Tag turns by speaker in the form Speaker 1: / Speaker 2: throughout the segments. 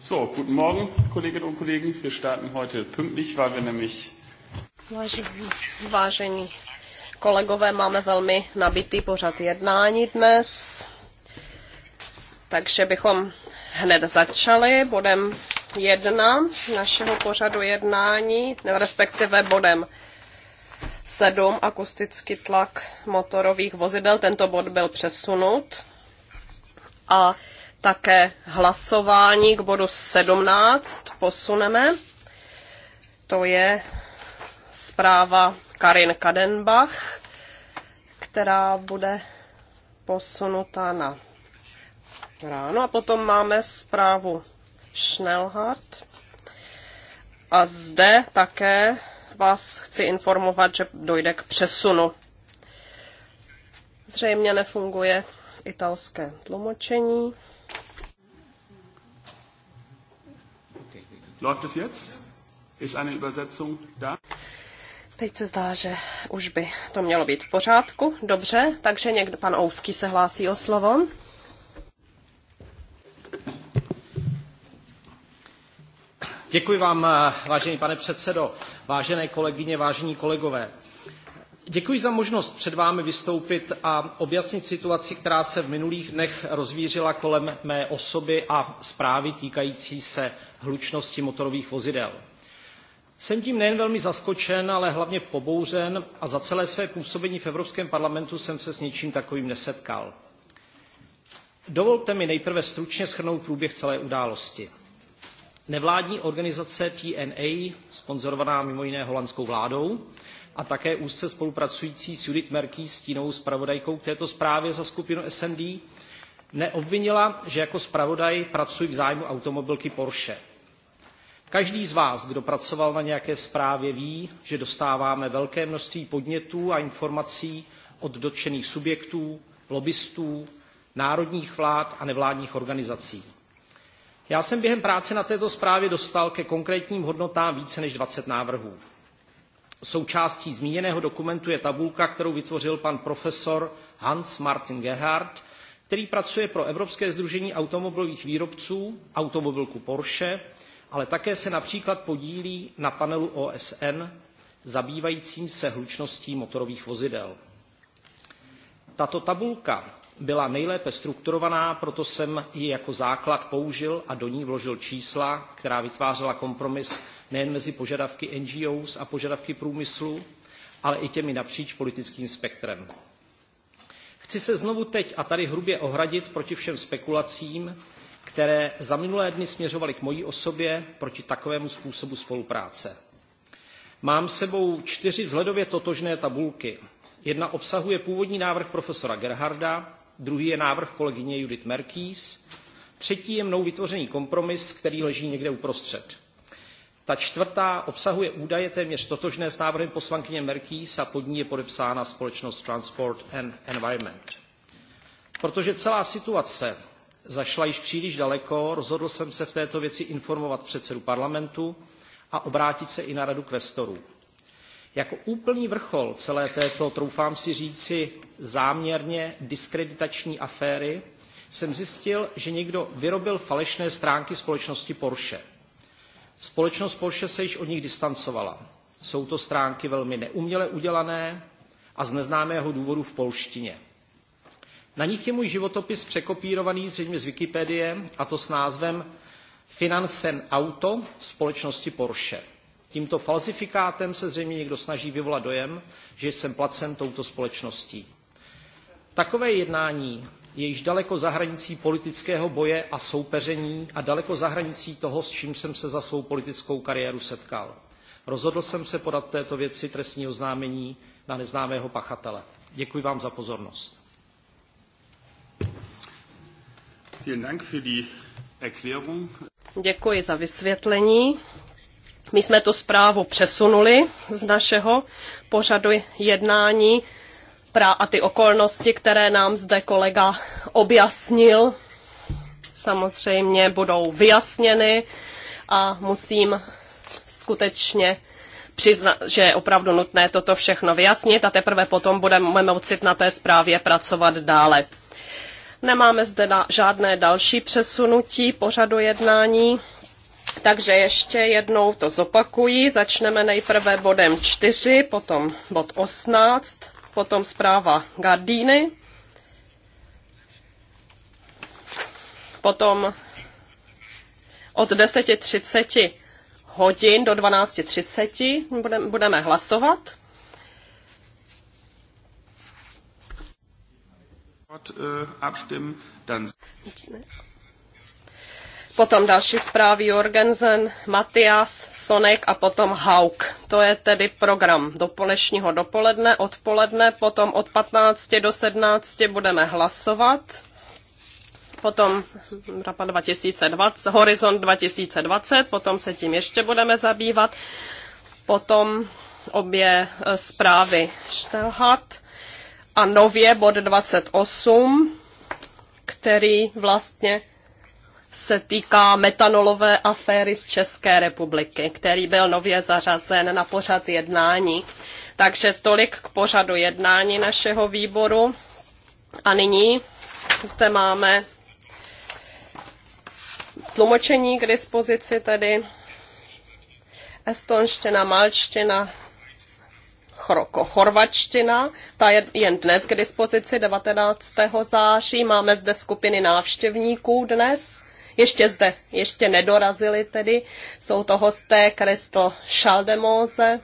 Speaker 1: So, guten Morgen, Kolleginnen und Kollegen. Wir starten heute pünktlich, weil wir nämlich...
Speaker 2: Vážení, kolegové, máme velmi nabitý pořad jednání dnes, takže bychom hned začali bodem jedna našeho pořadu jednání, respektive bodem sedm, akustický tlak motorových vozidel. Tento bod byl přesunut a také hlasování k bodu 17 posuneme. To je zpráva Karin Kadenbach, která bude posunuta na ráno. A potom máme zprávu Schnellhardt. A zde také vás chci informovat, že dojde k přesunu. Zřejmě nefunguje italské tlumočení.
Speaker 1: Läuft es jetzt? Ist eine Übersetzung da?
Speaker 2: Teď se zdá, že už by to mělo být v pořádku. Dobře, takže někdo, pan Ousky se hlásí o slovo.
Speaker 3: Děkuji vám, eh, vážený pane předsedo, vážené kolegyně, vážení kolegové. Děkuji za možnost před vámi vystoupit a objasnit situaci, která se v minulých dnech rozvířila kolem mé osoby a zprávy týkající se hlučnosti motorových vozidel. Jsem tím nejen velmi zaskočen, ale hlavně pobouřen a za celé své působení v Evropském parlamentu jsem se s něčím takovým nesetkal. Dovolte mi nejprve stručně schrnout průběh celé události. Nevládní organizace TNA, sponzorovaná mimo jiné holandskou vládou, a také úzce spolupracující s Judith Merký, stínovou zpravodajkou k této zprávě za skupinu SND, neobvinila, že jako zpravodaj pracují v zájmu automobilky Porsche. Každý z vás, kdo pracoval na nějaké zprávě, ví, že dostáváme velké množství podnětů a informací od dotčených subjektů, lobbystů, národních vlád a nevládních organizací. Já jsem během práce na této zprávě dostal ke konkrétním hodnotám více než 20 návrhů. Součástí zmíněného dokumentu je tabulka, kterou vytvořil pan profesor Hans Martin Gerhard, který pracuje pro Evropské združení automobilových výrobců, automobilku Porsche, ale také se například podílí na panelu OSN zabývajícím se hlučností motorových vozidel. Tato tabulka byla nejlépe strukturovaná, proto jsem ji jako základ použil a do ní vložil čísla, která vytvářela kompromis nejen mezi požadavky NGOs a požadavky průmyslu, ale i těmi napříč politickým spektrem. Chci se znovu teď a tady hrubě ohradit proti všem spekulacím, které za minulé dny směřovaly k mojí osobě proti takovému způsobu spolupráce. Mám sebou čtyři vzhledově totožné tabulky. Jedna obsahuje původní návrh profesora Gerharda, druhý je návrh kolegyně Judith Merkýs, třetí je mnou vytvořený kompromis, který leží někde uprostřed. Ta čtvrtá obsahuje údaje téměř totožné s návrhem poslankyně Merkýs a pod ní je podepsána společnost Transport and Environment. Protože celá situace zašla již příliš daleko, rozhodl jsem se v této věci informovat předsedu parlamentu a obrátit se i na radu kvestorů. Jako úplný vrchol celé této, troufám si říci, záměrně diskreditační aféry jsem zjistil, že někdo vyrobil falešné stránky společnosti Porsche. Společnost Porsche se již od nich distancovala. Jsou to stránky velmi neuměle udělané a z neznámého důvodu v polštině. Na nich je můj životopis překopírovaný zřejmě z Wikipedie, a to s názvem Financen Auto společnosti Porsche. Tímto falzifikátem se zřejmě někdo snaží vyvolat dojem, že jsem placen touto společností. Takové jednání je již daleko za hranicí politického boje a soupeření a daleko za hranicí toho, s čím jsem se za svou politickou kariéru setkal. Rozhodl jsem se podat této věci trestní oznámení na neznámého pachatele. Děkuji vám za pozornost. Děkuji za vysvětlení.
Speaker 2: My jsme tu zprávu přesunuli z našeho pořadu jednání a ty okolnosti, které nám zde kolega objasnil, samozřejmě budou vyjasněny a musím skutečně přiznat, že je opravdu nutné toto všechno vyjasnit a teprve potom budeme moci na té zprávě pracovat dále. Nemáme zde žádné další přesunutí pořadu jednání. Takže ještě jednou to zopakuji. Začneme nejprve bodem 4, potom bod 18, potom zpráva Gardíny, potom od 10.30 hodin do 12.30 budeme hlasovat.
Speaker 4: Äh,
Speaker 2: potom další zprávy Jorgensen, Matias, Sonek a potom Hauk. To je tedy program do dnešního dopoledne, odpoledne, potom od 15 do 17 budeme hlasovat. Potom 2020, Horizon 2020, potom se tím ještě budeme zabývat. Potom obě e, zprávy Štelhat a nově bod 28, který vlastně se týká metanolové aféry z České republiky, který byl nově zařazen na pořad jednání. Takže tolik k pořadu jednání našeho výboru. A nyní zde máme tlumočení k dispozici tedy estonština, malština, chorvačtina. Ta je jen dnes k dispozici 19. září. Máme zde skupiny návštěvníků dnes. Ještě zde, ještě nedorazili tedy. Jsou to hosté Kristl Šaldemóze.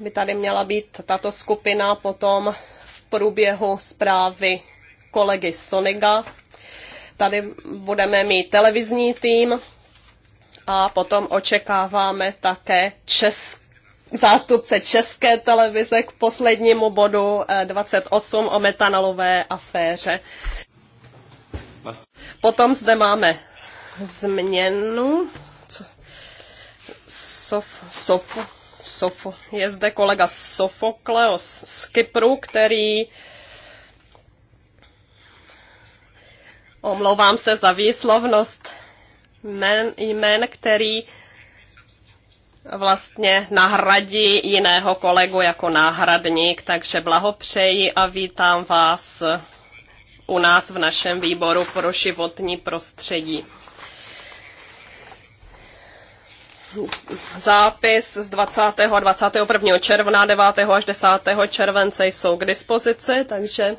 Speaker 2: By tady měla být tato skupina potom v průběhu zprávy kolegy Soniga. Tady budeme mít televizní tým a potom očekáváme také český zástupce České televize k poslednímu bodu 28 eh, o metanolové aféře. Potom zde máme změnu. Sof, Sofu, Sofu. Je zde kolega Sofokleos z Kypru, který omlouvám se za výslovnost jmén, který vlastně nahradí jiného kolegu jako náhradník, takže blahopřeji a vítám vás u nás v našem výboru pro životní prostředí. Zápis z 20. a 21. června, 9. až 10. července jsou k dispozici, takže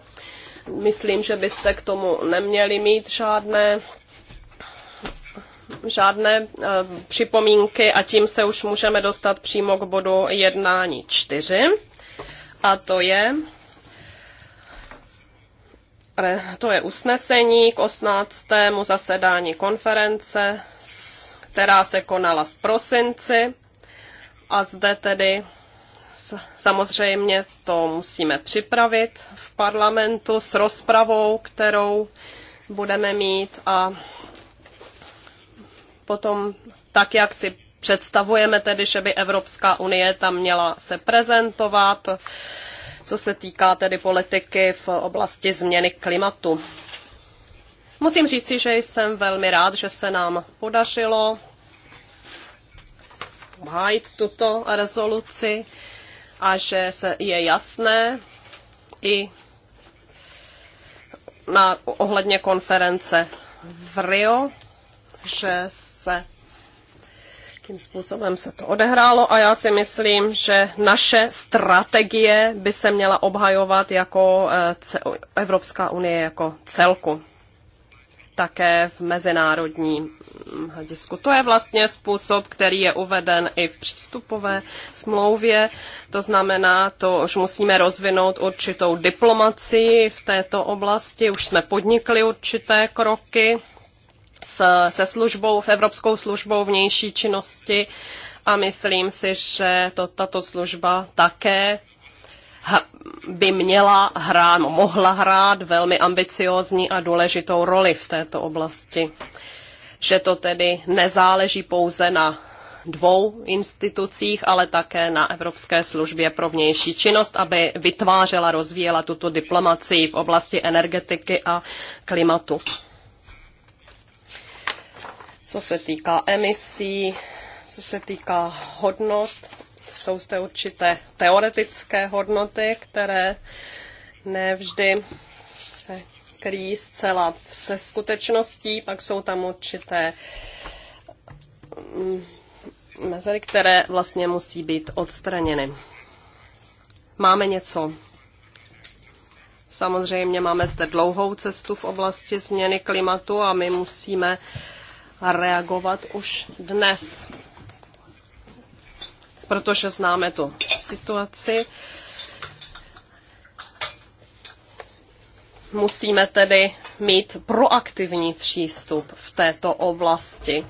Speaker 2: myslím, že byste k tomu neměli mít žádné žádné eh, připomínky a tím se už můžeme dostat přímo k bodu jednání čtyři A to je to je usnesení k 18. zasedání konference, která se konala v prosinci. A zde tedy samozřejmě to musíme připravit v parlamentu s rozpravou, kterou budeme mít a potom tak, jak si představujeme tedy, že by Evropská unie tam měla se prezentovat, co se týká tedy politiky v oblasti změny klimatu. Musím říci, že jsem velmi rád, že se nám podařilo hájit tuto rezoluci a že se je jasné i na ohledně konference v Rio, že se jakým způsobem se to odehrálo a já si myslím, že naše strategie by se měla obhajovat jako eh, Evropská unie jako celku také v mezinárodním hledisku. To je vlastně způsob, který je uveden i v přístupové smlouvě. To znamená, to už musíme rozvinout určitou diplomacii v této oblasti. Už jsme podnikli určité kroky se službou, Evropskou službou vnější činnosti a myslím si, že to, tato služba také by měla hrát, no, mohla hrát velmi ambiciózní a důležitou roli v této oblasti. Že to tedy nezáleží pouze na dvou institucích, ale také na Evropské službě pro vnější činnost, aby vytvářela, rozvíjela tuto diplomacii v oblasti energetiky a klimatu co se týká emisí, co se týká hodnot, jsou zde určité teoretické hodnoty, které nevždy se kryjí zcela se skutečností, pak jsou tam určité mm, mezery, které vlastně musí být odstraněny. Máme něco. Samozřejmě máme zde dlouhou cestu v oblasti změny klimatu a my musíme uh, reagovat už dnes, protože známe tu situaci. Musíme tedy mít proaktivní přístup v této oblasti,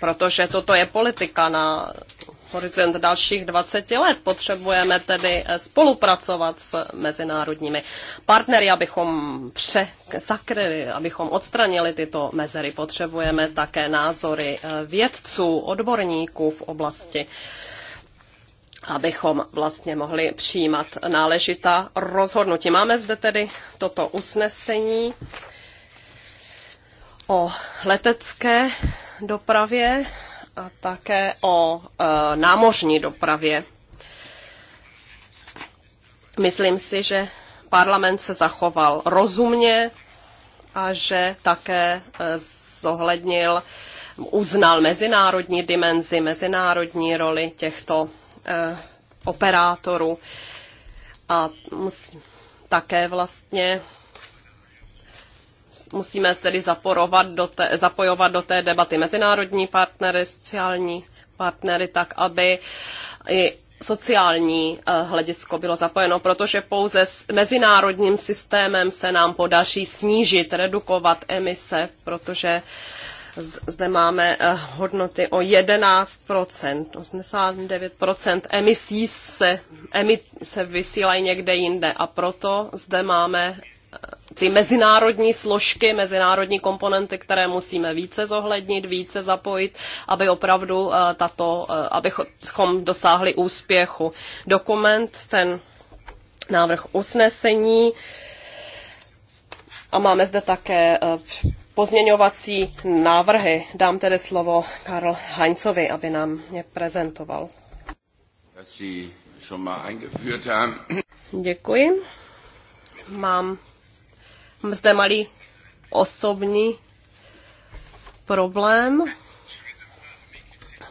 Speaker 2: protože toto je politika na horizont dalších 20 let. Potřebujeme tedy eh, spolupracovat s mezinárodními partnery, abychom pře- zakryli, abychom odstranili tyto mezery. Potřebujeme také názory eh, vědců, odborníků v oblasti abychom vlastně mohli přijímat náležitá rozhodnutí. Máme zde tedy toto usnesení o letecké dopravě a také o e, námořní dopravě. Myslím si, že parlament se zachoval rozumně a že také e, zohlednil, uznal mezinárodní dimenzi, mezinárodní roli těchto e, operátorů a musím také vlastně musíme tedy zaporovat do zapojovat do té debaty mezinárodní partnery, sociální partnery, tak aby i sociální eh, hledisko bylo zapojeno, protože pouze s mezinárodním systémem se nám podaří snížit, redukovat emise, protože zde máme eh, hodnoty o 11%, 89% emisí se, emi, se vysílají někde jinde a proto zde máme ty mezinárodní složky, mezinárodní komponenty, které musíme více zohlednit, více zapojit, aby opravdu eh, tato, eh, abychom dosáhli úspěchu. Dokument, ten návrh usnesení a máme zde také eh, pozměňovací návrhy. Dám tedy slovo Karl Heinzovi, aby nám je prezentoval. Děkuji. Mám Mám zde malý osobní problém.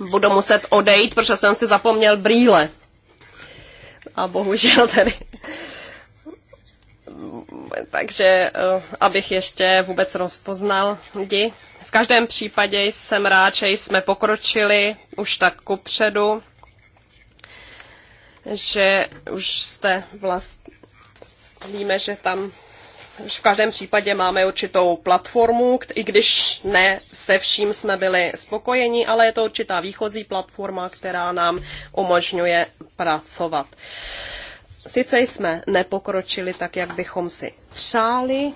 Speaker 2: Budu muset odejít, protože jsem si zapomněl brýle. A bohužel tedy. Takže eh, abych ještě vůbec rozpoznal lidi. V každém případě jsem rád, že jsme pokročili už tak kupředu, že už jste vlastně, víme, že tam v každém případě máme určitou platformu, i když ne se vším jsme byli spokojeni, ale je to určitá výchozí platforma, která nám umožňuje pracovat. Sice jsme nepokročili tak, jak bychom si přáli,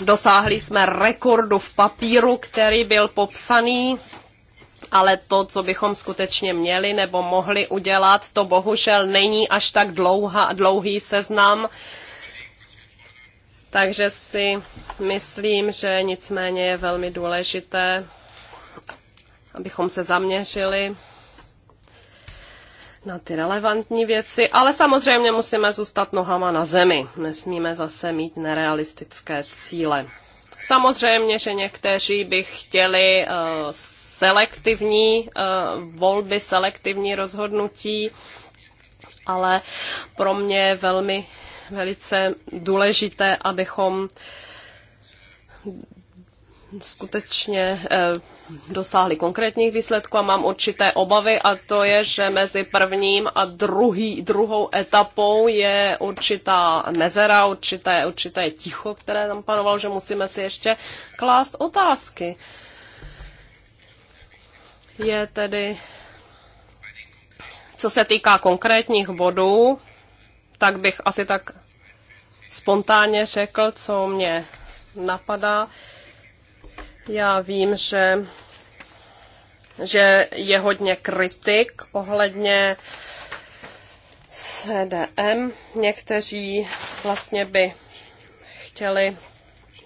Speaker 2: Dosáhli jsme rekordu v papíru, který byl popsaný ale to, co bychom skutečně měli nebo mohli udělat, to bohužel není až tak dlouhá, dlouhý seznam. Takže si myslím, že nicméně je velmi důležité, abychom se zaměřili na ty relevantní věci, ale samozřejmě musíme zůstat nohama na zemi. Nesmíme zase mít nerealistické cíle. Samozřejmě, že někteří by chtěli uh, selektivní eh, volby, selektivní rozhodnutí, ale pro mě je velmi velice důležité, abychom skutečně eh, dosáhli konkrétních výsledků a mám určité obavy a to je, že mezi prvním a druhý, druhou etapou je určitá mezera, určité, určité ticho, které tam panovalo, že musíme si ještě klást otázky. Uh, je tedy, co se týká konkrétních bodů, tak bych asi tak spontánně řekl, co mě napadá. Já vím, že, že je hodně kritik ohledně CDM. Někteří vlastně by chtěli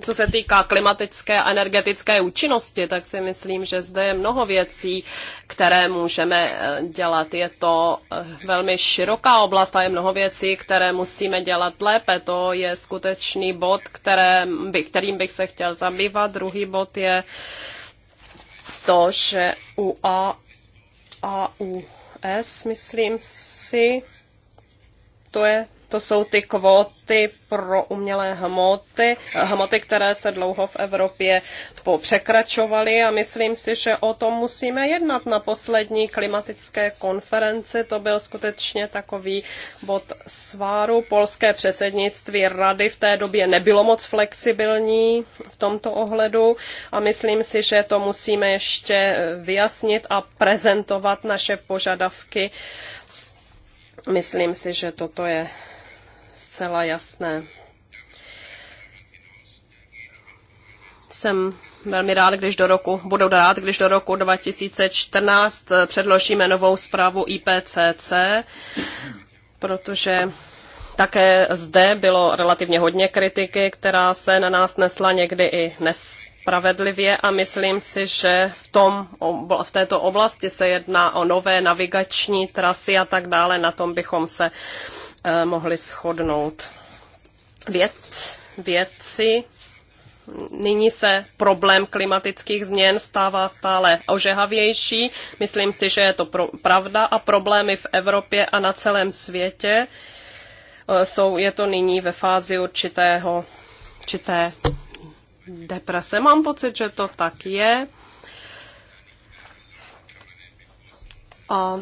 Speaker 2: co se týká klimatické a energetické účinnosti, tak si myslím, že zde je mnoho věcí, které můžeme eh, dělat. Je to eh, velmi široká oblast a je mnoho věcí, které musíme dělat lépe. To je skutečný bod, kterým, by, kterým bych se chtěl zabývat. Druhý bod je to, že u A, A, U, S, myslím si, to je to jsou ty kvóty pro umělé hmoty, hmoty, které se dlouho v Evropě překračovaly a myslím si, že o tom musíme jednat na poslední klimatické konferenci. To byl skutečně takový bod sváru. Polské předsednictví rady v té době nebylo moc flexibilní v tomto ohledu a myslím si, že to musíme ještě vyjasnit a prezentovat naše požadavky Myslím si, že toto je zcela jasné. Jsem velmi rád, když do roku, budu rád, když do roku 2014 eh, předložíme novou zprávu IPCC, protože také zde bylo relativně hodně kritiky, která se na nás nesla někdy i nespravedlivě a myslím si, že v, tom, v této oblasti se jedná o nové navigační trasy a tak dále. Na tom bychom se Eh, mohli shodnout. Věd, vědci nyní se problém klimatických změn stává stále ožehavější. Myslím si, že je to pravda a problémy v Evropě a na celém světě eh, jsou, je to nyní ve fázi určitého, určité deprese. Mám pocit, že to tak je. A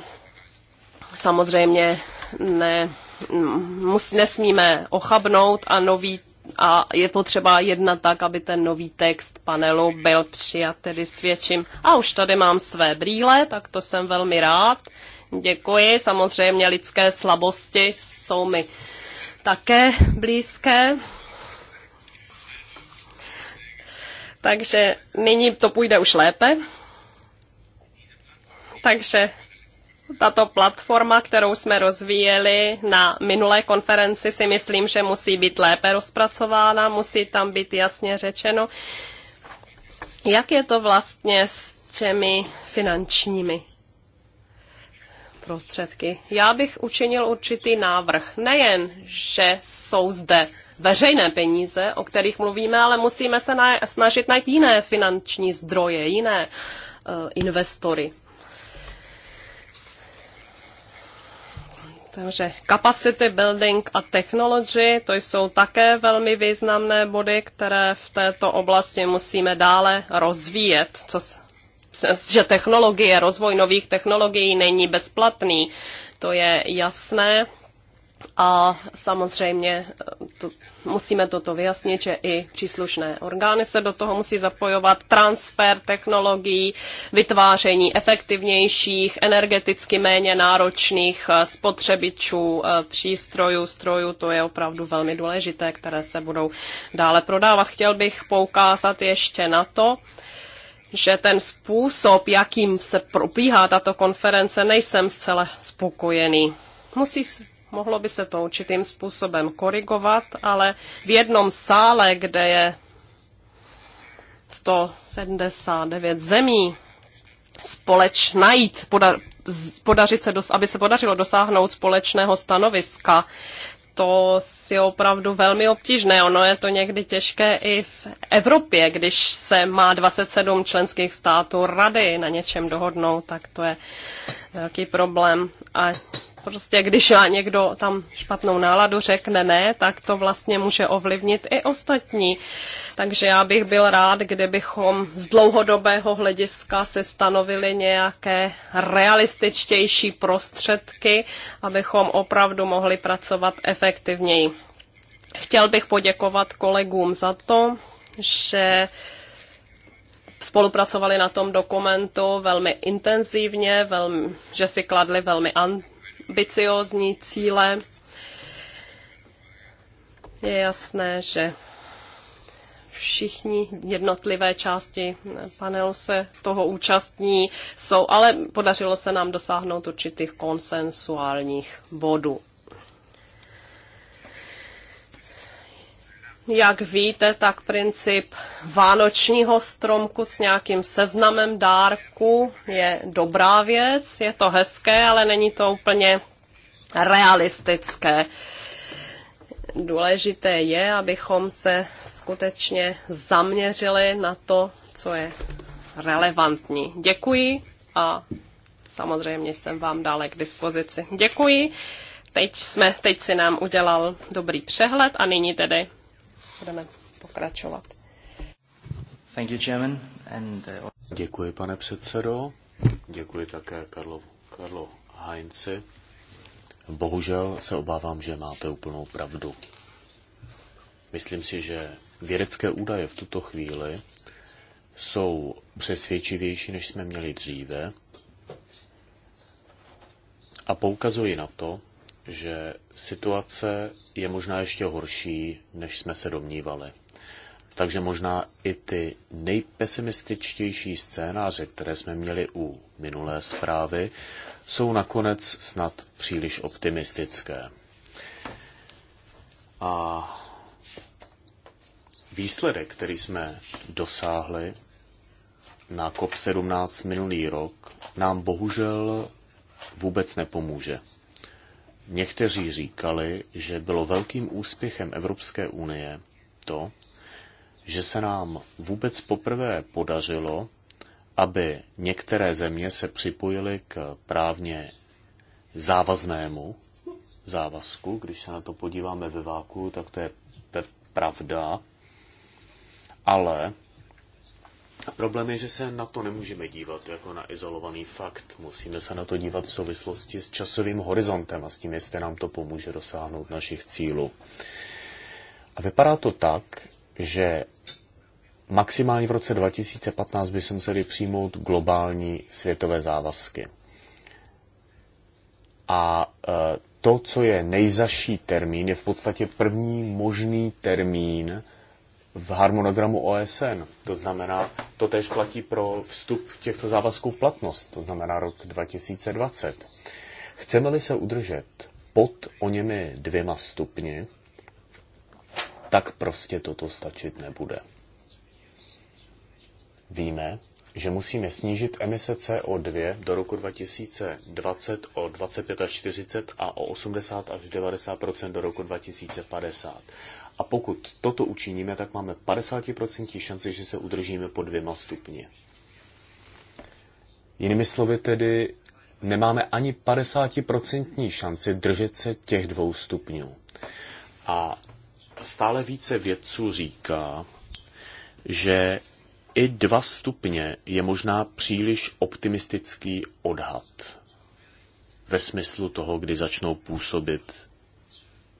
Speaker 2: samozřejmě ne No, mus, nesmíme ochabnout a nový a je potřeba jednat tak, aby ten nový text panelu byl přijat, tedy svědčím. A už tady mám své brýle, tak to jsem velmi rád. Děkuji, samozřejmě lidské slabosti jsou mi také blízké. Takže nyní to půjde už lépe. Takže tato platforma, kterou jsme rozvíjeli na minulé konferenci, si myslím, že musí být lépe rozpracována, musí tam být jasně řečeno, jak je to vlastně s těmi finančními prostředky. Já bych učinil určitý návrh. Nejen, že jsou zde veřejné peníze, o kterých mluvíme, ale musíme se snažit najít jiné finanční zdroje, jiné eh, investory. Takže capacity building a technology, to jsou také velmi významné body, které v této oblasti musíme dále rozvíjet, co, že technologie, rozvoj nových technologií není bezplatný. To je jasné a samozřejmě eh, to, musíme toto vyjasnit, že i příslušné orgány se do toho musí zapojovat. Transfer technologií, vytváření efektivnějších, energeticky méně náročných eh, spotřebičů, eh, přístrojů, strojů, to je opravdu velmi důležité, které se budou dále prodávat. Chtěl bych poukázat ještě na to, že ten způsob, jakým se probíhá tato konference, nejsem zcela spokojený. Musí, mohlo by se to určitým způsobem korigovat, ale v jednom sále, kde je 179 zemí, společ najít, poda, podařit se, dos, aby se podařilo dosáhnout společného stanoviska, to je opravdu velmi obtížné. Ono je to někdy těžké i v Evropě, když se má 27 členských států rady na něčem dohodnout, tak to je velký problém. A Prostě když někdo tam špatnou náladu řekne ne, tak to vlastně může ovlivnit i ostatní. Takže já bych byl rád, kdybychom z dlouhodobého hlediska se stanovili nějaké realističtější prostředky, abychom opravdu mohli pracovat efektivněji. Chtěl bych poděkovat kolegům za to, že spolupracovali na tom dokumentu velmi intenzivně, velmi, že si kladli velmi an, ambiciózní cíle. Je jasné, že všichni jednotlivé části panelu se toho účastní, jsou, ale podařilo se nám dosáhnout určitých konsensuálních bodů. Jak víte, tak princip vánočního stromku s nějakým seznamem dárků je dobrá věc, je to hezké, ale není to úplně realistické. Důležité je, abychom se skutečně zaměřili na to, co je relevantní. Děkuji a samozřejmě jsem vám dále k dispozici. Děkuji. Teď, jsme, teď si nám udělal dobrý přehled a nyní tedy budeme pokračovat.
Speaker 1: Thank you, Chairman, and, uh... Děkuji, pane předsedo. Děkuji také Karlo, Karlo Heinze. Bohužel se obávám, že máte úplnou pravdu. Myslím si, že vědecké údaje v tuto chvíli jsou přesvědčivější, než jsme měli dříve a poukazuji na to, že situace je možná ještě horší, než jsme se domnívali. Takže možná i ty nejpesimističtější scénáře, které jsme měli u minulé zprávy, jsou nakonec snad příliš optimistické. A výsledek, který jsme dosáhli na COP17 minulý rok, nám bohužel vůbec nepomůže. Někteří říkali, že bylo velkým úspěchem Evropské unie to, že se nám vůbec poprvé podařilo, aby některé země se připojily k právně závaznému závazku. Když se na to podíváme ve váku, tak to je pravda. Ale a problém je, že se na to nemůžeme dívat jako na izolovaný fakt. Musíme se na to dívat v souvislosti s časovým horizontem a s tím, jestli nám to pomůže dosáhnout našich cílů. A vypadá to tak, že maximálně v roce 2015 by se museli přijmout globální světové závazky. A e, to, co je nejzaší termín, je v podstatě první možný termín, v harmonogramu OSN. To znamená, to tež platí pro vstup těchto závazků v platnost, to znamená rok 2020. Chceme-li se udržet pod o němi dvěma stupni, tak prostě toto stačit nebude. Víme, že musíme snížit emise CO2 do roku 2020 o 25 až 40 a o 80 až 90 do roku 2050. A pokud toto učiníme, tak máme 50% šanci, že se udržíme po dvěma stupně. Jinými slovy tedy, nemáme ani 50% šanci držet se těch dvou stupňů. A stále více vědců říká, že i dva stupně je možná příliš optimistický odhad ve smyslu toho, kdy začnou působit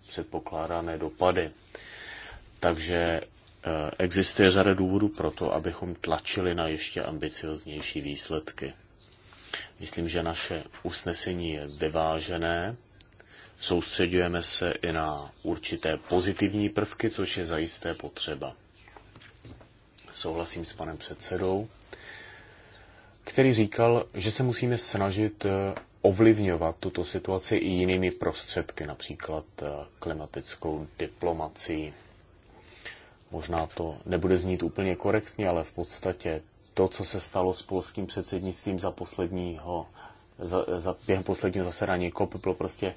Speaker 1: předpokládané dopady. Takže eh, existuje řada důvodů pro to, abychom tlačili na ještě ambicioznější výsledky. Myslím, že naše usnesení je vyvážené. Soustředujeme se i na určité pozitivní prvky, což je zajisté potřeba. Souhlasím s panem předsedou, který říkal, že se musíme snažit eh, ovlivňovat tuto situaci i jinými prostředky, například eh, klimatickou diplomací Možná to nebude znít úplně korektně, ale v podstatě to, co se stalo s polským předsednictvím za posledního, za, za, během posledního zasedání COP, bylo prostě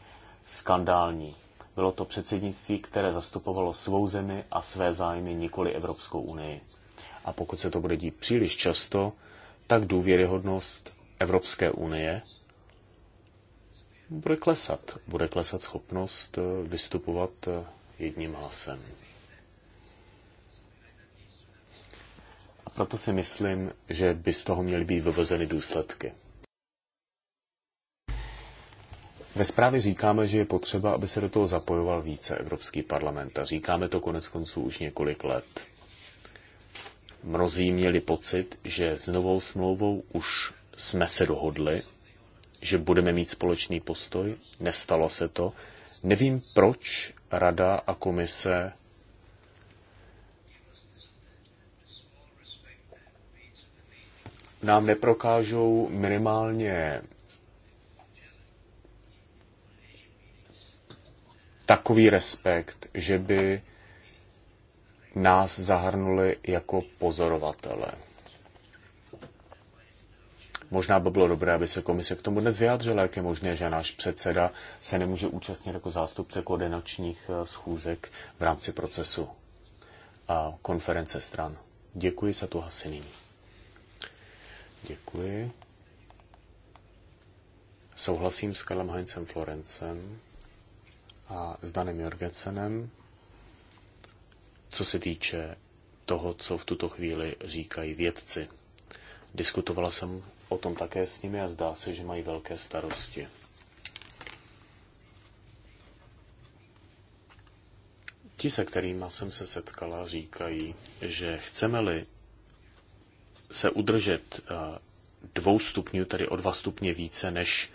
Speaker 1: skandální. Bylo to předsednictví, které zastupovalo svou zemi a své zájmy, nikoli Evropskou unii. A pokud se to bude dít příliš často, tak důvěryhodnost Evropské unie bude klesat. Bude klesat schopnost eh, vystupovat eh, jedním hlasem. proto si myslím, že by z toho měly být vyvozeny důsledky. Ve zprávě říkáme, že je potřeba, aby se do toho zapojoval více Evropský parlament a říkáme to konec konců už několik let. Mnozí měli pocit, že s novou smlouvou už jsme se dohodli, že budeme mít společný postoj. Nestalo se to. Nevím, proč Rada a komise nám neprokážou minimálně takový respekt, že by nás zahrnuli jako pozorovatele. Možná by bylo dobré, aby se komise k tomu dnes vyjádřila, jak je možné, že náš předseda se nemůže účastnit jako zástupce koordinačních eh, schůzek v rámci procesu a konference stran. Děkuji za tu hasinění. Děkuji. Souhlasím s Karlem Heincem Florencem a s Danem Jorgensenem, co se týče toho, co v tuto chvíli říkají vědci. Diskutovala jsem o tom také s nimi a zdá se, že mají velké starosti. Ti, se kterými jsem se setkala, říkají, že chceme-li se udržet eh, dvou stupňů, tedy o dva stupně více, než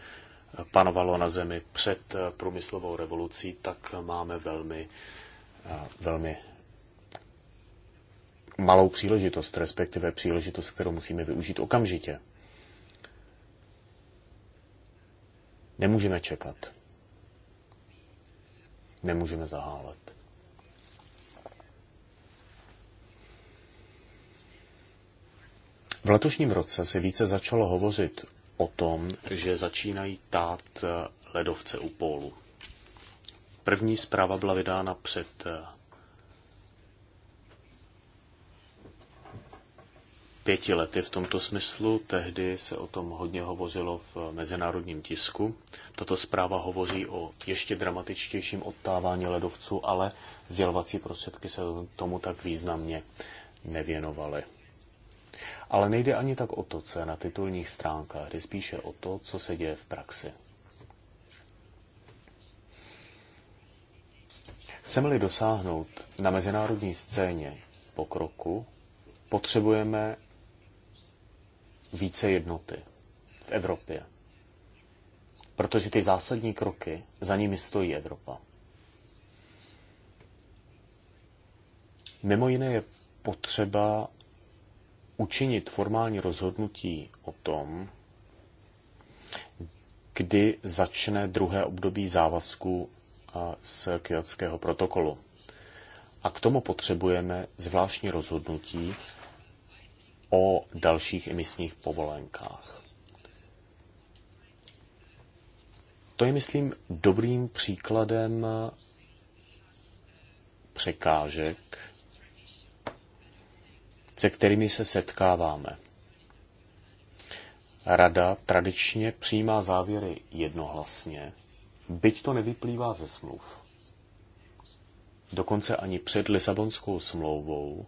Speaker 1: panovalo na Zemi před eh, průmyslovou revolucí, tak máme velmi, eh, velmi malou příležitost, respektive příležitost, kterou musíme využít okamžitě. Nemůžeme čekat. Nemůžeme zahálet. V letošním roce se více začalo hovořit o tom, že začínají tát eh, ledovce u pólu. První zpráva byla vydána před eh, pěti lety v tomto smyslu. Tehdy se o tom hodně hovořilo v mezinárodním tisku. Tato zpráva hovoří o ještě dramatičtějším odtávání ledovců, ale sdělovací prostředky se tomu tak významně nevěnovaly. Ale nejde ani tak o to, co je na titulních stránkách, jde spíše o to, co se děje v praxi. Chceme-li dosáhnout na mezinárodní scéně pokroku, potřebujeme více jednoty v Evropě. Protože ty zásadní kroky, za nimi stojí Evropa. Mimo jiné je potřeba učinit formální rozhodnutí o tom, kdy začne druhé období závazku z Kyotského protokolu. A k tomu potřebujeme zvláštní rozhodnutí o dalších emisních povolenkách. To je, myslím, dobrým příkladem překážek, se kterými se setkáváme. Rada tradičně přijímá závěry jednohlasně, byť to nevyplývá ze smluv. Dokonce ani před Lisabonskou smlouvou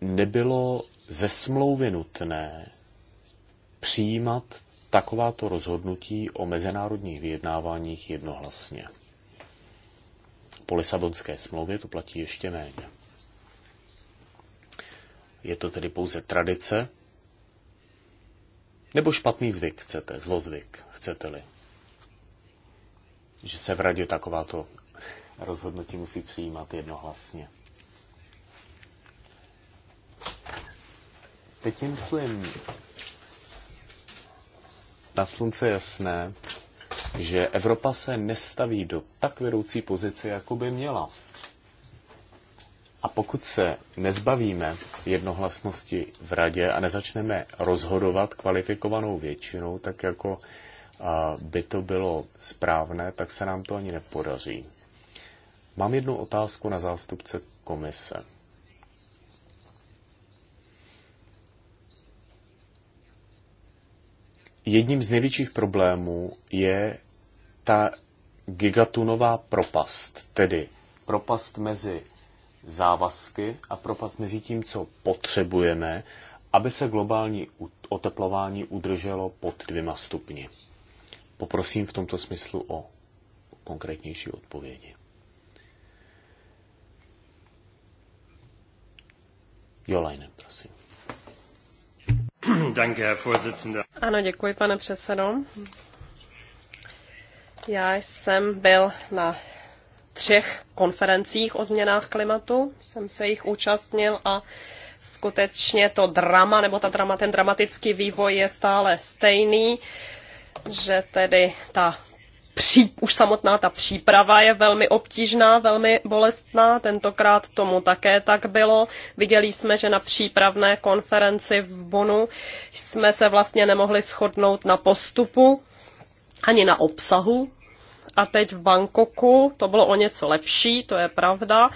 Speaker 1: nebylo ze smlouvy nutné přijímat takováto rozhodnutí o mezinárodních vyjednáváních jednohlasně. Po Lisabonské smlouvě to platí ještě méně. Je to tedy pouze tradice? Nebo špatný zvyk chcete, zlozvyk chcete-li? Že se v radě takováto rozhodnutí musí přijímat jednohlasně. Teď myslím, na slunce jasné, že Evropa se nestaví do tak vedoucí pozice, jako by měla a pokud se nezbavíme jednohlasnosti v radě a nezačneme rozhodovat kvalifikovanou většinou, tak jako by to bylo správné, tak se nám to ani nepodaří. Mám jednu otázku na zástupce komise. Jedním z největších problémů je ta gigatunová propast, tedy propast mezi závazky a propast mezi tím, co potřebujeme, aby se globální oteplování udrželo pod dvěma stupni. Poprosím v tomto smyslu o konkrétnější odpovědi. Jolajne, prosím.
Speaker 2: Ano, děkuji, pane předsedo. Já jsem byl na třech konferencích o změnách klimatu. Jsem se jich účastnil a skutečně to drama, nebo ta drama, ten dramatický vývoj je stále stejný, že tedy ta pří, už samotná ta příprava je velmi obtížná, velmi bolestná. Tentokrát tomu také tak bylo. Viděli jsme, že na přípravné konferenci v Bonu jsme se vlastně nemohli shodnout na postupu ani na obsahu a teď v Bangkoku to bylo o něco lepší, to je pravda,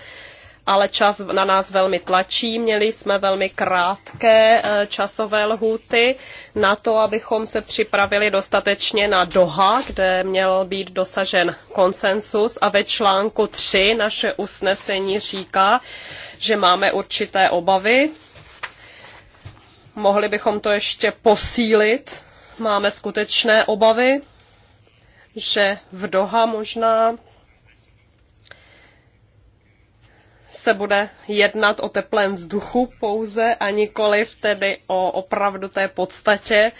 Speaker 2: ale čas na nás velmi tlačí. Měli jsme velmi krátké e, časové lhuty na to, abychom se připravili dostatečně na Doha, kde měl být dosažen konsensus a ve článku 3 naše usnesení říká, že máme určité obavy. Mohli bychom to ještě posílit. Máme skutečné obavy že v Doha možná se bude jednat o teplém vzduchu pouze a nikoliv tedy o opravdu té podstatě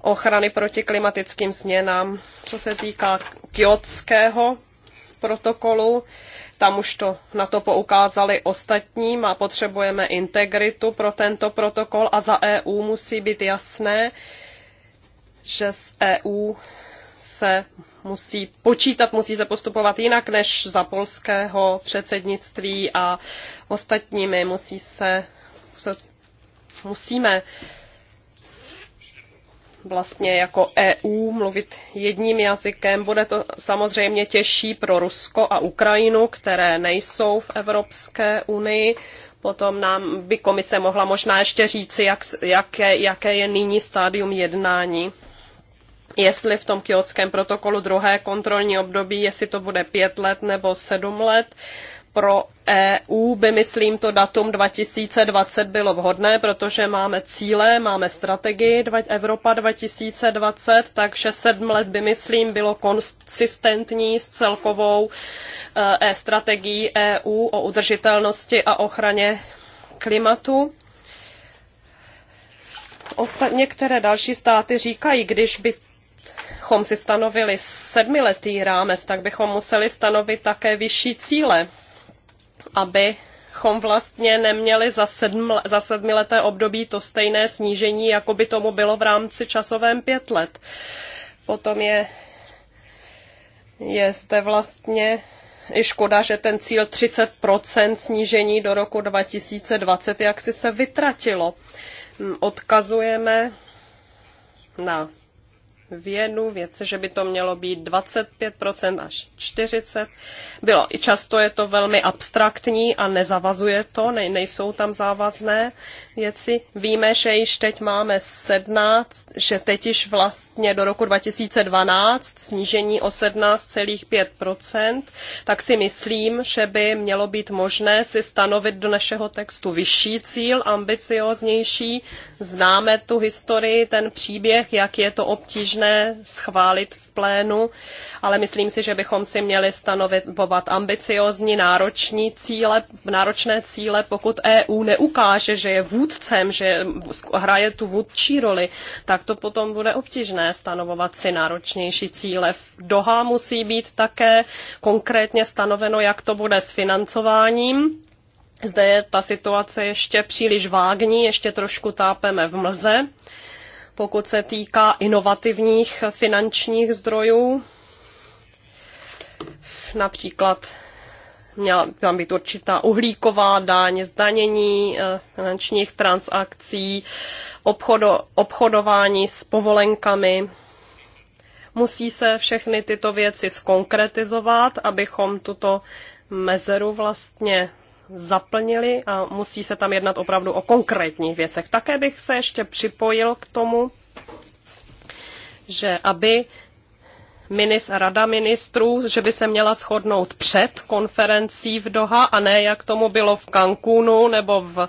Speaker 2: ochrany proti klimatickým změnám. Co se týká kjotského protokolu, tam už to na to poukázali ostatní, a potřebujeme integritu pro tento protokol a za EU musí být jasné, že z EU se musí počítat, musí se postupovat jinak než za polského předsednictví a ostatními. Musí se, se musíme vlastně jako EU mluvit jedním jazykem. Bude to samozřejmě těžší pro Rusko a Ukrajinu, které nejsou v Evropské unii. Potom nám by komise mohla možná ještě říci, jak, jaké, jaké je nyní stádium jednání jestli v tom kyotském protokolu druhé kontrolní období, jestli to bude pět let nebo sedm let, pro EU by, myslím, to datum 2020 bylo vhodné, protože máme cíle, máme strategii Evropa 2020, takže sedm let by, myslím, bylo konsistentní s celkovou eh, e strategií EU o udržitelnosti a ochraně klimatu. Osta- některé další státy říkají, když by chom si stanovili sedmiletý rámec, tak bychom museli stanovit také vyšší cíle, aby vlastně neměli za, sedm, za sedmileté období to stejné snížení, jako by tomu bylo v rámci časovém pět let. Potom je, je zde vlastně i škoda, že ten cíl 30% snížení do roku 2020 jak si se vytratilo. Odkazujeme na vědu, věci, že by to mělo být 25% až 40%. Bylo i často je to velmi abstraktní a nezavazuje to, ne, nejsou tam závazné věci. Víme, že již teď máme 17, že teď již vlastně do roku 2012 snížení o 17,5%, tak si myslím, že by mělo být možné si stanovit do našeho textu vyšší cíl, ambicioznější. Známe tu historii, ten příběh, jak je to obtížné možné schválit v plénu, ale myslím si, že bychom si měli stanovovat ambiciozní, nároční cíle, náročné cíle, pokud EU neukáže, že je vůdcem, že hraje tu vůdčí roli, tak to potom bude obtížné stanovovat si náročnější cíle. V Doha musí být také konkrétně stanoveno, jak to bude s financováním. Zde je ta situace ještě příliš vágní, ještě trošku tápeme v mlze pokud se týká inovativních finančních zdrojů. Například měla tam být určitá uhlíková daň, zdanění eh, finančních transakcí, obchodo, obchodování s povolenkami. Musí se všechny tyto věci skonkretizovat, abychom tuto mezeru vlastně zaplnili a musí se tam jednat opravdu o konkrétních věcech. Také bych se ještě připojil k tomu, že aby minis, rada ministrů, že by se měla shodnout před konferencí v Doha a ne jak tomu bylo v Cancúnu nebo v,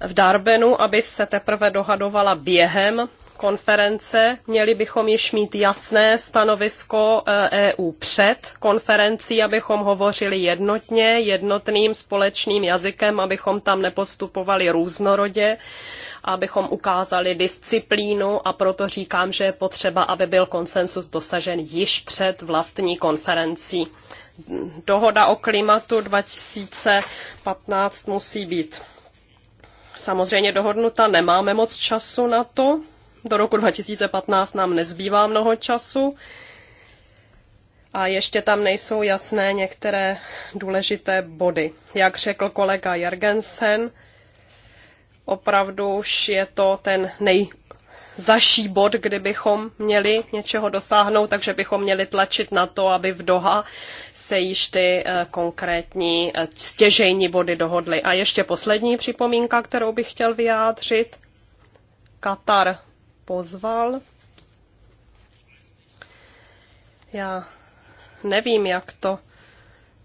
Speaker 2: v Darbenu, aby se teprve dohadovala během konference. Měli bychom již mít jasné stanovisko EU eh, e před konferencí, abychom hovořili jednotně, jednotným společným jazykem, abychom tam nepostupovali různorodě, abychom ukázali disciplínu a proto říkám, že je potřeba, aby byl konsensus dosažen již před vlastní konferencí. Dohoda o klimatu 2015 musí být samozřejmě dohodnuta, nemáme moc času na to, do roku 2015 nám nezbývá mnoho času a ještě tam nejsou jasné některé důležité body. Jak řekl kolega Jergensen, opravdu už je to ten nej, zaší bod, kdybychom měli něčeho dosáhnout, takže bychom měli tlačit na to, aby v Doha se již ty eh, konkrétní eh, stěžejní body dohodly. A ještě poslední připomínka, kterou bych chtěl vyjádřit. Katar pozval. Já nevím, jak to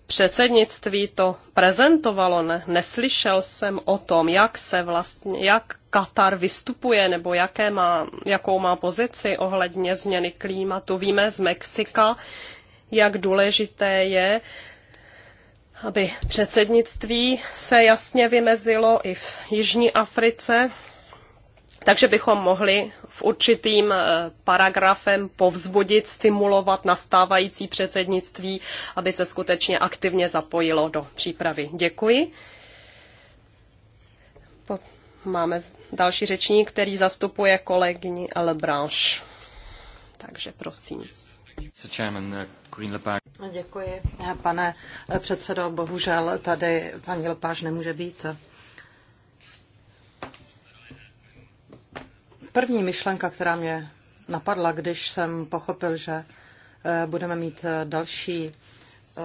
Speaker 2: předsednictví to prezentovalo, ne, neslyšel jsem o tom, jak se vlastně, jak Katar vystupuje nebo jaké má, jakou má pozici ohledně změny klimatu. Víme z Mexika, jak důležité je, aby předsednictví se jasně vymezilo i v Jižní Africe takže bychom mohli v určitým eh, paragrafem povzbudit, stimulovat nastávající předsednictví, aby se skutečně aktivně zapojilo do přípravy. Děkuji. Máme další řečník, který zastupuje kolegyni Lebranche. Takže prosím.
Speaker 4: Uh, Děkuji, pane předsedo. Bohužel tady paní Lepáž nemůže být. První myšlenka, která mě napadla, když jsem pochopil, že eh, budeme mít eh, další eh,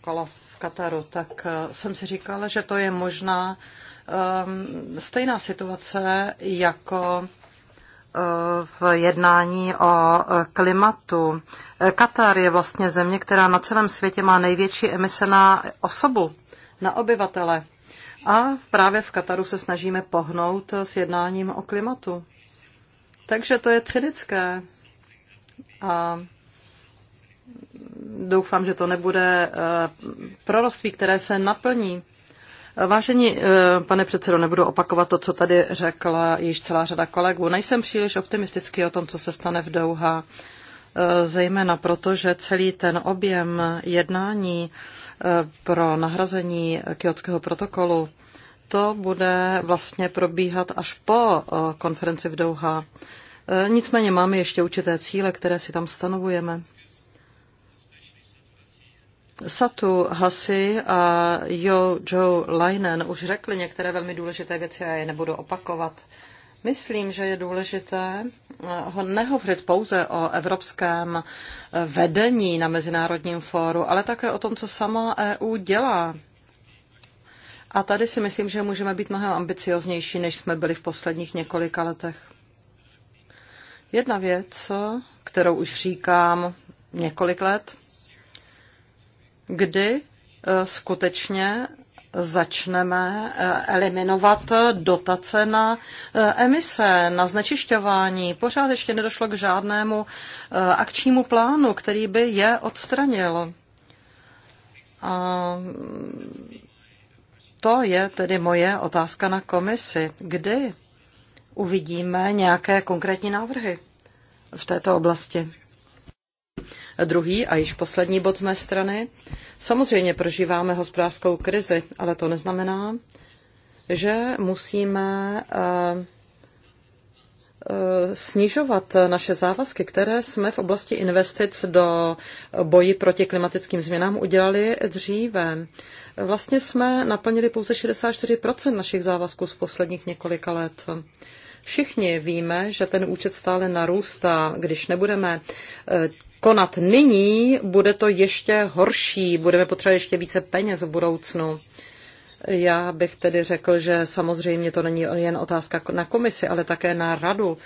Speaker 4: kolo v Kataru, tak jsem si říkala, že to je možná ehm, stejná situace jako v jednání o klimatu. Katar je vlastně země, která na celém světě má největší emise na osobu, na obyvatele. A právě v Kataru se snažíme pohnout s jednáním o klimatu. Takže to je cynické. A doufám, že to nebude eh, proroctví, které se naplní. Vážení eh, pane předsedo, nebudu opakovat to, co tady řekla již celá řada kolegů. Nejsem příliš optimistický o tom, co se stane v Douha, eh, zejména proto, že celý ten objem jednání pro nahrazení kiotského protokolu to bude vlastně probíhat až po eh, konferenci v Douha. Eh, nicméně máme ještě určité cíle, které si tam stanovujeme. Satu Hasi a Jo Joe Leinen už řekli některé velmi důležité věci a já je nebudu opakovat. Myslím, že je důležité eh, nehovořit pouze o evropském vedení na Mezinárodním fóru, ale také o tom, co sama EU dělá a tady si myslím, že můžeme být mnohem ambicioznější, než jsme byli v posledních několika letech. Jedna věc, kterou už říkám několik let, kdy eh, skutečně začneme eh, eliminovat dotace na eh, emise, na znečišťování. Pořád ještě nedošlo k žádnému akčnímu plánu, který by je odstranil. A to je tedy moje otázka na komisi. Kdy uvidíme nějaké konkrétní návrhy v této oblasti? Druhý a již poslední bod z mé strany. Samozřejmě prožíváme hospodářskou krizi, ale to neznamená, že musíme eh, eh, snižovat naše závazky, které jsme v oblasti investic do boji proti klimatickým změnám udělali dříve. Vlastně jsme naplnili pouze 64% našich závazků z posledních několika let. Všichni víme, že ten účet stále narůstá. Když nebudeme eh, konat nyní, bude to ještě horší, budeme potřebovat ještě více peněz v budoucnu. Já bych tedy řekl, že samozřejmě to není jen otázka na komisi, ale také na radu.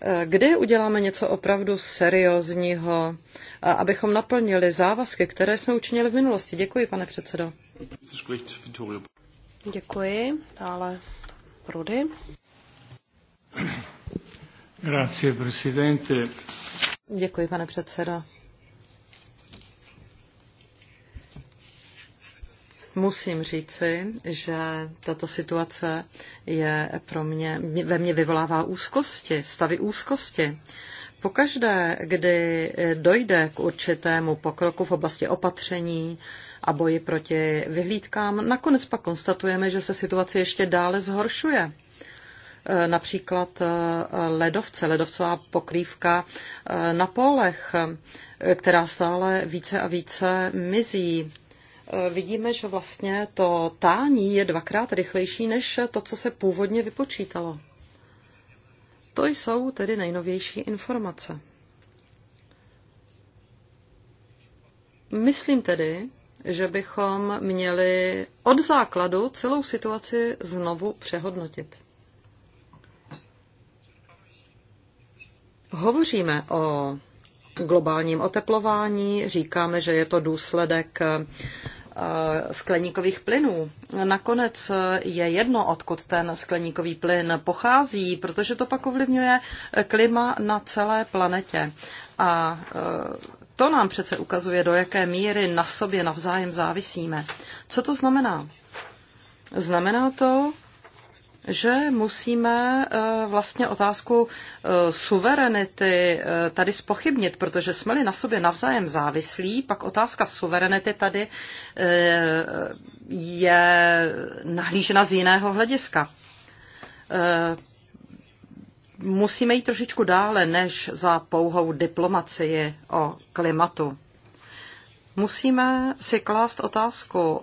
Speaker 4: Eh, Kdy uděláme něco opravdu seriózního, abychom naplnili závazky, které jsme učinili v minulosti? Děkuji, pane předsedo. Děkuji. Dále Rudy.
Speaker 1: Grazie, presidente.
Speaker 4: Děkuji, pane předsedo. Musím říci, že tato situace je pro mě, ve mně vyvolává úzkosti, stavy úzkosti. Pokaždé, kdy dojde k určitému pokroku v oblasti opatření, a boji proti vyhlídkám. Nakonec pak konstatujeme, že se situace ještě dále zhoršuje e, například e, ledovce, ledovcová pokrývka e, na polech, která stále více a více mizí. Vidíme, že vlastně to tání je dvakrát rychlejší než to, co se původně vypočítalo. To jsou tedy nejnovější informace. Myslím tedy, že bychom měli od základu celou situaci znovu přehodnotit. Hovoříme o globálním oteplování, říkáme, že je to důsledek eh, skleníkových plynů. Nakonec eh, je jedno, odkud ten skleníkový plyn pochází, protože to pak ovlivňuje klima na celé planetě. A eh, to nám přece ukazuje, do jaké míry na sobě navzájem závisíme. Co to znamená? Znamená to, že musíme eh, vlastně otázku eh, suverenity eh, tady spochybnit, protože jsme-li na sobě navzájem závislí, pak otázka suverenity tady je nahlížena z jiného hlediska musíme jít trošičku dále než za pouhou diplomacii o klimatu. Musíme si klást otázku,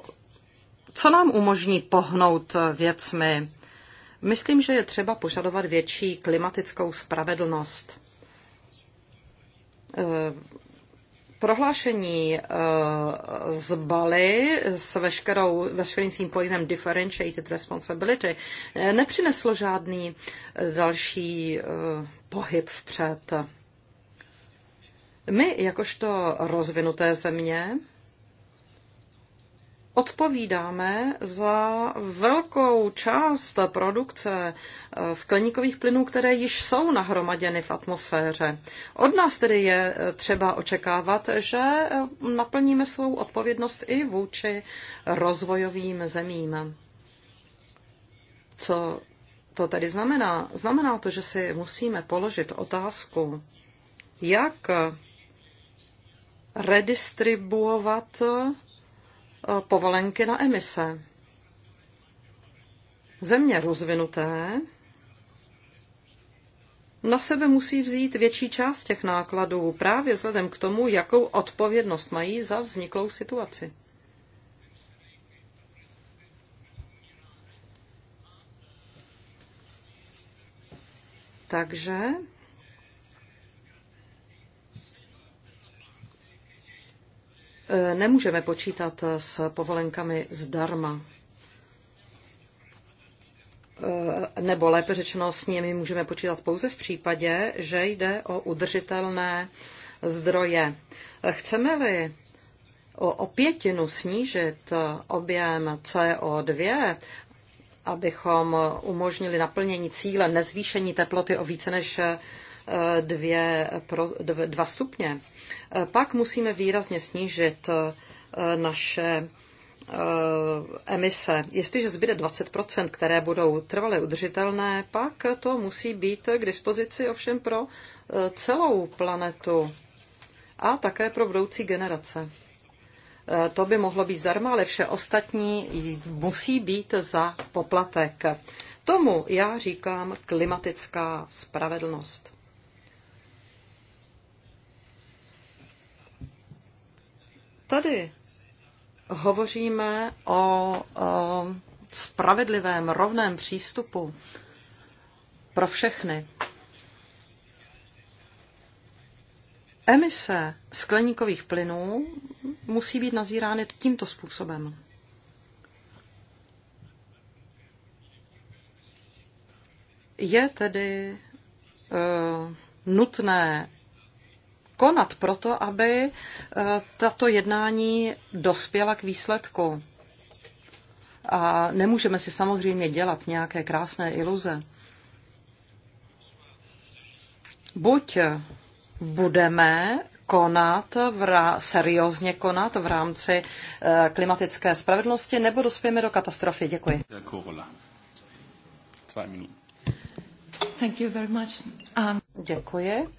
Speaker 4: co nám umožní pohnout věcmi. Myslím, že je třeba požadovat větší klimatickou spravedlnost prohlášení eh, z Bali s veškerou, veškerým svým pojmem differentiated responsibility eh, nepřineslo žádný eh, další pohyb vpřed. My, jakožto rozvinuté země, odpovídáme za velkou část produkce eh, skleníkových plynů, které již jsou nahromaděny v atmosféře. Od nás tedy je eh, třeba očekávat, že eh, naplníme svou odpovědnost i vůči rozvojovým zemím. Co to tedy znamená? Znamená to, že si musíme položit otázku, jak redistribuovat Eh, povolenky na emise. Země rozvinuté na sebe musí vzít větší část těch nákladů právě vzhledem k tomu, jakou odpovědnost mají za vzniklou situaci. Takže Eh, nemůžeme počítat s povolenkami zdarma. Eh, nebo lépe řečeno, s nimi můžeme počítat pouze v případě, že jde o udržitelné zdroje. Eh, chceme-li o pětinu snížit objem CO2, abychom umožnili naplnění cíle nezvýšení teploty o více než dvě, dva stupně, eh, pak musíme výrazně snížit eh, naše eh, emise. Jestliže zbyde 20%, které budou trvale udržitelné, pak to musí být k dispozici ovšem pro celou planetu a také pro budoucí generace. To by mohlo být zdarma, ale vše ostatní musí být za poplatek. Tomu já říkám klimatická spravedlnost. Tady hovoříme o, o spravedlivém, rovném přístupu pro všechny. Emise skleníkových plynů musí být nazírány tímto způsobem. Je tedy uh, nutné konat proto, aby e, tato jednání dospěla k výsledku. A nemůžeme si samozřejmě dělat nějaké krásné iluze. Buď budeme konat, v rá, seriózně konat v rámci e, klimatické spravedlnosti, nebo dospějeme do katastrofy. Děkuji. Děkuji.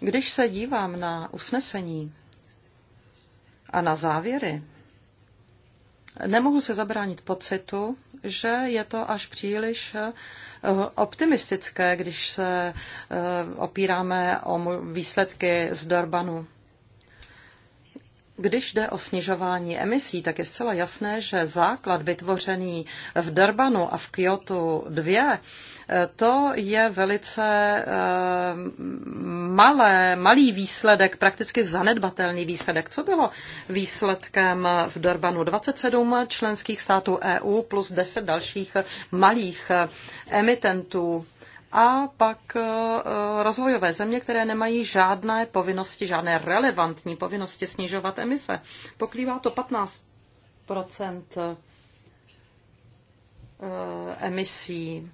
Speaker 4: Když se dívám na usnesení a na závěry, nemohu se zabránit pocitu, že je to až příliš eh, optimistické, když se eh, opíráme o výsledky z Dorbanu. Když jde o snižování emisí, tak je zcela jasné, že základ vytvořený v Durbanu a v Kyoto 2 eh, to je velice eh, malé, malý výsledek, prakticky zanedbatelný výsledek. Co bylo výsledkem v Durbanu? 27 členských států EU plus 10 dalších malých emitentů a pak eh, rozvojové země, které nemají žádné povinnosti, žádné relevantní povinnosti snižovat emise. Pokrývá to 15 eh, emisí.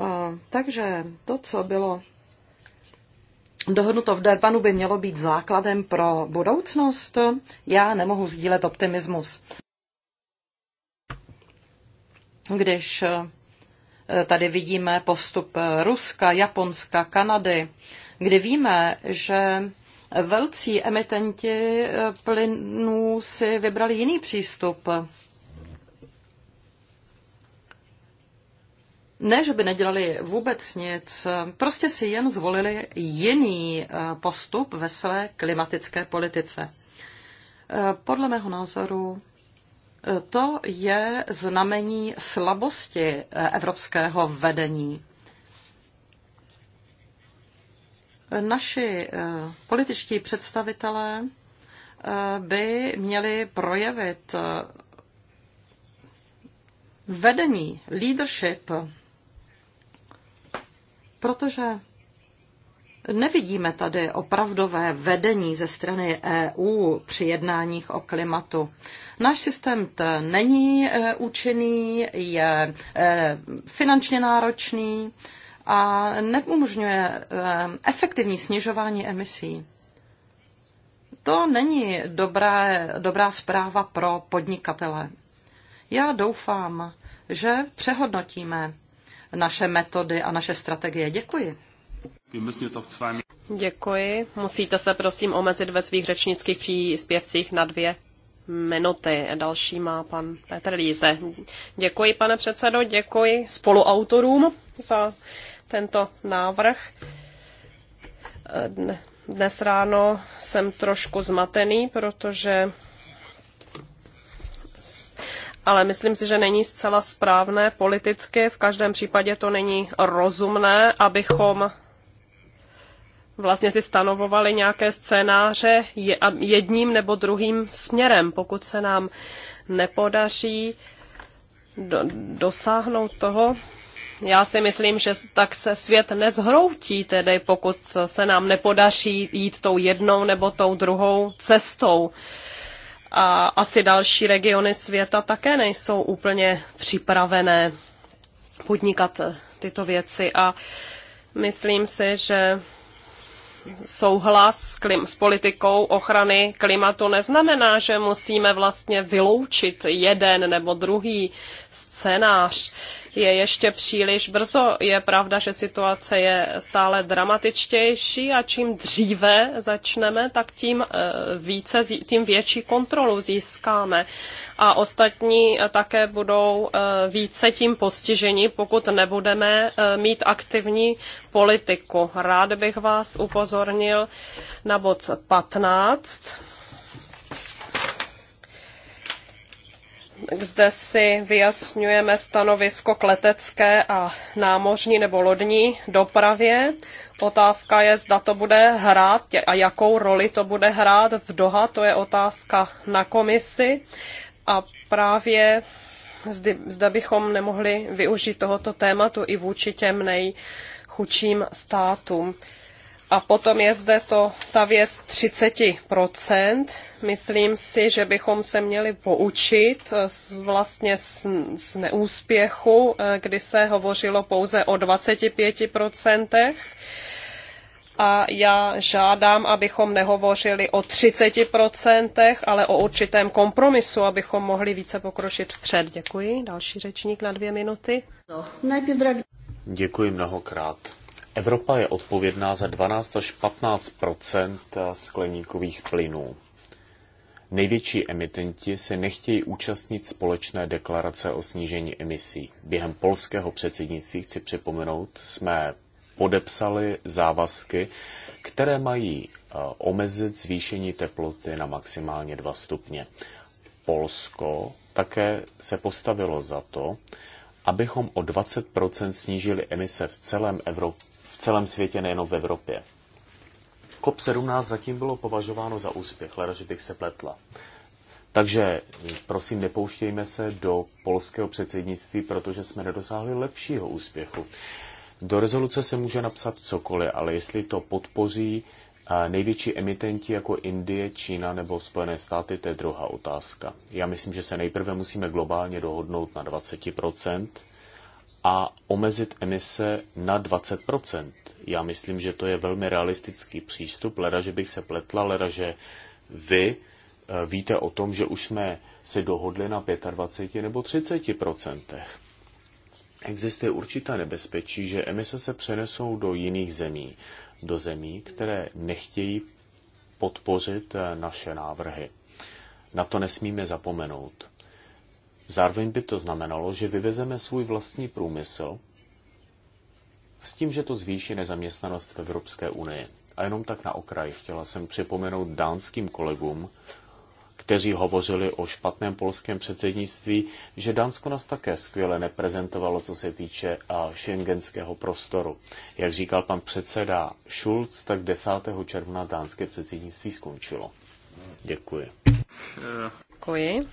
Speaker 4: Eh, takže to, co bylo dohodnuto v Derbanu, by mělo být základem pro budoucnost. Já nemohu sdílet optimismus když eh, tady vidíme postup eh, Ruska, Japonska, Kanady, kdy víme, že velcí emitenti eh, plynů si vybrali jiný přístup. Ne, že by nedělali vůbec nic, prostě si jen zvolili jiný postup ve své klimatické politice. Podle mého názoru to je znamení slabosti eh, evropského vedení. Naši eh, političtí představitelé eh, by měli projevit vedení, leadership, protože Nevidíme tady opravdové vedení ze strany EU při jednáních o klimatu. Náš systém není e, účinný, je e, finančně náročný a neumožňuje e, efektivní snižování emisí. To není dobrá, dobrá zpráva pro podnikatele. Já doufám, že přehodnotíme naše metody a naše strategie. Děkuji. Děkuji. Musíte se prosím omezit ve svých řečnických příspěvcích
Speaker 2: na dvě minuty. Další má pan Petr Líze. Děkuji, pane předsedo, děkuji spoluautorům za tento návrh. Dnes ráno jsem trošku zmatený, protože ale myslím si, že není zcela správné politicky. V každém případě to není rozumné, abychom vlastně si stanovovali nějaké scénáře jedním nebo druhým směrem. Pokud se nám nepodaří do, dosáhnout toho, já si myslím, že tak se svět nezhroutí, tedy pokud se nám nepodaří jít tou jednou nebo tou druhou cestou. A asi další regiony světa také nejsou úplně připravené podnikat tyto věci a myslím si, že souhlas s, klim, s politikou ochrany klimatu neznamená, že musíme vlastně vyloučit jeden nebo druhý scénář je ještě příliš brzo. Je pravda, že situace je stále dramatičtější a čím dříve začneme, tak tím eh, více, tím větší kontrolu získáme. A ostatní eh, také budou eh, více tím postiženi, pokud nebudeme mít aktivní politiku. Rád bych vás upozornil na bod 15 Zde si vyjasňujeme stanovisko k letecké a námořní nebo lodní dopravě. Otázka je, zda to bude hrát a jakou roli to bude hrát v Doha, to je otázka na komisi. A právě zde, zda bychom nemohli využít tohoto tématu i vůči těm nejchudším státům. A potom je zde to, ta věc 30%. Myslím si, že bychom se měli poučit z, vlastně z, z neúspěchu, eh, kdy se hovořilo pouze o 25%. A já žádám, abychom nehovořili o 30%, ale o určitém kompromisu, abychom mohli více pokročit vpřed. Děkuji. Další řečník na dvě minuty.
Speaker 1: Děkuji mnohokrát. Evropa je odpovědná za 12 až 15 skleníkových plynů. Největší emitenti se nechtějí účastnit společné deklarace o snížení emisí. Během polského předsednictví, chci připomenout, jsme podepsali závazky, které mají e, omezit zvýšení teploty na maximálně 2 stupně. Polsko také se postavilo za to, abychom o 20 snížili emise v celém Evropě celém světě, nejenom v Evropě. COP17 zatím bylo považováno za úspěch, že bych se pletla. Takže prosím, nepouštějme se do polského předsednictví, protože jsme nedosáhli lepšího úspěchu. Do rezoluce se může napsat cokoliv, ale jestli to podpoří největší emitenti jako Indie, Čína nebo Spojené státy, to je druhá otázka. Já myslím, že se nejprve musíme globálně dohodnout na 20 a omezit emise na 20 Já myslím, že to je velmi realistický přístup, leda, že bych se pletla, leda, že vy eh, víte o tom, že už jsme se dohodli na 25 nebo 30 Existuje určitá nebezpečí, že emise se přenesou do jiných zemí, do zemí, které nechtějí podpořit eh, naše návrhy. Na to nesmíme zapomenout. Zároveň by to znamenalo, že vyvezeme svůj vlastní průmysl s tím, že to zvýší nezaměstnanost v Evropské unii. A jenom tak na okraj chtěla jsem připomenout dánským kolegům, kteří hovořili o špatném polském předsednictví, že Dánsko nás také skvěle neprezentovalo, co se týče šengenského prostoru. Jak říkal pan předseda Schulz, tak 10. června dánské předsednictví skončilo. Děkuji.
Speaker 2: Děkuji.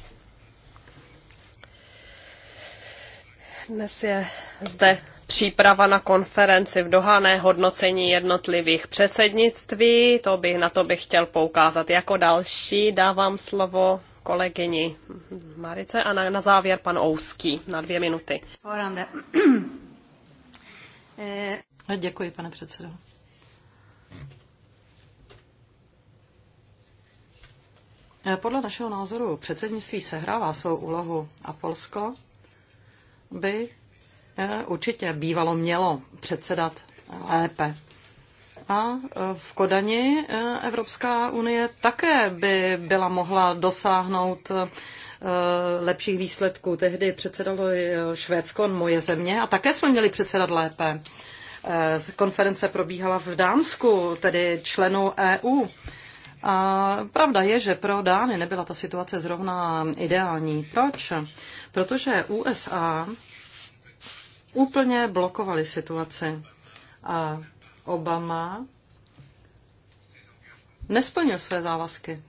Speaker 2: Dnes je zde příprava na konferenci v Dohané hodnocení jednotlivých předsednictví. To by, na to bych chtěl poukázat. Jako další dávám slovo kolegyni Marice a na, na závěr pan Ouský na dvě minuty.
Speaker 4: Eh. Děkuji, pane předsedo. Eh, podle našeho názoru předsednictví sehrává svou úlohu a Polsko by eh, určitě bývalo mělo předsedat lépe. A eh, v Kodani eh, Evropská unie také by byla mohla dosáhnout lepších výsledků. Tehdy předsedalo Švédsko, moje země, a také jsme měli předsedat lépe. Konference probíhala v Dánsku, tedy členů EU. A pravda je, že pro Dány nebyla ta situace zrovna ideální. Proč? Protože USA úplně blokovali situaci a Obama nesplnil své závazky.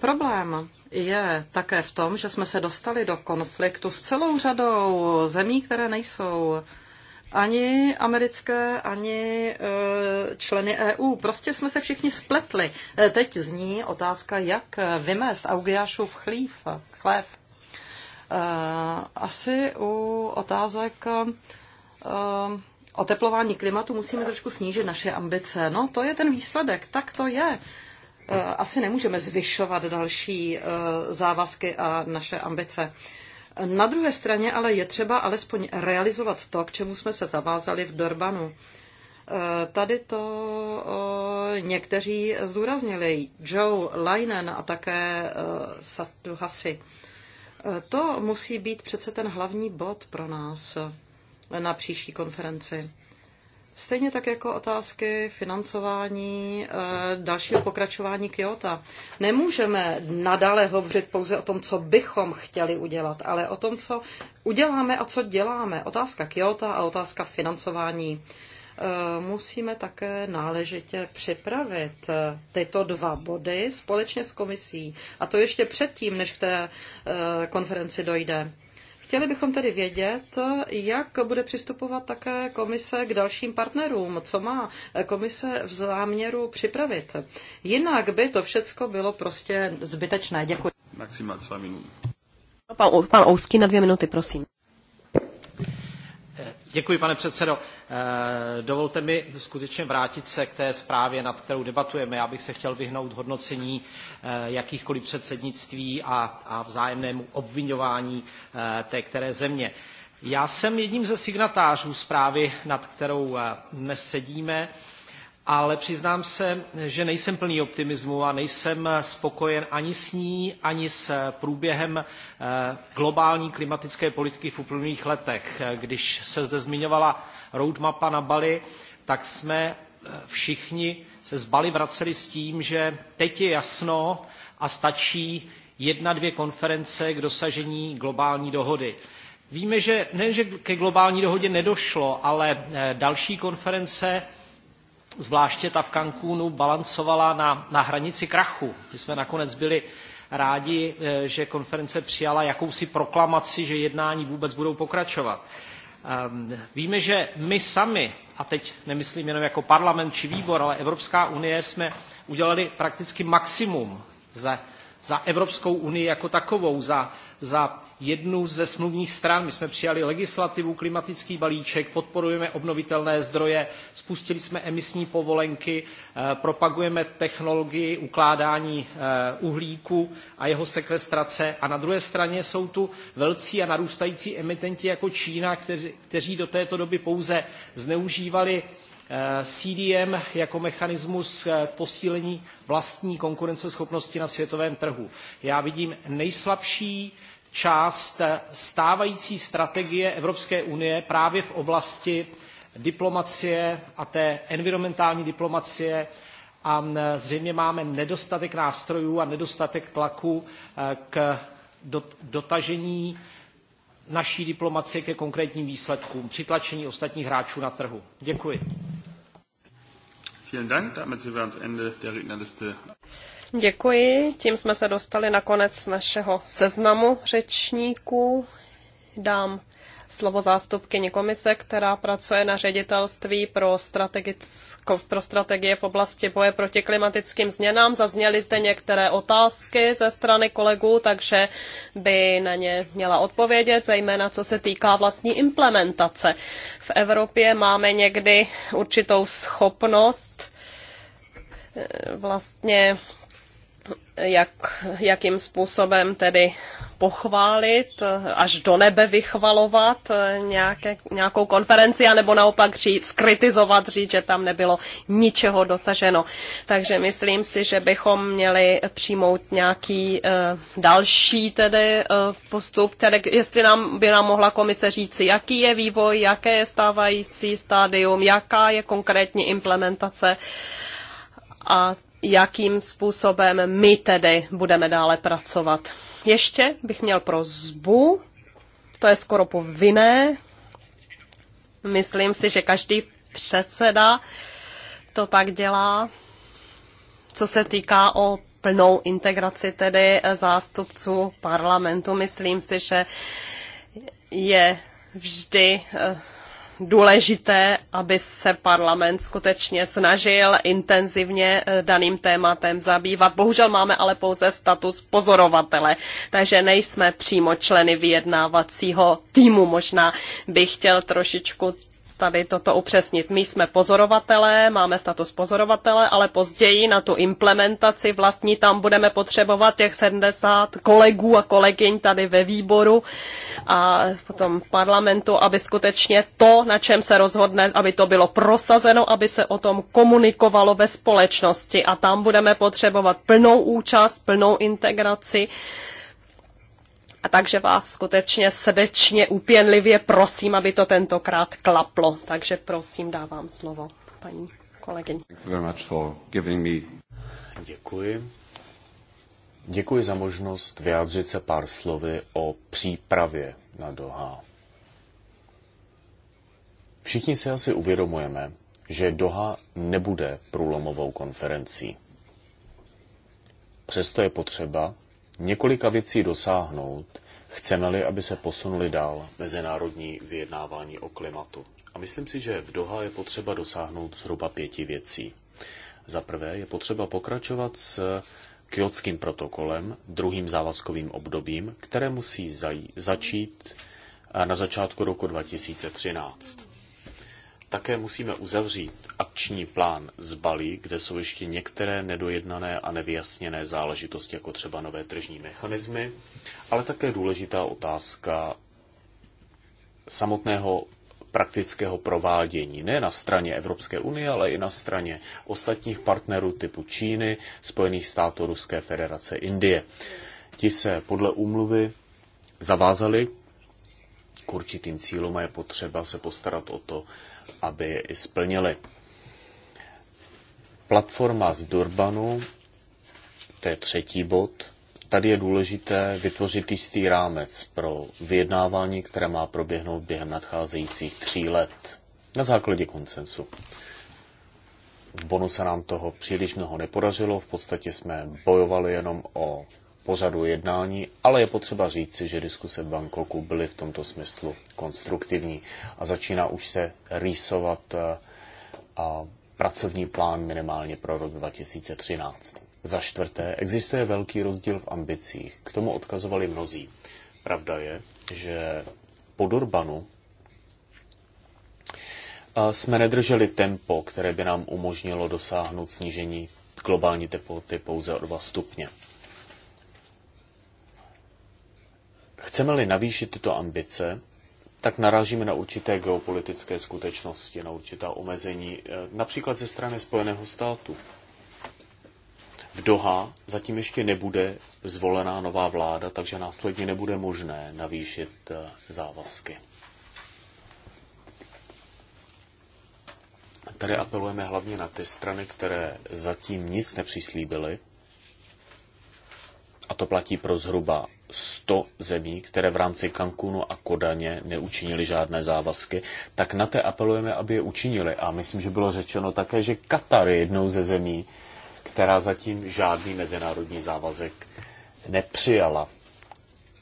Speaker 4: Problém je také v tom, že jsme se dostali do konfliktu s celou řadou zemí, které nejsou ani americké, ani e, členy EU. Prostě jsme se všichni spletli. E, teď zní otázka, jak e, vymést Augiášův chlív, chlév. Asi u otázek oteplování klimatu musíme trošku snížit naše ambice. No, to je ten výsledek, tak to je. Asi nemůžeme zvyšovat další závazky a naše ambice. Na druhé straně ale je třeba alespoň realizovat to, k čemu jsme se zavázali v Dorbanu. E, tady to někteří zdůraznili, Joe Leinen a také e, Satu Hasi. E, to musí být přece ten hlavní bod pro nás na příští konferenci. Stejně tak jako otázky financování eh, dalšího pokračování Kyoto. Nemůžeme nadále hovořit pouze o tom, co bychom chtěli udělat, ale o tom, co uděláme a co děláme. Otázka Kyoto a otázka financování. Eh, musíme také náležitě připravit eh, tyto dva body společně s komisí. A to ještě předtím, než k té konferenci dojde. Chtěli bychom tedy vědět, jak bude přistupovat také komise k dalším partnerům, co má komise v záměru připravit. Jinak by to všecko bylo prostě zbytečné. Děkuji. Maximálně dva minuty.
Speaker 3: Pan,
Speaker 2: pan Ousky na dvě minuty, prosím.
Speaker 3: Děkuji, pane předsedo. Eh, dovolte mi skutečně vrátit se k té zprávě, nad kterou debatujeme. Já bych se chtěl vyhnout hodnocení eh, jakýchkoliv předsednictví a, a vzájemnému obvinování eh, té které země. Já jsem jedním ze signatářů zprávy, nad kterou dnes sedíme, ale přiznám se, že nejsem plný optimismu a nejsem spokojen ani s ní, ani s průběhem Eh, globální klimatické politiky v uplynulých letech. Eh, když se zde zmiňovala roadmapa na Bali, tak jsme eh, všichni se z Bali vraceli s tím, že teď je jasno a stačí jedna, dvě konference k dosažení globální dohody. Víme, že nejenže ke globální dohodě nedošlo, ale další konference, zvláště ta v Cancúnu, balancovala na, na hranici krachu. My jsme nakonec byli rádi, eh, že konference přijala jakousi proklamaci, že jednání vůbec budou pokračovat. Ehm, víme, že my sami, a teď nemyslím jenom jako parlament či výbor, ale Evropská unie jsme udělali prakticky maximum za, za Evropskou unii jako takovou, za, za jednu ze smluvních stran. My jsme přijali legislativu, klimatický balíček, podporujeme obnovitelné zdroje, spustili jsme emisní povolenky, eh, propagujeme technologii ukládání eh, uhlíku a jeho sekvestrace. A na druhé straně jsou tu velcí a narůstající emitenti jako Čína, kteří, kteří do této doby pouze zneužívali eh, CDM jako mechanismus k posílení vlastní konkurenceschopnosti na světovém trhu. Já vidím nejslabší část stávající strategie Evropské unie právě v oblasti diplomacie a té environmentální diplomacie a zřejmě máme nedostatek nástrojů a nedostatek tlaku e, k dotažení naší diplomacie ke konkrétním výsledkům, přitlačení ostatních hráčů na trhu. Děkuji.
Speaker 1: Vielen Dank. Damit sind wir ans Ende der Rednerliste.
Speaker 2: Děkuji. Tím jsme se dostali na konec našeho seznamu řečníků. Dám slovo zástupkyni komise, která pracuje na ředitelství pro, pro strategie v oblasti boje proti klimatickým změnám. Zazněly zde některé otázky ze strany kolegů, takže by na ně měla odpovědět, zejména co se týká vlastní implementace. V Evropě máme někdy určitou schopnost eh, vlastně jak, jakým způsobem tedy pochválit, až do nebe vychvalovat nějaké, nějakou konferenci, anebo naopak říct, skritizovat, říct, že tam nebylo ničeho dosaženo. Takže myslím si, že bychom měli přijmout nějaký uh, další tedy uh, postup, tedy jestli nám by nám mohla komise říci, jaký je vývoj, jaké je stávající stádium, jaká je konkrétní implementace a jakým způsobem my tedy budeme dále pracovat. Ještě bych měl prozbu, to je skoro povinné. Myslím si, že každý předseda to tak dělá, co se týká o plnou integraci tedy zástupců parlamentu. Myslím si, že je vždy eh, důležité, aby se parlament skutečně snažil intenzivně eh, daným tématem zabývat. Bohužel máme ale pouze status pozorovatele, takže nejsme přímo členy vyjednávacího týmu. Možná bych chtěl trošičku tady toto upřesnit. My jsme pozorovatelé, máme status pozorovatele, ale později na tu implementaci vlastní tam budeme potřebovat těch 70 kolegů a kolegyň tady ve výboru a potom parlamentu, aby skutečně to, na čem se rozhodne, aby to bylo prosazeno, aby se o tom komunikovalo ve společnosti a tam budeme potřebovat plnou účast, plnou integraci a takže vás skutečně srdečně, úpěnlivě prosím, aby to tentokrát klaplo. Takže prosím, dávám slovo paní kolegyně.
Speaker 1: Děkuji. Děkuji za možnost vyjádřit se pár slovy o přípravě na Doha. Všichni si asi uvědomujeme, že Doha nebude průlomovou konferencí. Přesto je potřeba, několika věcí dosáhnout, chceme-li, aby se posunuli dál mezinárodní vyjednávání o klimatu. A myslím si, že v Doha je potřeba dosáhnout zhruba pěti věcí. Za prvé je potřeba pokračovat s kjotským protokolem, druhým závazkovým obdobím, které musí začít na začátku roku 2013. Také musíme uzavřít akční plán z Bali, kde jsou ještě některé nedojednané a nevyjasněné záležitosti, jako třeba nové tržní mechanismy, ale také důležitá otázka samotného praktického provádění, ne na straně Evropské unie, ale i na straně ostatních partnerů typu Číny, Spojených států, Ruské federace, Indie. Ti se podle úmluvy zavázali k určitým cílům a je potřeba se postarat o to, aby je i splnili. Platforma z Durbanu, to je třetí bod. Tady je důležité vytvořit jistý rámec pro vyjednávání, které má proběhnout během nadcházejících tří let na základě koncensu. V Bonu se nám toho příliš mnoho nepodařilo, v podstatě jsme bojovali jenom o pořadu jednání, ale je potřeba říci, že diskuse v Bangkoku byly v tomto smyslu konstruktivní a začíná už se rýsovat eh, a pracovní plán minimálně pro rok 2013. Za čtvrté, existuje velký rozdíl v ambicích. K tomu odkazovali mnozí. Pravda je, že po Durbanu eh, jsme nedrželi tempo, které by nám umožnilo dosáhnout snížení globální teploty pouze o 2 stupně. Chceme-li navýšit tyto ambice, tak narážíme na určité geopolitické skutečnosti, na určitá omezení, eh, například ze strany Spojeného státu. V Doha zatím ještě nebude zvolená nová vláda, takže následně nebude možné navýšit eh, závazky. Tady apelujeme hlavně na ty strany, které zatím nic nepřislíbily, a to platí pro zhruba 100 zemí, které v rámci Cancúnu a Kodaně neučinili žádné závazky, tak na té apelujeme, aby je učinili. A myslím, že bylo řečeno také, že Katar je jednou ze zemí, která zatím žádný mezinárodní závazek nepřijala.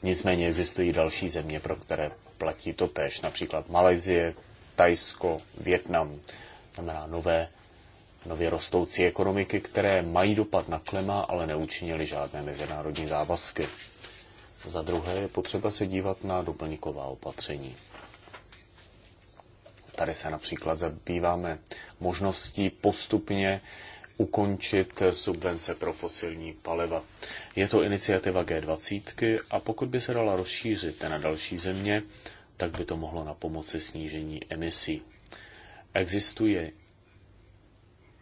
Speaker 1: Nicméně existují další země, pro které platí to tež, například Malezie, Tajsko, Větnam, znamená nové, nově rostoucí ekonomiky, které mají dopad na klima, ale neučinili žádné mezinárodní závazky. Za druhé je potřeba se dívat na doplňková opatření. Tady se například zabýváme možností postupně ukončit subvence pro fosilní paliva. Je to iniciativa G20 a pokud by se dala rozšířit na další země, tak by to mohlo na pomoci snížení emisí. Existuje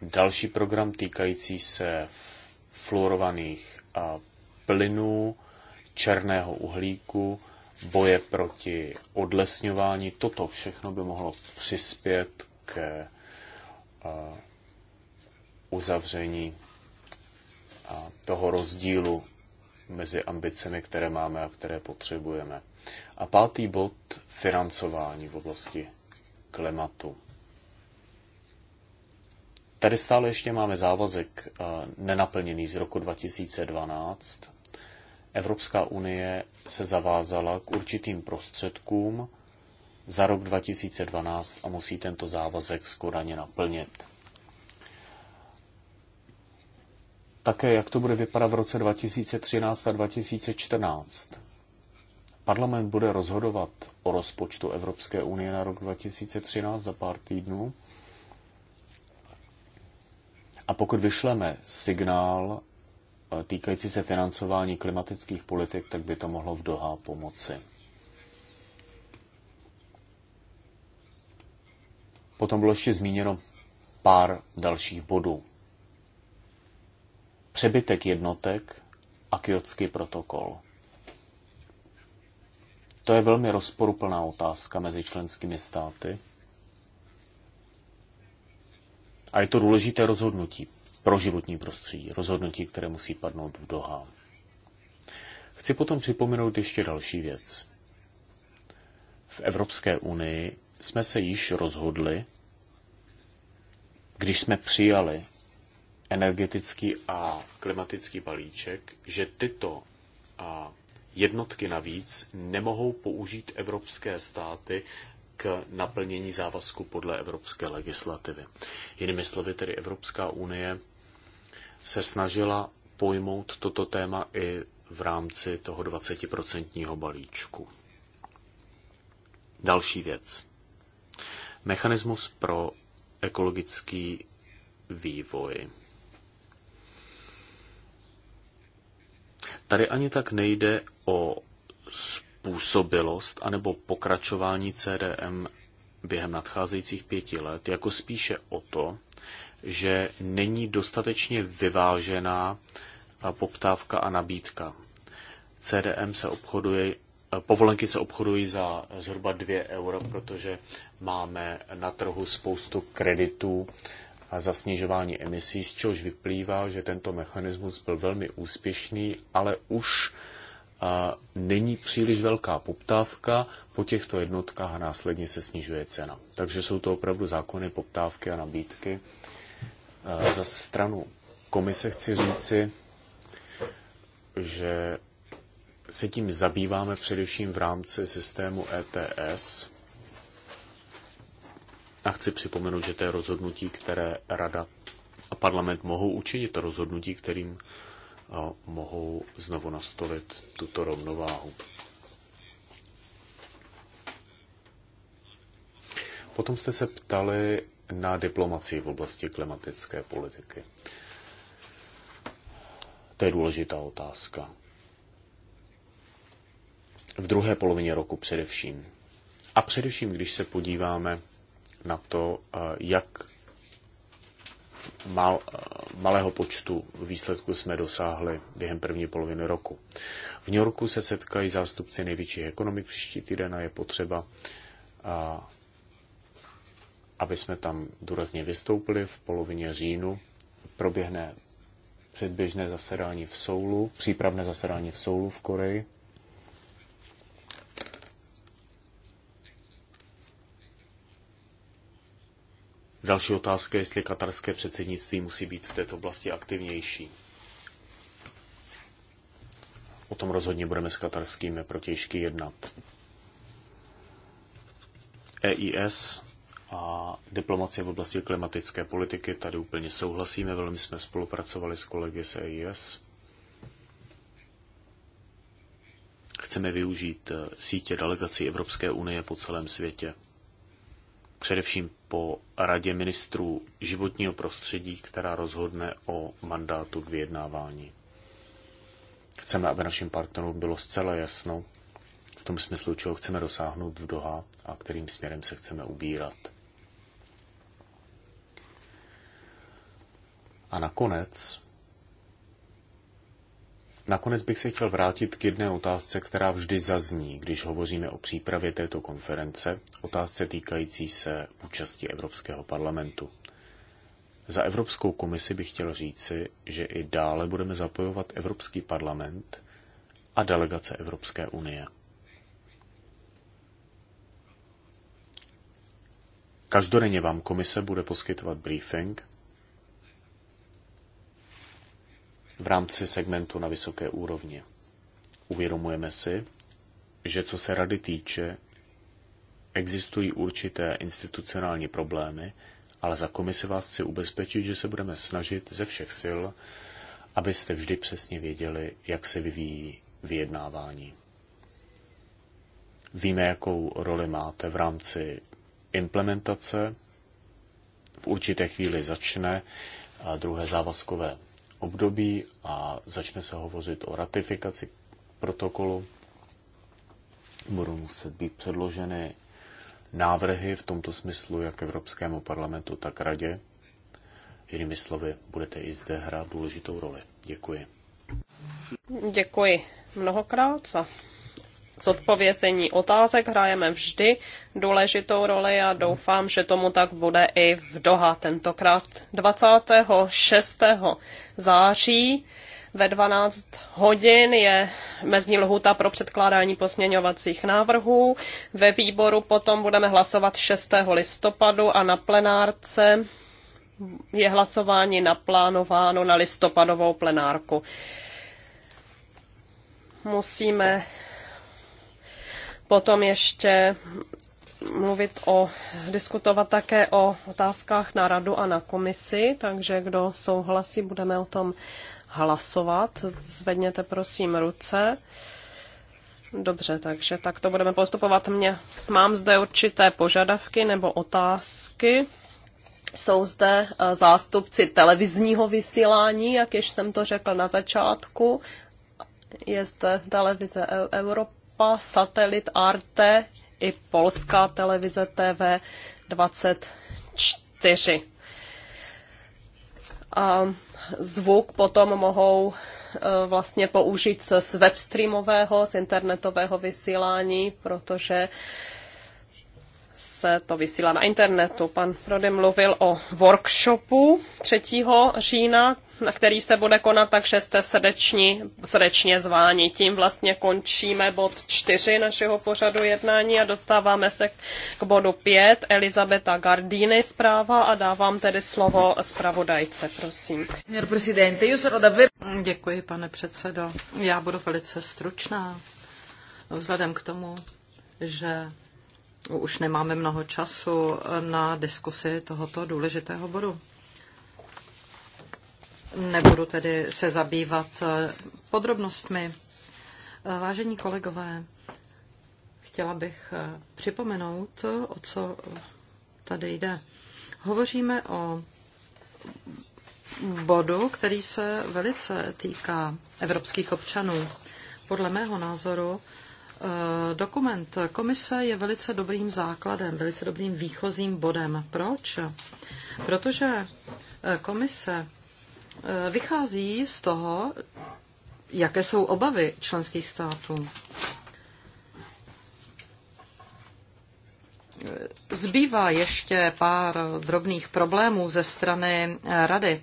Speaker 1: další program týkající se fluorovaných plynů černého uhlíku, boje proti odlesňování. Toto všechno by mohlo přispět k eh, uzavření eh, toho rozdílu mezi ambicemi, které máme a které potřebujeme. A pátý bod financování v oblasti klimatu. Tady stále ještě máme závazek eh, nenaplněný z roku 2012 Evropská unie se zavázala k určitým prostředkům za rok 2012 a musí tento závazek skoraně naplnit. Také jak to bude vypadat v roce 2013 a 2014. Parlament bude rozhodovat o rozpočtu Evropské unie na rok 2013 za pár týdnů. A pokud vyšleme signál týkající se financování klimatických politik, tak by to mohlo v Doha pomoci. Potom bylo ještě zmíněno pár dalších bodů. Přebytek jednotek a kyotský protokol. To je velmi rozporuplná otázka mezi členskými státy. A je to důležité rozhodnutí, pro životní prostředí, rozhodnutí, které musí padnout v Doha. Chci potom připomenout ještě další věc. V Evropské unii jsme se již rozhodli, když jsme přijali energetický a klimatický balíček, že tyto a jednotky navíc nemohou použít evropské státy k naplnění závazku podle evropské legislativy. Jinými slovy, tedy Evropská unie se snažila pojmout toto téma i v rámci toho 20% balíčku. Další věc. Mechanismus pro ekologický vývoj. Tady ani tak nejde o způsobilost anebo pokračování CDM během nadcházejících pěti let, jako spíše o to, že není dostatečně vyvážená poptávka a nabídka. CDM se obchoduje, povolenky se obchodují za zhruba 2 euro, protože máme na trhu spoustu kreditů za snižování emisí, z čehož vyplývá, že tento mechanismus byl velmi úspěšný, ale už není příliš velká poptávka po těchto jednotkách a následně se snižuje cena. Takže jsou to opravdu zákony poptávky a nabídky Eh, za stranu komise chci říci, že se tím zabýváme především v rámci systému ETS. A chci připomenout, že to je rozhodnutí, které Rada a parlament mohou učinit, rozhodnutí, kterým eh, mohou znovu nastolit tuto rovnováhu. Potom jste se ptali na diplomacii v oblasti klimatické politiky? To je důležitá otázka. V druhé polovině roku především. A především, když se podíváme na to, eh, jak mal, eh, malého počtu výsledků jsme dosáhli během první poloviny roku. V New Yorku se setkají zástupci největších ekonomik příští týden a je potřeba eh, aby jsme tam důrazně vystoupili v polovině říjnu. Proběhne předběžné zasedání v Soulu, přípravné zasedání v Soulu v Koreji. Další otázka je, jestli katarské předsednictví musí být v této oblasti aktivnější. O tom rozhodně budeme s katarskými protěžky jednat. EIS a diplomacie v oblasti klimatické politiky. Tady úplně souhlasíme, velmi jsme spolupracovali s kolegy z EIS. Chceme využít eh, sítě delegací Evropské unie po celém světě. Především po Radě ministrů životního prostředí, která rozhodne o mandátu k vyjednávání. Chceme, aby našim partnerům bylo zcela jasno, v tom smyslu, čeho chceme dosáhnout v Doha a kterým směrem se chceme ubírat. A nakonec, nakonec bych se chtěl vrátit k jedné otázce, která vždy zazní, když hovoříme o přípravě této konference, otázce týkající se účasti Evropského parlamentu. Za Evropskou komisi bych chtěl říci, že i dále budeme zapojovat Evropský parlament a delegace Evropské unie. Každodenně vám komise bude poskytovat briefing v rámci segmentu na vysoké úrovni. Uvědomujeme si, že co se rady týče, existují určité institucionální problémy, ale za komisi vás chci ubezpečit, že se budeme snažit ze všech sil, abyste vždy přesně věděli, jak se vyvíjí vyjednávání. Víme, jakou roli máte v rámci implementace. V určité chvíli začne druhé závazkové období a začne se hovořit o ratifikaci protokolu. Budou muset být předloženy návrhy v tomto smyslu jak Evropskému parlamentu, tak Radě. Jinými slovy, budete i zde hrát důležitou roli. Děkuji.
Speaker 2: Děkuji mnohokrát za zodpovězení otázek hrajeme vždy důležitou roli a doufám, že tomu tak bude i v Doha tentokrát 26. září ve 12 hodin je mezní lhuta pro předkládání posměňovacích návrhů. Ve výboru potom budeme hlasovat 6. listopadu a na plenárce je hlasování naplánováno na listopadovou plenárku. Musíme Potom ještě mluvit o, diskutovat také o otázkách na radu a na komisi, takže kdo souhlasí, budeme o tom hlasovat. Zvedněte prosím ruce. Dobře, takže tak to budeme postupovat. Mě, mám zde určité požadavky nebo otázky. Jsou zde eh, zástupci televizního vysílání, jak již jsem to řekl na začátku. Je zde televize e- Europa Evropa, satelit Arte i polská televize TV 24. A zvuk potom mohou e, vlastně použít z webstreamového, z internetového vysílání, protože se to vysílá na internetu. Pan Frody mluvil o workshopu 3. října, na který se bude konat, takže jste srdeční, srdečně zváni. Tím vlastně končíme bod 4 našeho pořadu jednání a dostáváme se k bodu 5. Elizabeta Gardini zpráva a dávám tedy slovo zpravodajce, prosím.
Speaker 4: Děkuji, pane předsedo. Já budu velice stručná. Vzhledem k tomu, že už nemáme mnoho času na diskusi tohoto důležitého bodu. Nebudu tedy se zabývat eh, podrobnostmi. Eh, vážení kolegové, chtěla bych eh, připomenout, o co tady jde. Hovoříme o bodu, který se velice týká evropských občanů. Podle mého názoru Eh, dokument komise je velice dobrým základem, velice dobrým výchozím bodem. Proč? Protože eh, komise eh, vychází z toho, jaké jsou obavy členských států. Zbývá ještě pár drobných problémů ze strany Rady.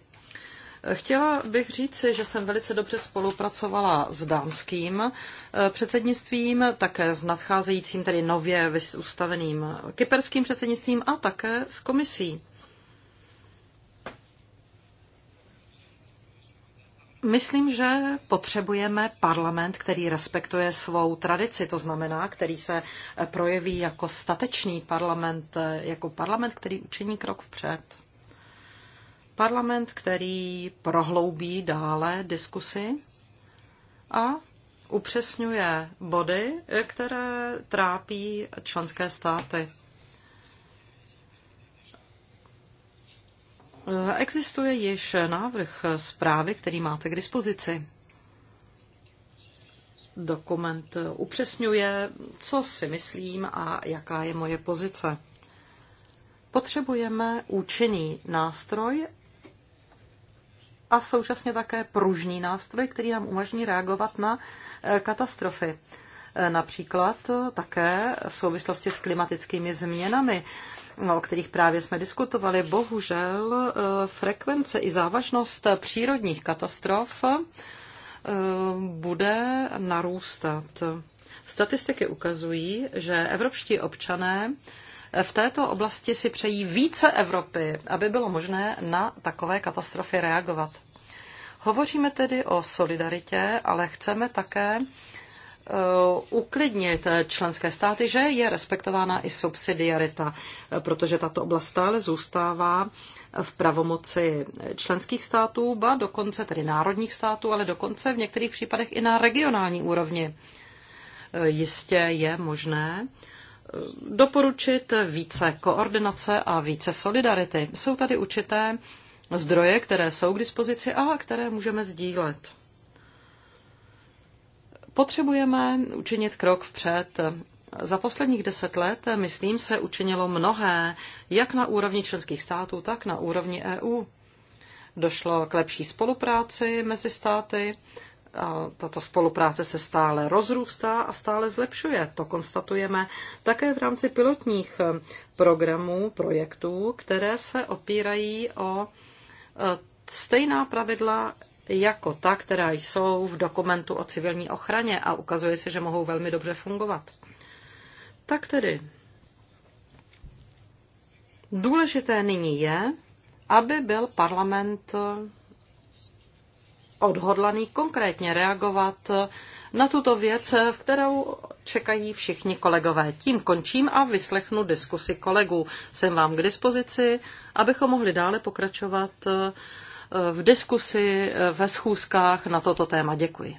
Speaker 4: Chtěla bych říci, že jsem velice dobře spolupracovala s dánským eh, předsednictvím, také s nadcházejícím, tedy nově ustaveným kyperským předsednictvím a také s komisí. Myslím, že potřebujeme parlament, který respektuje svou tradici, to znamená, který se eh, projeví jako statečný parlament, eh, jako parlament, který učiní krok vpřed. Parlament, který prohloubí dále diskusy a upřesňuje body, které trápí členské státy. Existuje již návrh zprávy, který máte k dispozici. Dokument upřesňuje, co si myslím a jaká je moje pozice. Potřebujeme účinný nástroj, a současně také pružný nástroj, který nám umožní reagovat na eh, katastrofy. Eh, například eh, také v souvislosti s klimatickými změnami, o kterých právě jsme diskutovali, bohužel frekvence i závažnost přírodních katastrof bude narůstat. Statistiky ukazují, že evropští občané v této oblasti si přejí více Evropy, aby bylo možné na takové katastrofy reagovat. Hovoříme tedy o solidaritě, ale chceme také e, uklidnit členské státy, že je respektována i subsidiarita, protože tato oblast stále zůstává v pravomoci členských států, ba dokonce tedy národních států, ale dokonce v některých případech i na regionální úrovni. E, jistě je možné doporučit více koordinace a více solidarity. Jsou tady určité zdroje, které jsou k dispozici a které můžeme sdílet. Potřebujeme učinit krok vpřed. Za posledních deset let, myslím, se učinilo mnohé, jak na úrovni členských států, tak na úrovni EU. Došlo k lepší spolupráci mezi státy tato spolupráce se stále rozrůstá a stále zlepšuje. To konstatujeme také v rámci pilotních eh, programů, projektů, které se opírají o eh, stejná pravidla jako ta, která jsou v dokumentu o civilní ochraně a ukazuje se, že mohou velmi dobře fungovat. Tak tedy, důležité nyní je, aby byl parlament eh, odhodlaný konkrétně reagovat na tuto věc, v kterou čekají všichni kolegové. Tím končím a vyslechnu diskusi kolegů. Jsem vám k dispozici, abychom mohli dále pokračovat eh, v diskusi eh, ve schůzkách na toto téma. Děkuji.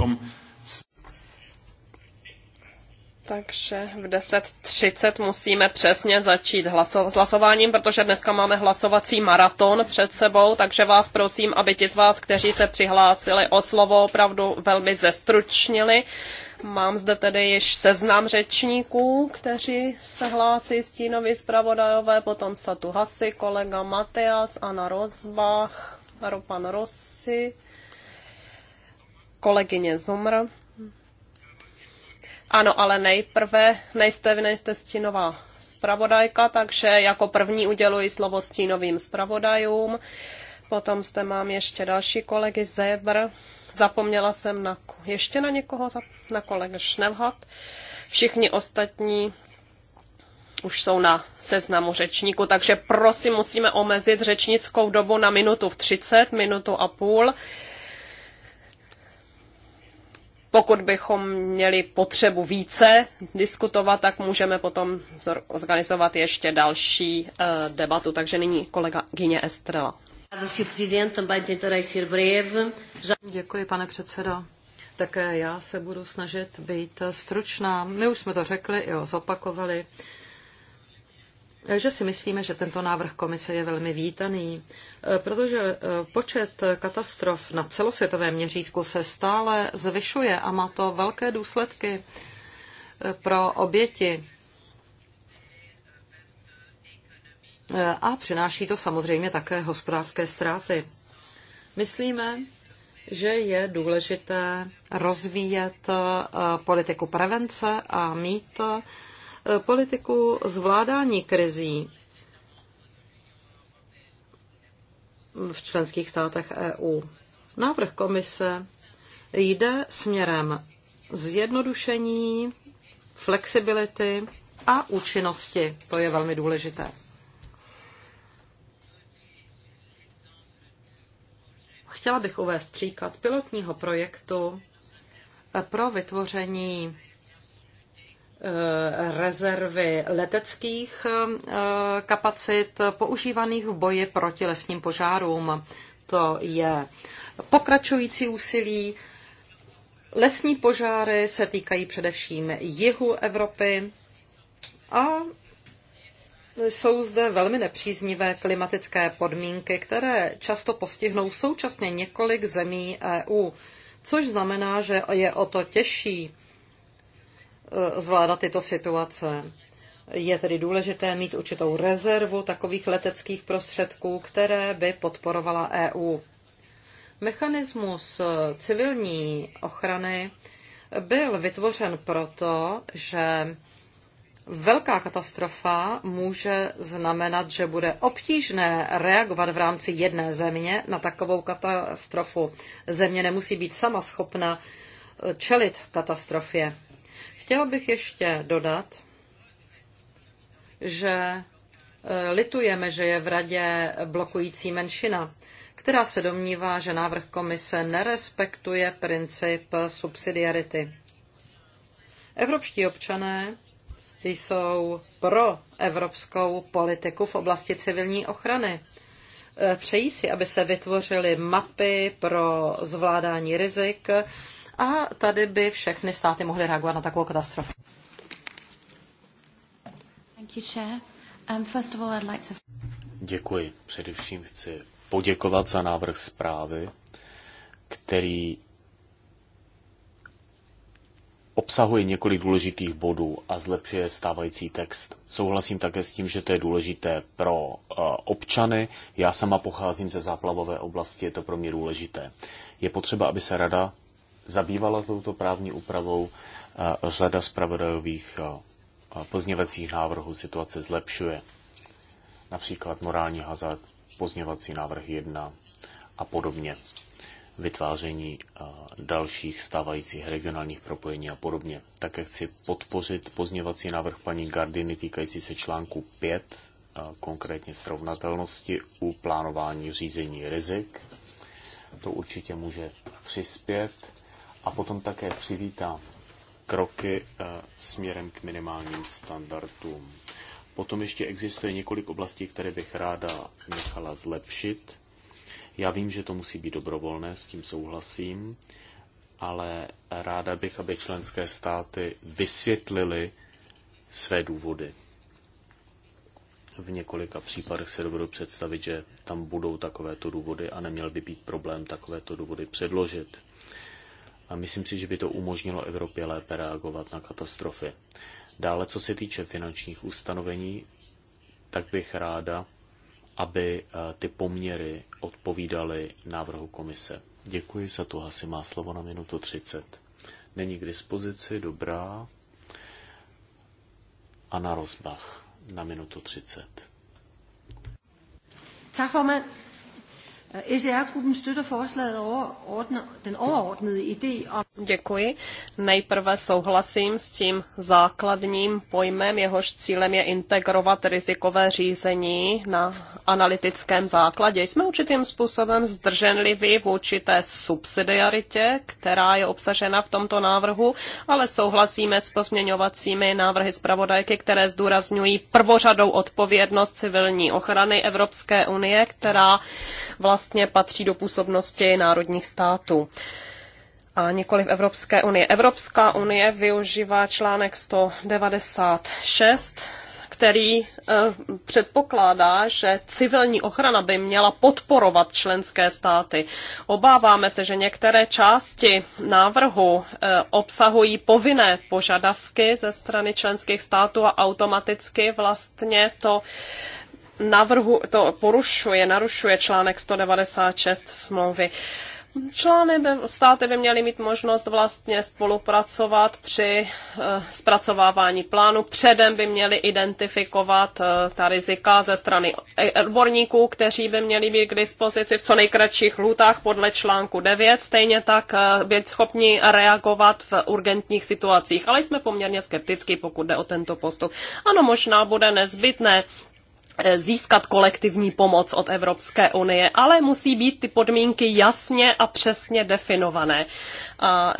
Speaker 1: Um
Speaker 2: takže v 10.30 musíme přesně začít hlaso- s hlasováním, protože dneska máme hlasovací maraton před sebou, takže vás prosím, aby ti z vás, kteří se přihlásili o slovo, opravdu velmi zestručnili. Mám zde tedy již seznam řečníků, kteří se hlásí stínovi zpravodajové, potom Satu Hasi, kolega Matias, Anna Rozbach, Ropan Rossi, kolegyně Zomr. Ano, ale nejprve nejste, vy nejste stínová zpravodajka, takže jako první uděluji slovo stínovým zpravodajům. Potom zde mám ještě další kolegy Zebr. Zapomněla jsem na, ještě na někoho, na kolegu Šnevhat. Všichni ostatní už jsou na seznamu řečníku, takže prosím, musíme omezit řečnickou dobu na minutu 30, minutu a půl pokud bychom měli potřebu více diskutovat, tak můžeme potom zorganizovat ještě další eh, debatu. Takže nyní kolega Gyně
Speaker 4: Estrela. Děkuji, pane předsedo. Také já se budu snažit být stručná. My už jsme to řekli i zopakovali že si myslíme, že tento návrh komise je velmi vítaný, e, protože e, počet katastrof na celosvětovém měřítku se stále zvyšuje a má to velké důsledky e, pro oběti. A přináší to samozřejmě také hospodářské ztráty. Myslíme, že je důležité rozvíjet politiku prevence a mít Eh, politiku zvládání krizí v členských státech EU. Návrh komise jde směrem zjednodušení, flexibility a účinnosti. To je velmi důležité. Chtěla bych uvést příklad pilotního projektu pro vytvoření Eh, rezervy leteckých eh, kapacit používaných v boji proti lesním požárům. To je pokračující úsilí. Lesní požáry se týkají především jihu Evropy a jsou zde velmi nepříznivé klimatické podmínky, které často postihnou současně několik zemí EU, což znamená, že je o to těžší Eh, zvládat tyto situace. Je tedy důležité mít určitou rezervu takových leteckých prostředků, které by podporovala EU. Mechanismus eh, civilní ochrany byl vytvořen proto, že velká katastrofa může znamenat, že bude obtížné reagovat v rámci jedné země na takovou katastrofu. Země nemusí být sama schopna eh, čelit katastrofě. Chtěla bych ještě dodat, že e, litujeme, že je v radě blokující menšina, která se domnívá, že návrh komise nerespektuje princip subsidiarity. Evropští občané jsou pro evropskou politiku v oblasti civilní ochrany. E, přejí si, aby se vytvořily mapy pro zvládání rizik, a tady by všechny státy mohly reagovat na takovou katastrofu. Um,
Speaker 1: Děkuji. Především chci poděkovat za návrh zprávy, který obsahuje několik důležitých bodů a zlepšuje stávající text. Souhlasím také s tím, že to je důležité pro eh, občany. Já sama pocházím ze záplavové oblasti, je to pro mě důležité. Je potřeba, aby se rada zabývala touto právní úpravou. Eh, řada zpravodajových eh, eh, pozněvacích návrhů situace zlepšuje. Například morální hazard, pozněvací návrh 1 a podobně. Vytváření dalších stávajících regionálních propojení a podobně. Také chci podpořit pozněvací návrh paní Gardiny týkající se článku 5, konkrétně srovnatelnosti u plánování řízení rizik. To určitě může přispět a potom také přivítám kroky eh, směrem k minimálním standardům. Potom ještě existuje několik oblastí, které bych ráda nechala zlepšit. Já vím, že to musí být dobrovolné, s tím souhlasím, ale ráda bych, aby členské státy vysvětlily své důvody. V několika případech se dovedu představit, že tam budou takovéto důvody a neměl by být problém takovéto důvody předložit. A myslím si, že by to umožnilo Evropě lépe reagovat na katastrofy. Dále, co se týče finančních ustanovení, tak bych ráda, aby eh, ty poměry odpovídaly návrhu komise. Děkuji, Satu Hasi má slovo na minutu 30. Není k dispozici, dobrá. a na rozbach na minutu 30.
Speaker 4: Tak, gruppen støtter forslaget den overordnede
Speaker 2: idé om... Děkuji. Nejprve souhlasím s tím základním pojmem, jehož cílem je integrovat rizikové řízení na analytickém základě. Jsme určitým způsobem zdrženliví v určité subsidiaritě, která je obsažena v tomto návrhu, ale souhlasíme s pozměňovacími návrhy zpravodajky, které zdůrazňují prvořadou odpovědnost civilní ochrany Evropské unie, která vlastně vlastně patří do působnosti národních států a nikoli v Evropské unie. Evropská unie využívá článek 196 který eh, předpokládá, že civilní ochrana by měla podporovat členské státy. Obáváme se, že některé části návrhu eh, obsahují povinné požadavky ze strany členských států a automaticky vlastně to navrhu, to porušuje, narušuje článek 196 smlouvy. Člány by, státy by měly mít možnost vlastně spolupracovat při e, zpracovávání plánu. Předem by měly identifikovat e, ta rizika ze strany odborníků, kteří by měli být k dispozici v co nejkratších lhůtách podle článku 9, stejně tak e, být schopni reagovat v urgentních situacích. Ale jsme poměrně skeptický, pokud jde o tento postup. Ano, možná bude nezbytné Eh, získat kolektivní pomoc od Evropské unie, ale musí být ty podmínky jasně a přesně definované. A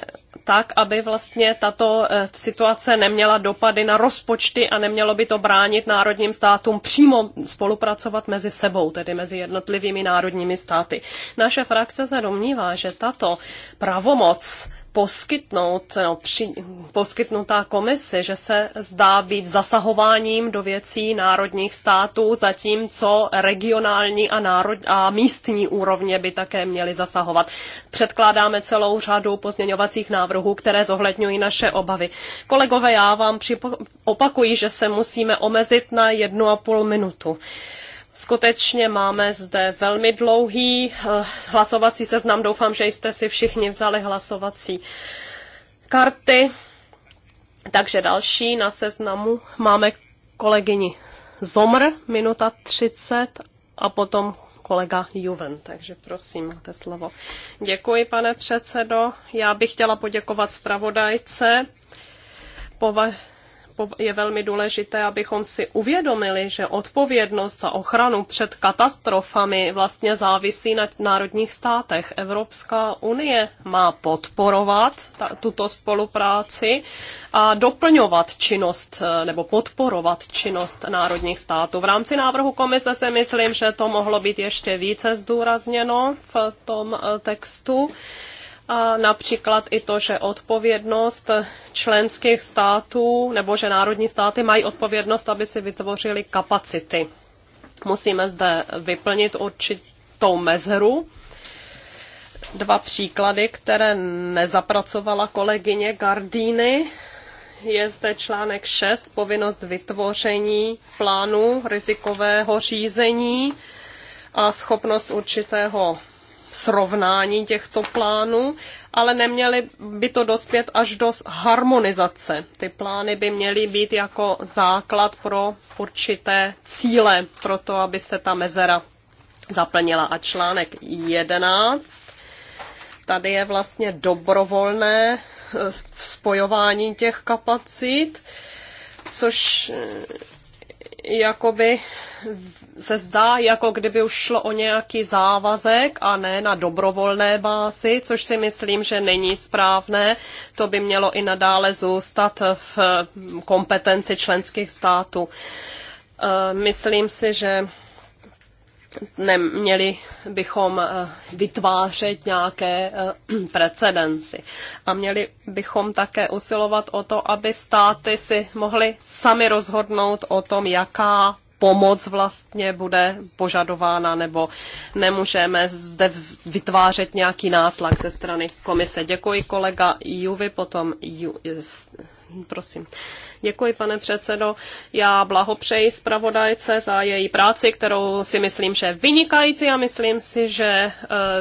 Speaker 2: tak, aby vlastně tato eh, situace neměla dopady na rozpočty a nemělo by to bránit národním státům přímo spolupracovat mezi sebou, tedy mezi jednotlivými národními státy. Naše frakce se domnívá, že tato pravomoc poskytnout, no, při, poskytnutá komise, že se zdá být zasahováním do věcí národních států, zatímco regionální a, národ, a místní úrovně by také měly zasahovat. Předkládáme celou řadu pozměňovacích návrhů, které zohledňují naše obavy. Kolegové, já vám připo- opakuji, že se musíme omezit na jednu a půl minutu. Uh, Skutečně máme zde velmi dlouhý eh, hlasovací seznam. Doufám, že jste si všichni vzali hlasovací karty. Takže další na seznamu máme kolegyni Zomr, minuta 30 a potom kolega Juven. Takže prosím, máte slovo. Děkuji, pane předsedo. Já bych chtěla poděkovat zpravodajce. Pova- je velmi důležité, abychom si uvědomili, že odpovědnost za ochranu před katastrofami vlastně závisí na národních státech. Evropská unie má podporovat ta, tuto spolupráci a doplňovat činnost eh, nebo podporovat činnost národních států. V rámci návrhu komise si myslím, že to mohlo být ještě více zdůrazněno v tom eh, textu. A například i to, že odpovědnost členských států nebo že národní státy mají odpovědnost, aby si vytvořili kapacity. Musíme zde vyplnit určitou mezeru. Dva příklady, které nezapracovala kolegyně Gardíny je zde článek 6, povinnost vytvoření plánu rizikového řízení a schopnost určitého srovnání těchto plánů, ale neměly by to dospět až do harmonizace. Ty plány by měly být jako základ pro určité cíle, pro to, aby se ta mezera zaplnila. A článek 11 tady je vlastně dobrovolné eh, spojování těch kapacit, což eh, jakoby se zdá, jako kdyby už šlo o nějaký závazek a ne na dobrovolné bázi, což si myslím, že není správné. To by mělo i nadále zůstat v kompetenci členských států. E, myslím si, že neměli bychom eh, vytvářet nějaké eh, precedenci. A měli bychom také usilovat o to, aby státy si mohly sami rozhodnout o tom, jaká pomoc vlastně bude požadována, nebo nemůžeme zde vytvářet nějaký nátlak ze strany komise. Děkuji kolega Juvi, potom Ju, Prosím. Děkuji, pane předsedo. Já blahopřeji zpravodajce za její práci, kterou si myslím, že je vynikající a myslím si, že eh,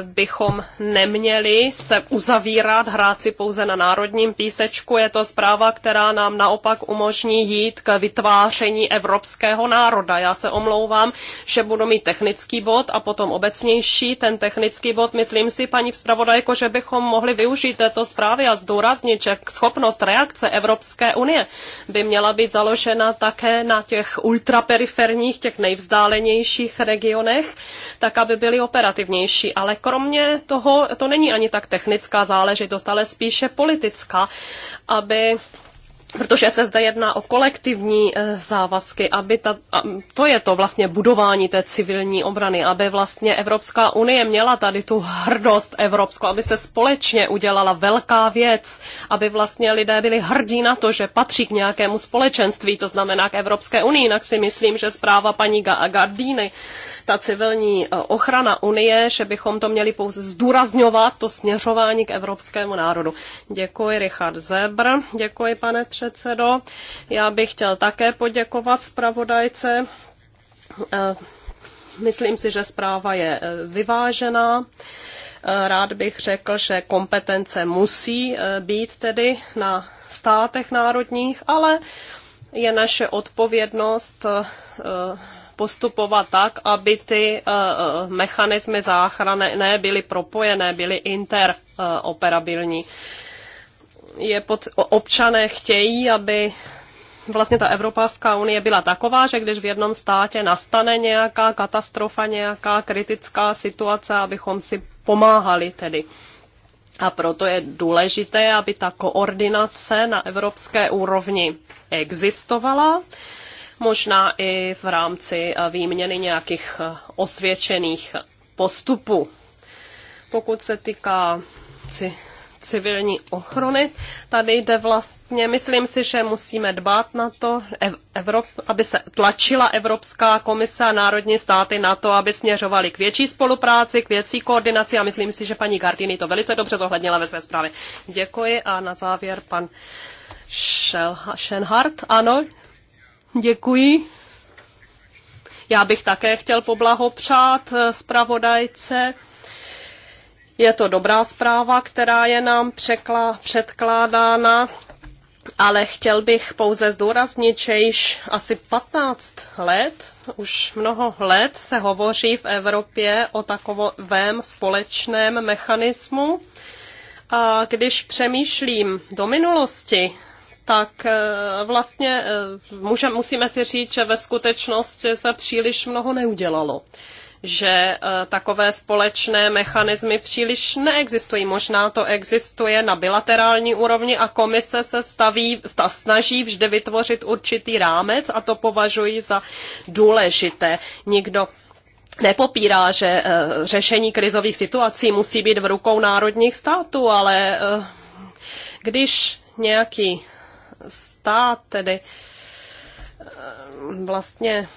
Speaker 2: bychom neměli se uzavírat, hrát si pouze na národním písečku. Je to zpráva, která nám naopak umožní jít k vytváření evropského národa. Já se omlouvám, že budu mít technický bod a potom obecnější. Ten technický bod, myslím si, paní zpravodajko, že bychom mohli využít této zprávy a zdůraznit, že schopnost reakce Evropské Evropské unie by měla být založena také na těch ultraperiferních, těch nejvzdálenějších regionech, tak aby byly operativnější. Ale kromě toho, to není ani tak technická záležitost, ale spíše politická, aby protože se zde jedná o kolektivní eh, závazky, aby ta, a to je to vlastně budování té civilní obrany, aby vlastně Evropská unie měla tady tu hrdost evropskou, aby se společně udělala velká věc, aby vlastně lidé byli hrdí na to, že patří k nějakému společenství, to znamená k Evropské unii, jinak si myslím, že zpráva paní Gardíny ta civilní e, ochrana Unie, že bychom to měli pouze zdůrazňovat, to směřování k evropskému národu. Děkuji, Richard Zebr. Děkuji, pane předsedo. Já bych chtěl také poděkovat zpravodajce. E, myslím si, že zpráva je e, vyvážená. Rád bych řekl, že kompetence musí být tedy na státech národních, ale je naše odpovědnost postupovat tak, aby ty eh, eh, mechanismy ne byly propojené, byly interoperabilní. Je pod, občané chtějí, aby vlastně ta Evropská unie byla taková, že když v jednom státě nastane nějaká katastrofa, nějaká kritická situace, abychom si pomáhali tedy. A proto je důležité, aby ta koordinace na evropské úrovni existovala možná i v rámci eh, výměny nějakých eh, osvědčených postupů. Pokud se týká civilní ochrany. Tady jde vlastně, myslím si, že musíme dbát na to, Evrop, aby se tlačila Evropská komise a národní státy na to, aby směřovali k větší spolupráci, k větší koordinaci a myslím si, že paní Gardini to velice dobře zohlednila ve své zprávě. Děkuji a na závěr pan Schenhardt. Ano, Děkuji. Já bych také chtěl poblahopřát eh, zpravodajce. Je to dobrá zpráva, která je nám překla, předkládána, ale chtěl bych pouze zdůraznit, že již asi 15 let, už mnoho let se hovoří v Evropě o takovém společném mechanismu. A když přemýšlím do minulosti, tak eh, vlastně eh, může, musíme si říct, že ve skutečnosti se příliš mnoho neudělalo že eh, takové společné mechanismy příliš neexistují. Možná to existuje na bilaterální úrovni a komise se staví, sta, snaží vždy vytvořit určitý rámec a to považuji za důležité. Nikdo nepopírá, že řešení krizových situací musí být v rukou národních států, ale když nějaký stát, tedy eh, vlastně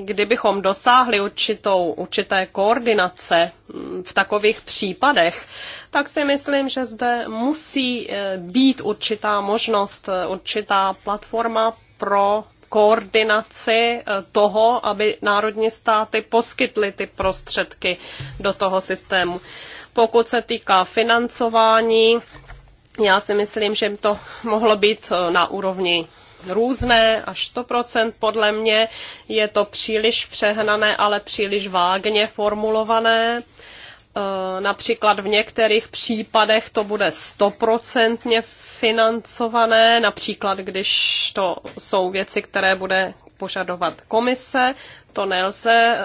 Speaker 2: kdybychom dosáhli určitou, určité koordinace mm, v takových případech, tak si myslím, že zde musí eh, být určitá možnost, eh, určitá platforma pro koordinaci toho, aby národní státy poskytly ty prostředky do toho systému. Pokud se týká financování, já si myslím, že to mohlo být eh, na úrovni různé, až 100% podle mě. Je to příliš přehnané, ale příliš vágně formulované. Eh, například v některých případech to bude 100 financované, například když to jsou věci, které bude požadovat komise. To nelze eh,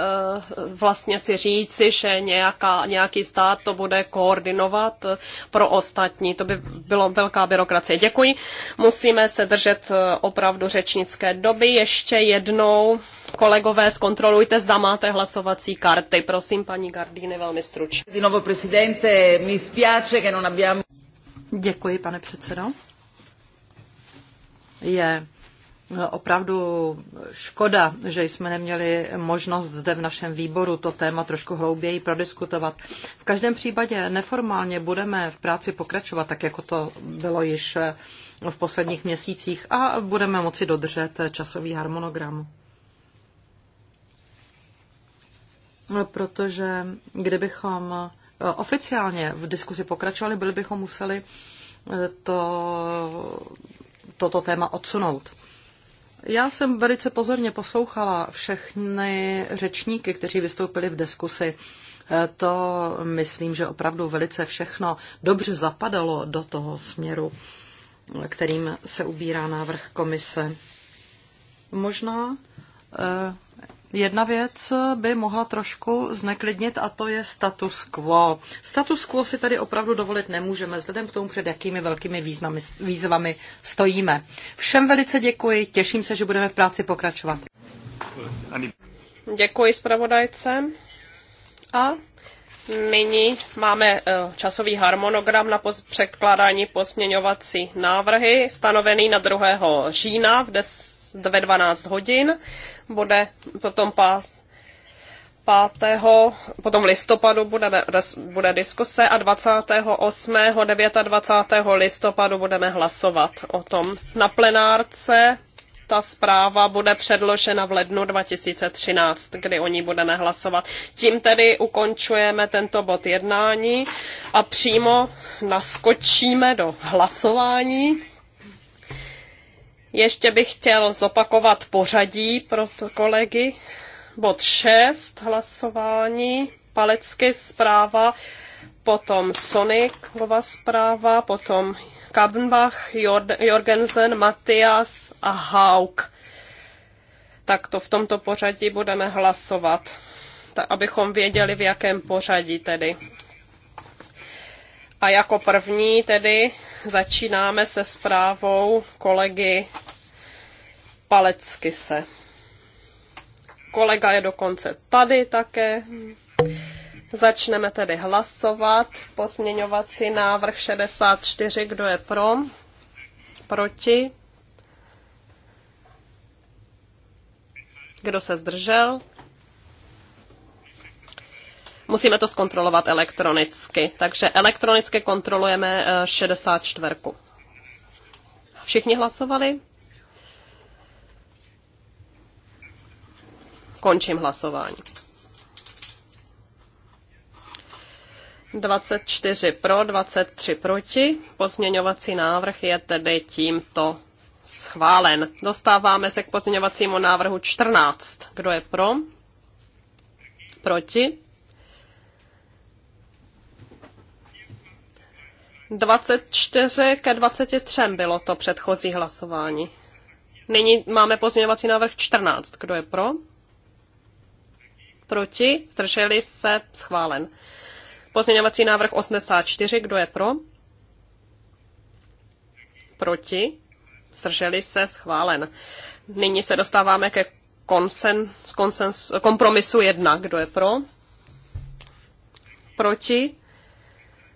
Speaker 2: vlastně si říci, že nějaká, nějaký stát to bude koordinovat eh, pro ostatní. To by bylo velká byrokracie. Děkuji. Musíme se držet eh, opravdu řečnické doby. Ještě jednou, kolegové, zkontrolujte, zda máte hlasovací karty. Prosím, paní Gardíny, velmi stručně.
Speaker 4: Děkuji, pane předsedo. Je opravdu škoda, že jsme neměli možnost zde v našem výboru to téma trošku hlouběji prodiskutovat. V každém případě neformálně budeme v práci pokračovat, tak jako to bylo již v posledních měsících a budeme moci dodržet časový harmonogram. Protože kdybychom oficiálně v diskusi pokračovali, byli bychom museli to, toto téma odsunout. Já jsem velice pozorně poslouchala všechny řečníky, kteří vystoupili v diskusi. E, to myslím, že opravdu velice všechno dobře zapadalo do toho směru, kterým se ubírá návrh komise. Možná e, Jedna věc by mohla trošku zneklidnit a to je status quo. Status quo si tady opravdu dovolit nemůžeme, vzhledem k tomu, před jakými velkými významy, výzvami stojíme. Všem velice děkuji, těším se, že budeme v práci pokračovat. Děkuji zpravodajce.
Speaker 2: A nyní máme eh, časový harmonogram na předkládání posměňovací návrhy, stanovený na 2. října v 10 ve 12 hodin, bude potom pát, 5. potom v listopadu bude, bude diskuse a 28. 29. listopadu budeme hlasovat o tom. Na plenárce ta zpráva bude předložena v lednu 2013, kdy o ní budeme hlasovat. Tím tedy ukončujeme tento bod jednání a přímo naskočíme do hlasování. Ještě bych chtěl zopakovat pořadí pro kolegy. Bod 6 hlasování, Palecky zpráva, potom Sonikova zpráva, potom Kabenbach, Jorgensen, Matias a Hauk. Tak to v tomto pořadí budeme hlasovat, tak abychom věděli, v jakém pořadí tedy. A jako první tedy začínáme se zprávou kolegy Paleckise. Kolega je dokonce tady také. Začneme tedy hlasovat. Pozměňovací návrh 64, kdo je pro? Proti? Kdo se zdržel? Musíme to zkontrolovat elektronicky. Takže elektronicky kontrolujeme 64. Eh, Všichni hlasovali? Končím hlasování. 24 pro, 23 proti. Pozměňovací návrh je tedy tímto schválen. Dostáváme se k pozměňovacímu návrhu 14. Kdo je pro? Proti? 24 ke 23 bylo to předchozí hlasování. Nyní máme pozměňovací návrh 14. Kdo je pro? Proti? Zdrželi se? Schválen. Pozměňovací návrh 84. Kdo je pro? Proti? Zdrželi se? Schválen. Nyní se dostáváme ke konsen, konsens, kompromisu 1. Kdo je pro? Proti?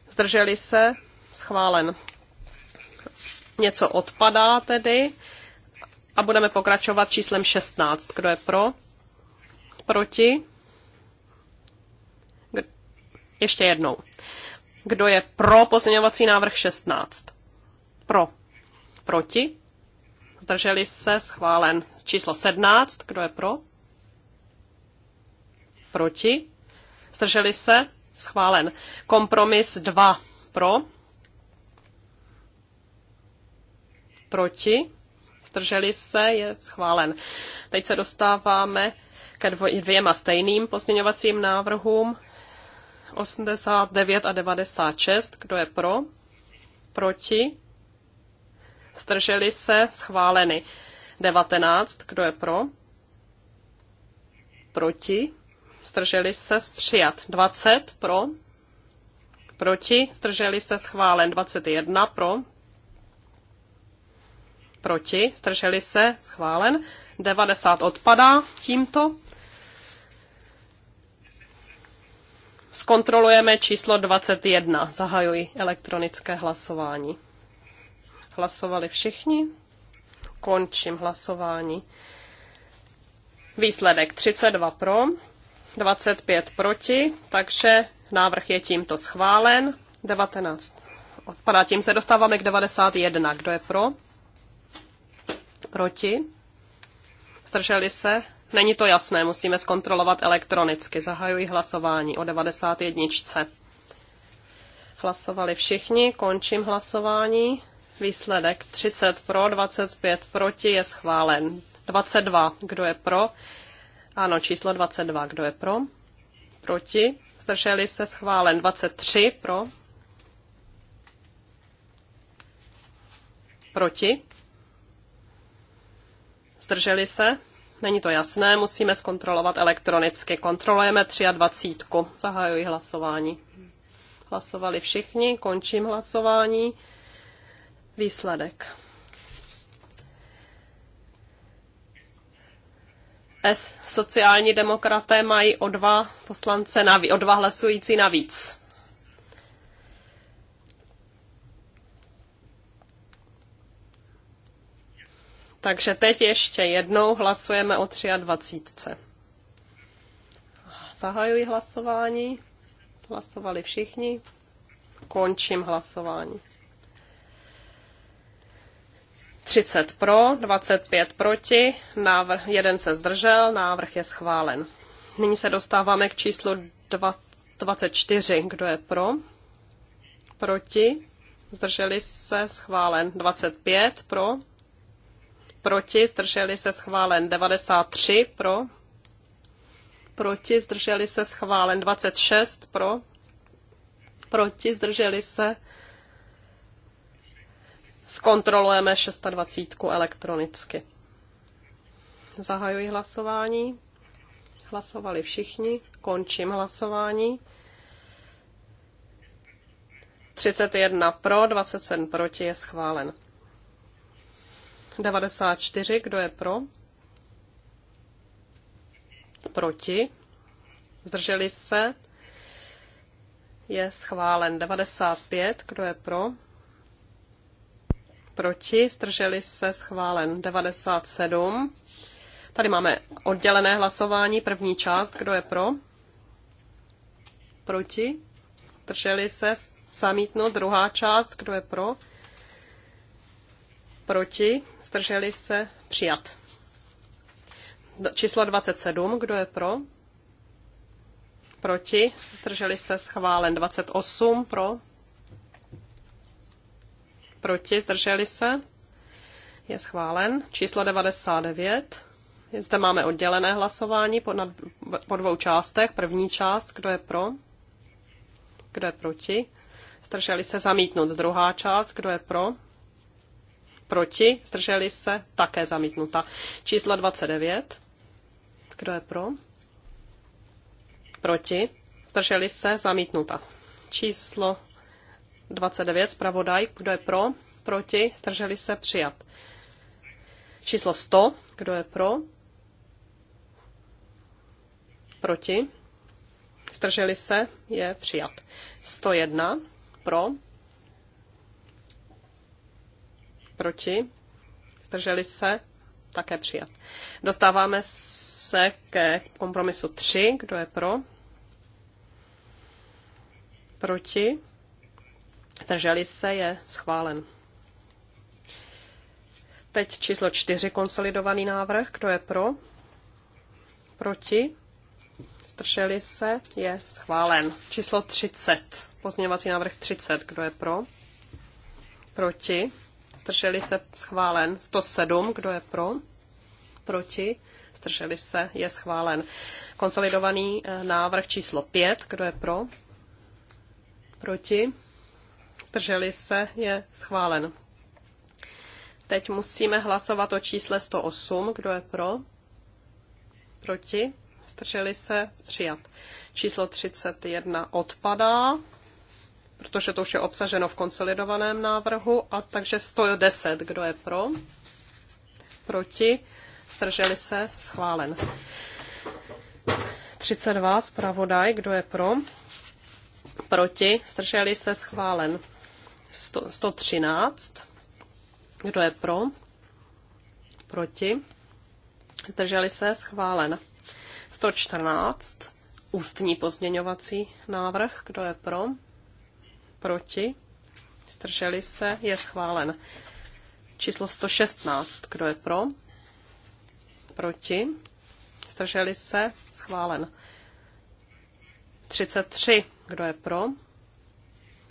Speaker 2: Zdrželi se? schválen. Něco odpadá tedy a budeme pokračovat číslem 16. Kdo je pro? Proti? Ještě jednou. Kdo je pro pozměňovací návrh 16? Pro. Proti? Zdrželi se schválen. Číslo 17. Kdo je pro? Proti? Zdrželi se schválen. Kompromis 2 pro proti, zdrželi se, je schválen. Teď se dostáváme ke dvěma stejným pozměňovacím návrhům, 89 a 96, kdo je pro, proti, zdrželi se, schváleny. 19, kdo je pro, proti, zdrželi se, přijat. 20 pro, proti, zdrželi se, schválen. 21 pro, proti, zdrželi se, schválen. 90 odpadá tímto. Zkontrolujeme číslo 21. Zahajuji elektronické hlasování. Hlasovali všichni? Končím hlasování. Výsledek 32 pro, 25 proti, takže návrh je tímto schválen. 19. Odpadá tím se dostáváme k 91. Kdo je pro? Proti? Zdrželi se? Není to jasné, musíme zkontrolovat elektronicky. Zahajuji hlasování o 91. Hlasovali všichni, končím hlasování. Výsledek 30 pro, 25 proti je schválen. 22, kdo je pro? Ano, číslo 22, kdo je pro? Proti? Zdrželi se schválen 23 pro? Proti? Zdrželi se? Není to jasné, musíme zkontrolovat elektronicky. Kontrolujeme 23. Zahajuji hlasování. Hlasovali všichni, končím hlasování. Výsledek. S sociální demokraté mají o dva poslance navíc, o dva hlasující navíc. Takže teď ještě jednou hlasujeme o 23. Zahajuji hlasování. Hlasovali všichni. Končím hlasování. 30 pro, 25 proti, návrh, jeden se zdržel, návrh je schválen. Nyní se dostáváme k číslu 24. Kdo je pro? Proti? Zdrželi se schválen. 25 pro? proti, zdrželi se schválen 93 pro, proti, zdrželi se schválen 26 pro, proti, zdrželi se. Zkontrolujeme 26 elektronicky. Zahajuji hlasování. Hlasovali všichni. Končím hlasování. 31 pro, 27 proti je schválen. 94, kdo je pro? Proti? Zdrželi se? Je schválen 95, kdo je pro? Proti? Zdrželi se? Schválen 97. Tady máme oddělené hlasování, první část, kdo je pro? Proti? Zdrželi se? Zamítnout druhá část, kdo je pro? Proti? Zdrželi se? Přijat. Číslo 27. Kdo je pro? Proti? Zdrželi se? Schválen. 28. Pro? Proti? Zdrželi se? Je schválen. Číslo 99. Zde máme oddělené hlasování po, na, po dvou částech. První část, kdo je pro? Kdo je proti? Zdrželi se zamítnout. Druhá část, kdo je pro? Proti? Zdrželi se? Také zamítnuta. Číslo 29. Kdo je pro? Proti? Zdrželi se? Zamítnuta. Číslo 29. Zpravodaj. Kdo je pro? Proti? Zdrželi se? Přijat. Číslo 100. Kdo je pro? Proti? Zdrželi se? Je přijat. 101. Pro? Proti? Zdrželi se? Také přijat. Dostáváme se ke kompromisu 3. Kdo je pro? Proti? Zdrželi se? Je schválen. Teď číslo 4. Konsolidovaný návrh. Kdo je pro? Proti? Zdrželi se? Je schválen. Číslo 30. Pozměňovací návrh 30. Kdo je pro? Proti? zdrželi se, schválen. 107, kdo je pro, proti, zdrželi se, je schválen. Konsolidovaný eh, návrh číslo 5, kdo je pro, proti, zdrželi se, je schválen. Teď musíme hlasovat o čísle 108, kdo je pro, proti, zdrželi se, přijat. Číslo 31 odpadá, protože to už je obsaženo v konsolidovaném návrhu, a takže 110, kdo je pro, proti, strželi se, schválen. 32, zpravodaj, kdo je pro, proti, strželi se, schválen. 100, 113, kdo je pro, proti, zdrželi se, schválen. 114, ústní pozměňovací návrh, kdo je pro, proti, zdrželi se, je schválen. Číslo 116, kdo je pro, proti, zdrželi se, schválen. 33, kdo je pro,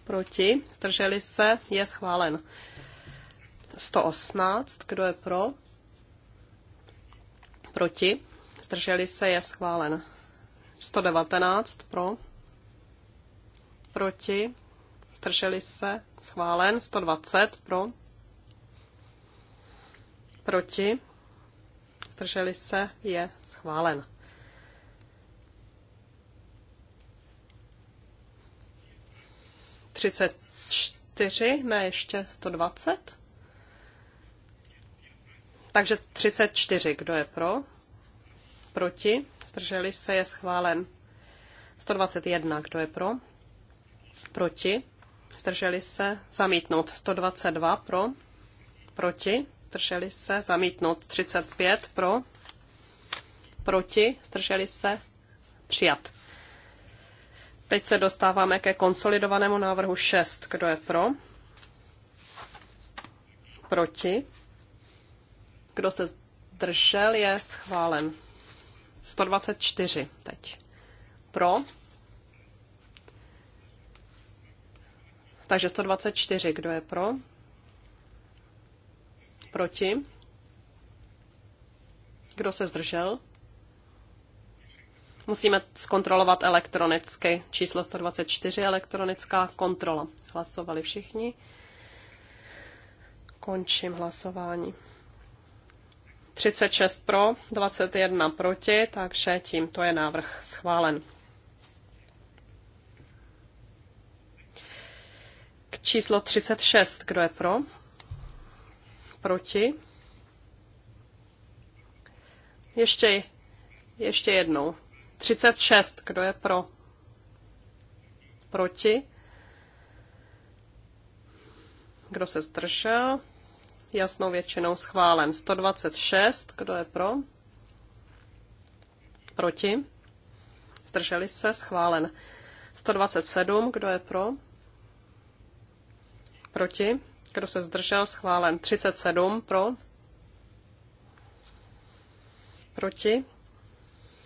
Speaker 2: proti, zdrželi se, je schválen. 118, kdo je pro, proti, zdrželi se, je schválen. 119 pro, proti, zdrželi se, schválen, 120 pro, proti, zdrželi se, je schválen. Třicet čtyři, ne ještě 120. Takže 34, kdo je pro? Proti? Zdrželi se, je schválen. 121, kdo je pro? Proti? zdrželi se, zamítnout 122 pro, proti, zdrželi se, zamítnout 35 pro, proti, zdrželi se, přijat. Teď se dostáváme ke konsolidovanému návrhu 6. Kdo je pro? Proti? Kdo se zdržel, je schválen. 124 teď. Pro? Takže 124, kdo je pro? Proti? Kdo se zdržel? Musíme zkontrolovat elektronicky. Číslo 124, elektronická kontrola. Hlasovali všichni. Končím hlasování. 36 pro, 21 proti, takže tímto je návrh schválen. Číslo 36. Kdo je pro? Proti? Ještě, ještě jednou. 36. Kdo je pro? Proti? Kdo se zdržel? Jasnou většinou schválen. 126. Kdo je pro? Proti? Zdrželi se? Schválen. 127. Kdo je pro? Proti? Kdo se zdržel? Schválen. 37 pro. Proti?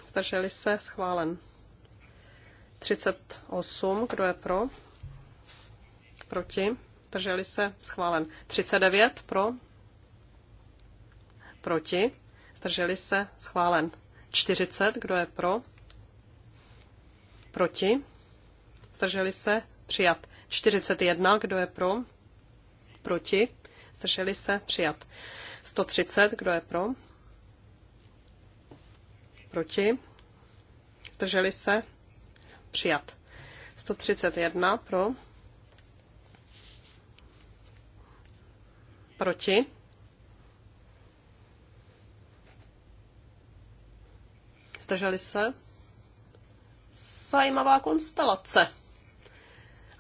Speaker 2: Zdrželi se? Schválen. 38. Kdo je pro? Proti? Zdrželi se? Schválen. 39 pro. Proti? Zdrželi se? Schválen. 40. Kdo je pro? Proti? Zdrželi se? Přijat. 41. Kdo je pro? Proti? Zdrželi se? Přijat. 130. Kdo je pro? Proti? Zdrželi se? Přijat. 131 pro. Proti? Zdrželi se? Zajímavá konstelace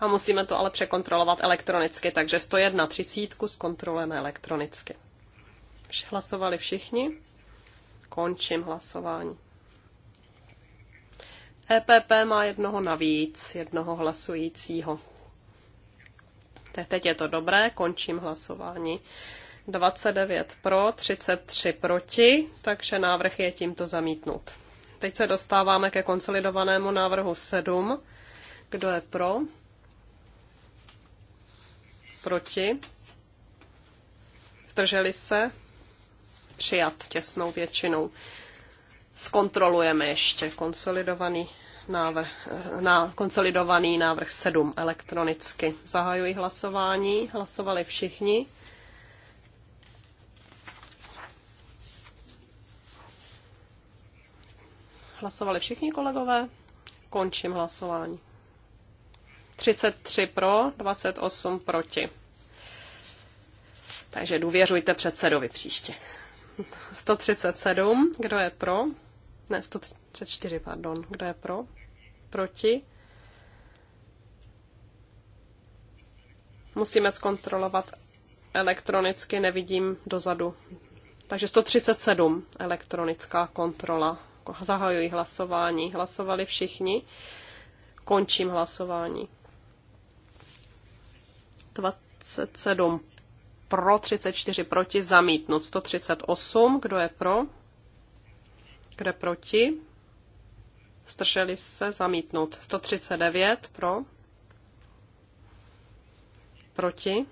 Speaker 2: a musíme to ale překontrolovat elektronicky, takže 101 třicítku zkontrolujeme elektronicky. Hlasovali všichni? Končím hlasování. EPP má jednoho navíc, jednoho hlasujícího. Teď je to dobré, končím hlasování. 29 pro, 33 proti, takže návrh je tímto zamítnut. Teď se dostáváme ke konsolidovanému návrhu 7. Kdo je pro? Proti? Zdrželi se? Přijat těsnou většinou. Zkontrolujeme ještě konsolidovaný návrh, na konsolidovaný návrh 7 elektronicky. Zahajuji hlasování. Hlasovali všichni. Hlasovali všichni kolegové? Končím hlasování. 33 pro, 28 proti. Takže důvěřujte předsedovi příště. 137, kdo je pro? Ne, 134, pardon. Kdo je pro? Proti? Musíme zkontrolovat elektronicky, nevidím dozadu. Takže 137, elektronická kontrola. Zahajuji hlasování. Hlasovali všichni. Končím hlasování. 27 pro, 34 proti, zamítnut. 138, kdo je pro? Kdo je proti? Zdrželi se, zamítnout. 139 pro, proti,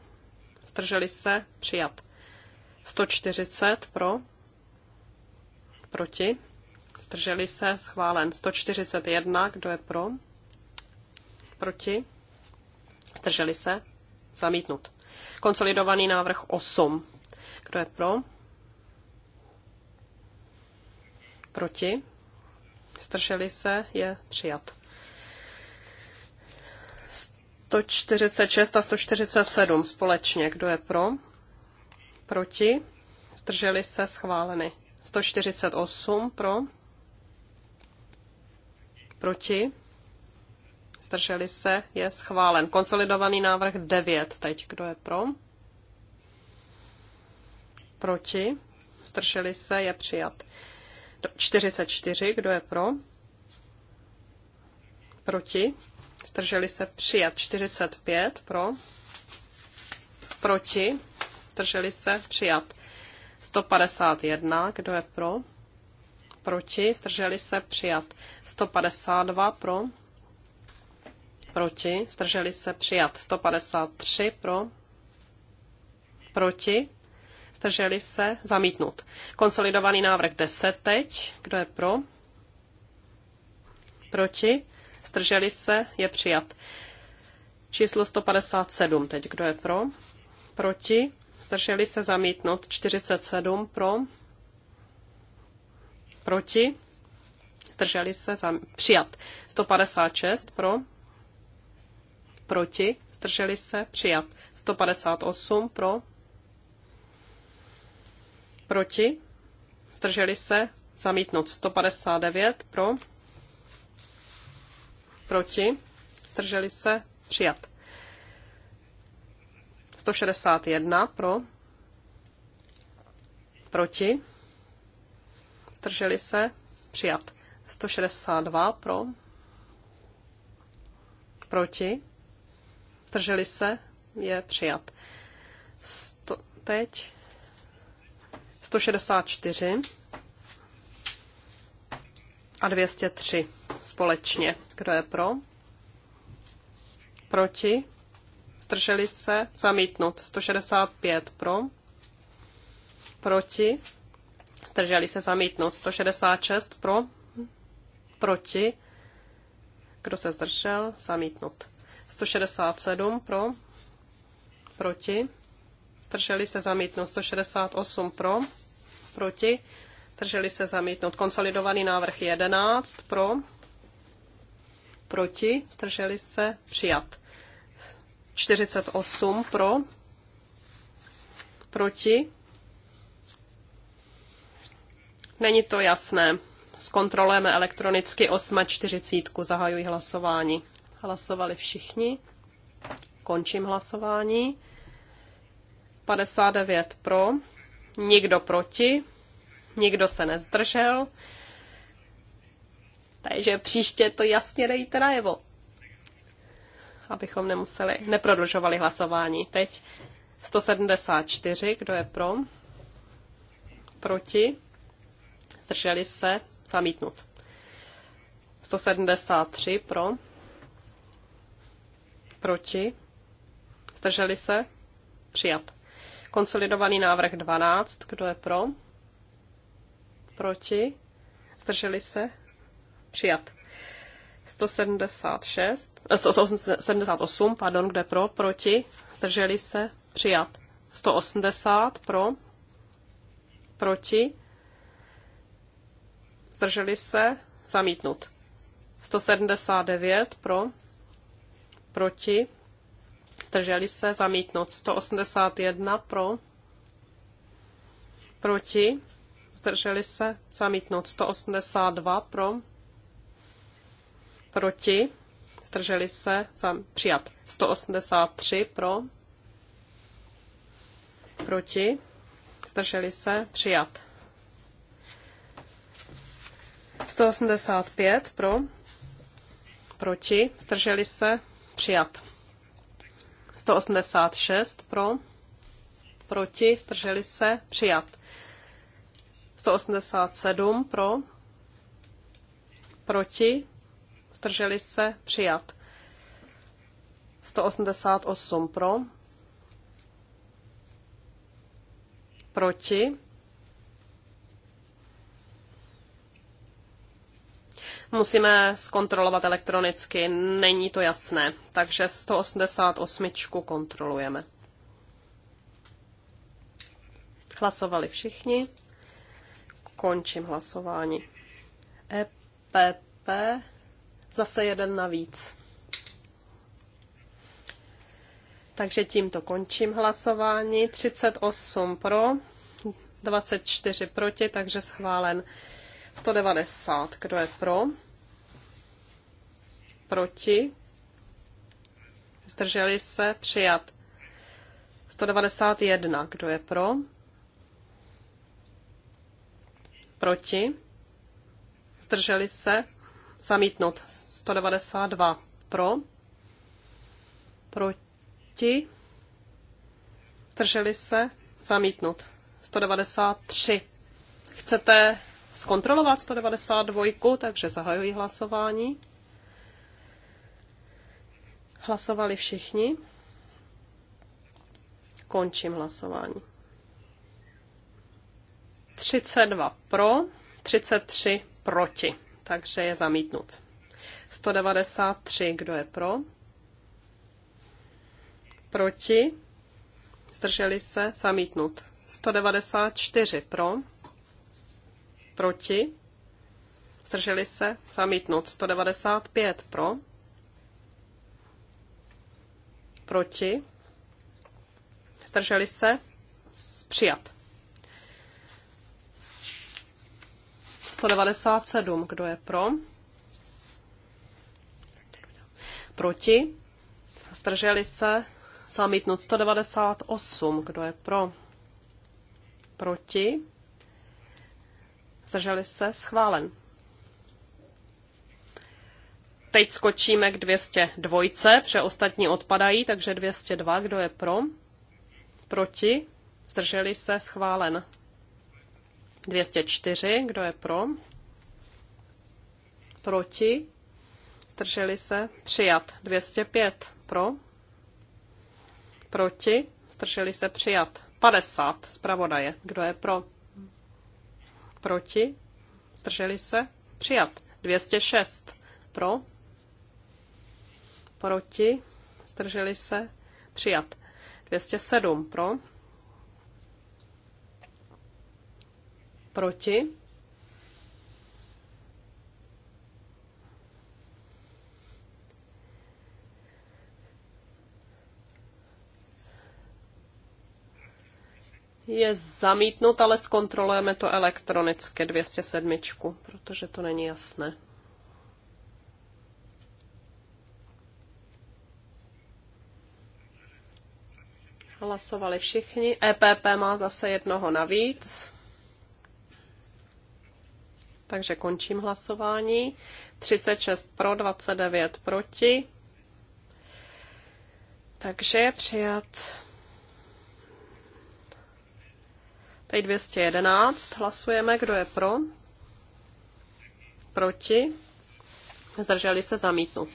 Speaker 2: Strželi se, přijat. 140 pro, proti, Strželi se, schválen. 141, kdo je pro? Proti, Strželi se, Zamítnut. Konsolidovaný návrh 8. Kdo je pro? Proti? Strželi se? Je přijat. 146 a 147 společně. Kdo je pro? Proti? Zdrželi se schváleny. 148 pro? Proti? zdrželi se, je schválen. Konsolidovaný návrh 9 teď. Kdo je pro? Proti? Zdrželi se, je přijat. 44, kdo je pro? Proti? Zdrželi se, přijat. 45, pro? Proti? Zdrželi se, přijat. 151, kdo je pro? Proti? Zdrželi se, přijat. 152, pro? proti, zdrželi se přijat 153 pro, proti, zdrželi se zamítnut. Konsolidovaný návrh 10 teď, kdo je pro, proti, zdrželi se je přijat. Číslo 157 teď, kdo je pro, proti, zdrželi se zamítnut 47 pro, proti, zdrželi se, zam... přijat. 156 pro, proti, zdrželi se, přijat. 158 pro, proti, zdrželi se, zamítnout. 159 pro, proti, zdrželi se, přijat. 161 pro, proti, zdrželi se, přijat. 162 pro, proti, zdrželi se, je přijat. Sto, teď 164 a 203 společně. Kdo je pro? Proti? Zdrželi se? Zamítnut. 165 pro? Proti? Zdrželi se? Zamítnut. 166 pro? Proti? Kdo se zdržel? Zamítnut. 167 pro, proti, Strželi se zamítnout 168 pro, proti, Strželi se zamítnout. Konsolidovaný návrh 11 pro, proti, Strželi se přijat. 48 pro, proti. Není to jasné. Zkontrolujeme elektronicky 8.40. Zahajuji hlasování. Hlasovali všichni. Končím hlasování. 59 pro, nikdo proti, nikdo se nezdržel. Takže příště to jasně dejte najevo, abychom nemuseli, neprodlužovali hlasování. Teď 174, kdo je pro, proti, zdrželi se, zamítnut. 173 pro, Proti? Zdrželi se? Přijat. Konsolidovaný návrh 12. Kdo je pro? Proti? Zdrželi se? Přijat. 176, 178, eh, pardon, kde pro, proti, zdrželi se, přijat. 180 pro, proti, zdrželi se, zamítnut. 179 pro, proti, zdrželi se, zamítnout 181 pro, proti, zdrželi se, zamítnout 182 pro, proti, zdrželi se, zam, přijat 183 pro, proti, zdrželi se, přijat 185 pro, proti, zdrželi se, Přijat. 186 pro, proti, strželi se, přijat. 187 pro, proti, strželi se, přijat. 188 pro, proti, musíme zkontrolovat elektronicky. Není to jasné. Takže 188 kontrolujeme. Hlasovali všichni. Končím hlasování. EPP. Zase jeden navíc. Takže tímto končím hlasování. 38 pro, 24 proti, takže schválen. 190. Kdo je pro? Proti? Zdrželi se? Přijat. 191. Kdo je pro? Proti? Zdrželi se? Zamítnut. 192. Pro? Proti? Zdrželi se? Zamítnut. 193. Chcete zkontrolovat 192, takže zahajuji hlasování. Hlasovali všichni. Končím hlasování. 32 pro, 33 proti, takže je zamítnut. 193, kdo je pro? Proti? Zdrželi se? Zamítnut. 194 pro? proti, zdrželi se, zamítnout 195 pro, proti, zdrželi se, přijat. 197, kdo je pro? Proti, zdrželi se, zamítnout 198, kdo je pro? Proti, Zdrželi se? Schválen. Teď skočíme k 202, protože ostatní odpadají, takže 202, kdo je pro? Proti? Zdrželi se? Schválen. 204, kdo je pro? Proti? Zdrželi se? Přijat. 205, pro? Proti? Zdrželi se? Přijat. 50, zpravodaje, kdo je pro? Proti? Zdrželi se? Přijat. 206. Pro? Proti? Zdrželi se? Přijat. 207. Pro? Proti? je zamítnut, ale zkontrolujeme to elektronicky 207, protože to není jasné. Hlasovali všichni. EPP má zase jednoho navíc. Takže končím hlasování. 36 pro, 29 proti. Takže přijat Tady 211. Hlasujeme, kdo je pro. Proti. Zdrželi se zamítnout.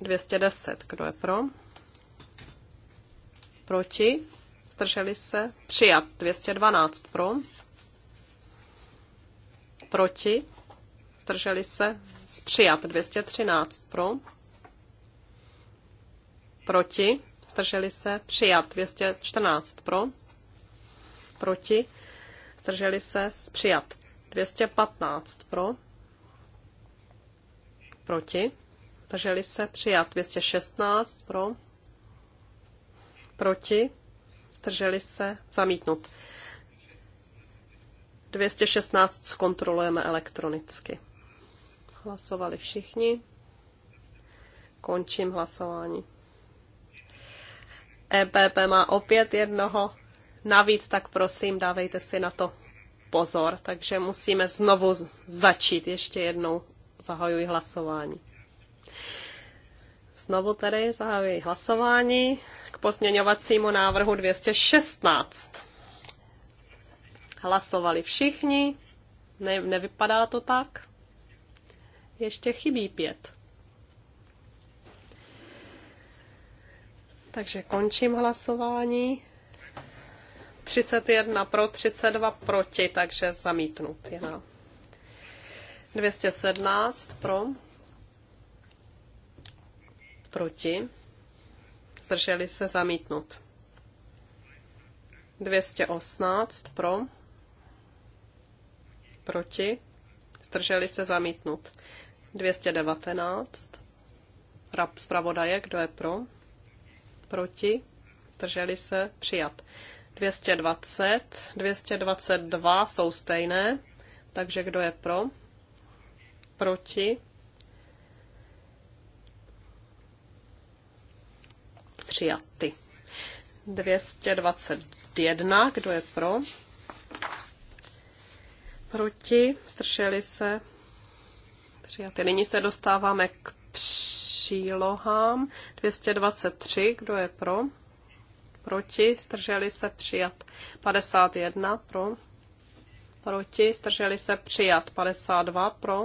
Speaker 2: 210. Kdo je pro? Proti. Zdrželi se. Přijat. 212 pro. Proti. Zdrželi se. Přijat. 213 pro. Proti. Zdrželi se. Přijat. 214 pro proti, zdrželi se, přijat. 215 pro, proti, zdrželi se, přijat. 216 pro, proti, zdrželi se, zamítnut. 216 zkontrolujeme elektronicky. Hlasovali všichni. Končím hlasování. EPP má opět jednoho navíc, tak prosím, dávejte si na to pozor. Takže musíme znovu začít. Ještě jednou zahajuji hlasování. Znovu tedy zahajuji hlasování k pozměňovacímu návrhu 216. Hlasovali všichni. Ne, nevypadá to tak. Ještě chybí pět. Takže končím hlasování. 31 pro, 32 proti, takže zamítnut je na 217 pro, proti, zdrželi se zamítnut. 218 pro, proti, zdrželi se zamítnut. 219 rap zpravodaje, kdo je pro, proti, zdrželi se přijat. 220, 222 jsou stejné, takže kdo je pro? Proti? Přijaty. 221, kdo je pro? Proti? Stršeli se? Přijaty. Nyní se dostáváme k přílohám. 223, kdo je pro? proti, strželi se přijat. 51 pro, proti, strželi se přijat. 52 pro,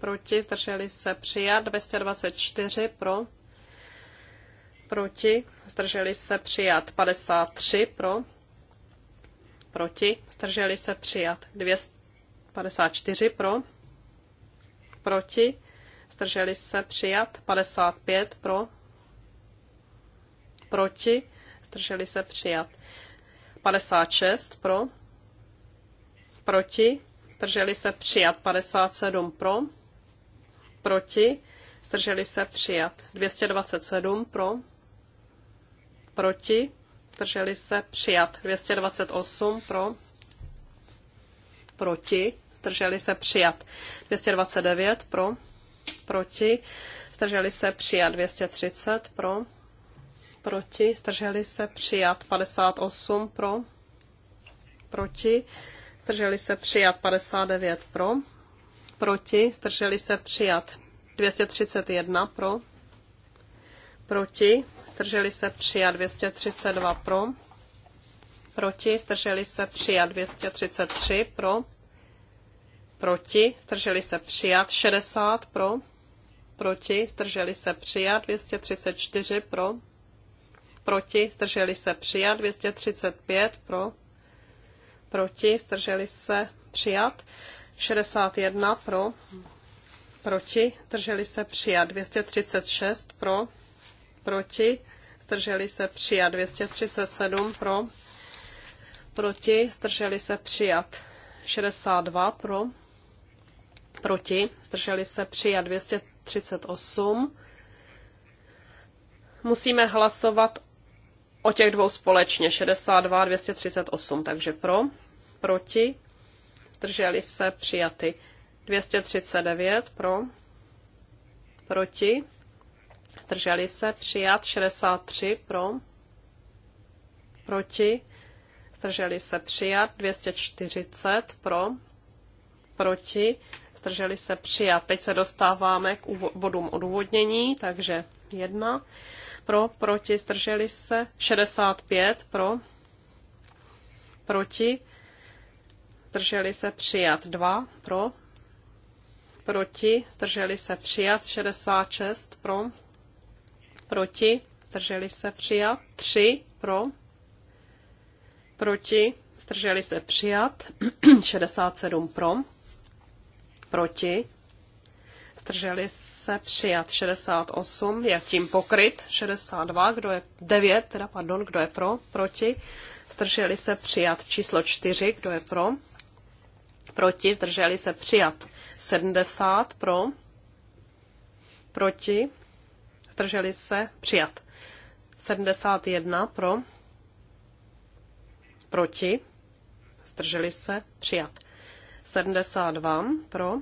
Speaker 2: proti, strželi se přijat. 224 pro, proti, strželi se přijat. 53 pro, proti, strželi se přijat. 254 pro, proti, strželi se přijat. 55 pro, proti, zdrželi se přijat. 56 pro, proti, zdrželi se přijat. 57 pro, proti, zdrželi se přijat. 227 pro, proti, zdrželi se přijat. 228 pro, proti, zdrželi se přijat. 229 pro, proti, zdrželi se přijat. 230 pro, proti, zdrželi se přijat 58 pro, proti, zdrželi se přijat 59 pro, proti, zdrželi se přijat 231 pro, proti, zdrželi se přijat 232 pro, proti, zdrželi se přijat 233 pro, proti, zdrželi se přijat 60 pro, proti, zdrželi se přijat 234 pro, proti, zdrželi se přijat, 235 pro, proti, zdrželi se přijat, 61 pro, proti, zdrželi se přijat, 236 pro, proti, zdrželi se přijat, 237 pro, proti, zdrželi se přijat, 62 pro, proti, zdrželi se přijat, 238 musíme hlasovat O těch dvou společně 62 238, takže pro, proti, zdrželi se přijaty 239 pro, proti, zdrželi se přijat 63 pro, proti, zdrželi se přijat 240 pro, proti, zdrželi se přijat. Teď se dostáváme k bodům odůvodnění, takže jedna pro, proti, zdrželi se, 65 pro, proti, zdrželi se, přijat 2 pro, proti, zdrželi se, přijat 66 pro, proti, zdrželi se, přijat 3 pro, proti, zdrželi se, přijat 67 pro, proti, Zdrželi se přijat 68, je tím pokryt 62, kdo je 9, teda pardon, kdo je pro, proti. Zdrželi se přijat číslo 4, kdo je pro, proti. Zdrželi se přijat 70 pro, proti. Zdrželi se přijat 71 pro, proti. Zdrželi se přijat 72 pro,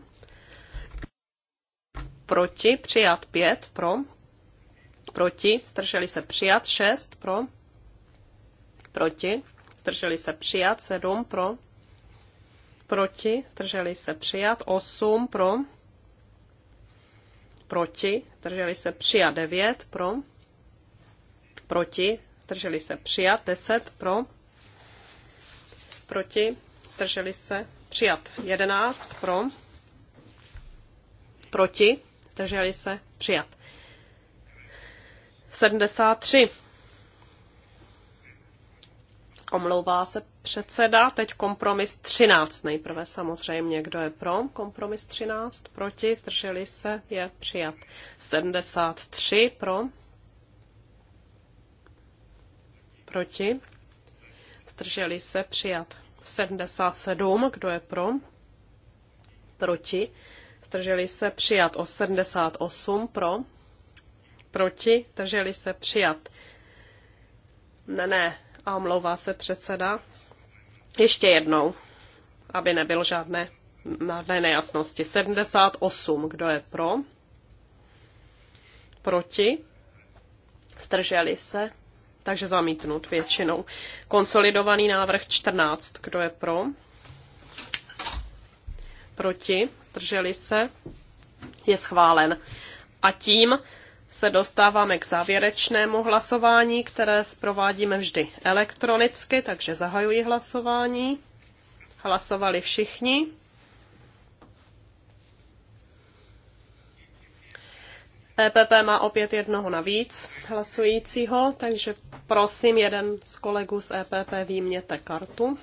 Speaker 2: proti, přijat pět pro, proti, strželi se přijat šest pro, proti, strželi se přijat sedm pro, proti, strželi se přijat osm pro, proti, strželi se přijat devět pro, proti, strželi se přijat deset pro, proti, strželi se přijat jedenáct pro, proti, zdrželi se, přijat. 73. Omlouvá se předseda, teď kompromis 13 nejprve samozřejmě, kdo je pro, kompromis 13, proti, zdrželi se, je přijat. 73 pro, proti, zdrželi se, přijat. 77, kdo je pro, proti, zdrželi se přijat. O 78 pro, proti, zdrželi se přijat. Ne, ne, a omlouvá se předseda. Ještě jednou, aby nebylo žádné, žádné nejasnosti. 78, kdo je pro? Proti? Zdrželi se? Takže zamítnut většinou. Konsolidovaný návrh 14, kdo je pro? Proti? zdrželi se, je schválen. A tím se dostáváme k závěrečnému hlasování, které zprovádíme vždy elektronicky, takže zahajuji hlasování. Hlasovali všichni. EPP má opět jednoho navíc hlasujícího, takže prosím jeden z kolegů z EPP výměte kartu.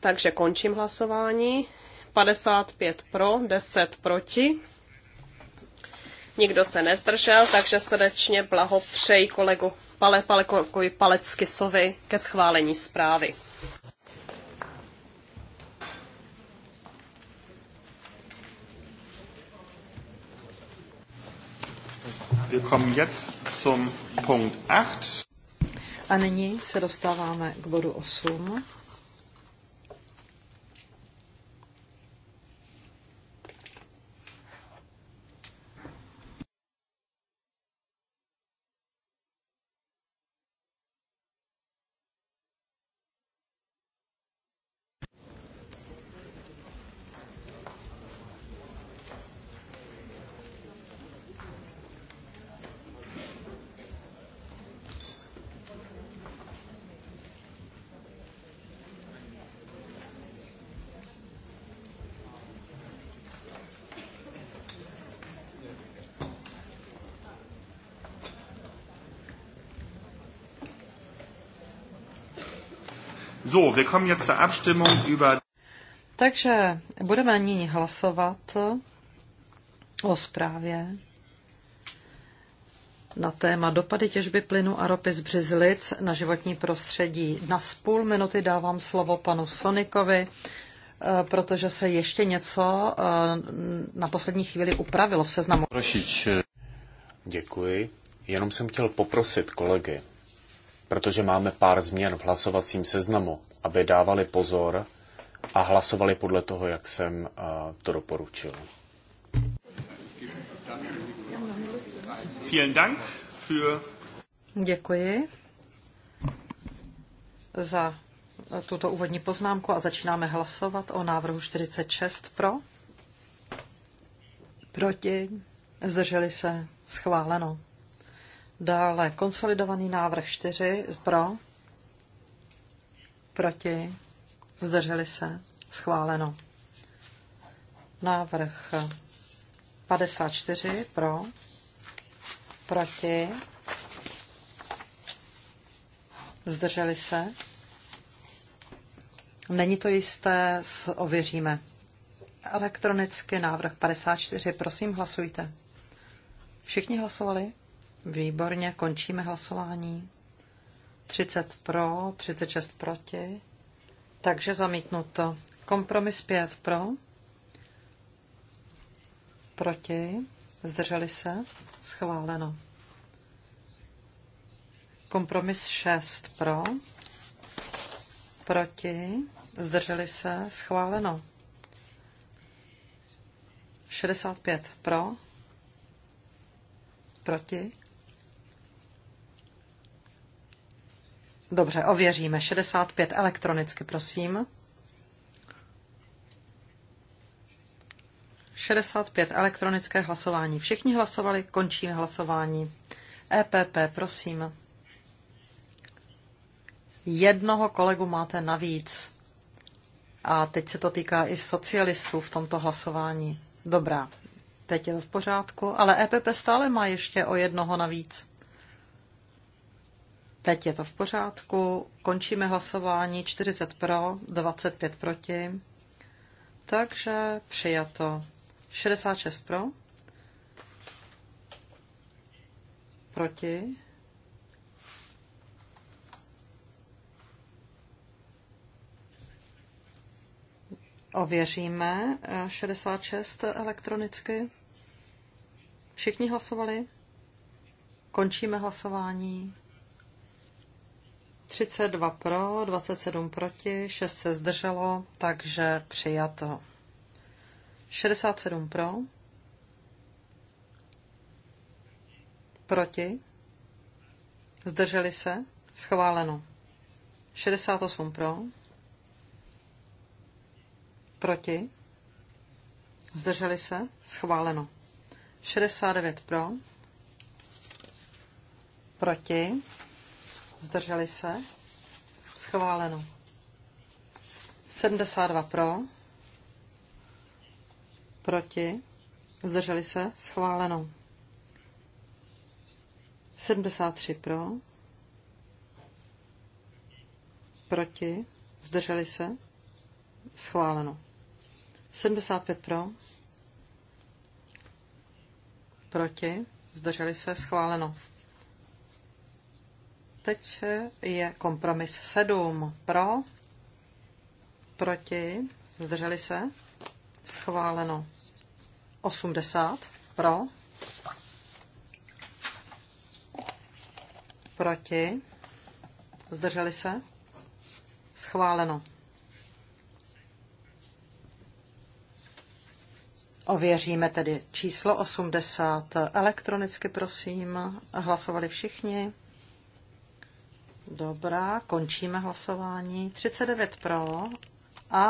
Speaker 2: Takže končím hlasování. 55 pro, 10 proti. Nikdo se nezdržel, takže srdečně blahopřeji kolegu Pale, Pale, kolegovi Paleckisovi ke schválení zprávy.
Speaker 1: Wir kommen jetzt zum Punkt
Speaker 4: A nyní se dostáváme k bodu 8. So, wir kommen jetzt zur Abstimmung über... Takže budeme nyní hlasovat o zprávě na téma dopady těžby plynu a ropy z Břizlic na životní prostředí. Na půl minuty dávám slovo panu Sonikovi, eh, protože se ještě něco eh, na poslední chvíli upravilo v seznamu.
Speaker 1: Děkuji. Jenom jsem chtěl poprosit kolegy, protože máme pár změn v hlasovacím seznamu, aby dávali pozor a hlasovali podle toho, jak jsem eh, to doporučil.
Speaker 4: Děkuji za tuto úvodní poznámku a začínáme hlasovat o návrhu 46 pro. Proti. Zdrželi se. Schváleno. Dále konsolidovaný návrh 4 pro, proti, zdrželi se, schváleno. Návrh 54 pro, proti, zdrželi se. Není to jisté, ověříme. Elektronicky návrh 54, prosím, hlasujte. Všichni hlasovali? Výborně, končíme hlasování. 30 pro, 36 proti. Takže zamítnuto. Kompromis 5 pro. Proti. Zdrželi se. Schváleno. Kompromis 6 pro. Proti. Zdrželi se. Schváleno. 65 pro. Proti. Dobře, ověříme. 65 elektronicky, prosím. 65 elektronické hlasování. Všichni hlasovali, končím hlasování. EPP, prosím. Jednoho kolegu máte navíc. A teď se to týká i socialistů v tomto hlasování. Dobrá, teď je to v pořádku, ale EPP stále má ještě o jednoho navíc. Teď je to v pořádku. Končíme hlasování 40 pro, 25 proti. Takže přijato 66 pro, proti. Ověříme 66 eh, elektronicky. Všichni hlasovali? Končíme hlasování. 32 pro, 27 proti, 6 se zdrželo, takže přijato. 67 pro, proti, zdrželi se, schváleno. 68 pro, proti, zdrželi se, schváleno. 69 pro, proti, zdrželi se, schváleno. 72 pro, proti, zdrželi se, schváleno. 73 pro, proti, zdrželi se, schváleno. 75 pro, proti, zdrželi se, schváleno teď je kompromis 7 pro, proti, zdrželi se, schváleno 80 pro, proti, zdrželi se, schváleno. Ověříme tedy číslo 80 elektronicky, prosím. Hlasovali všichni. Dobrá, končíme hlasování. 39 pro a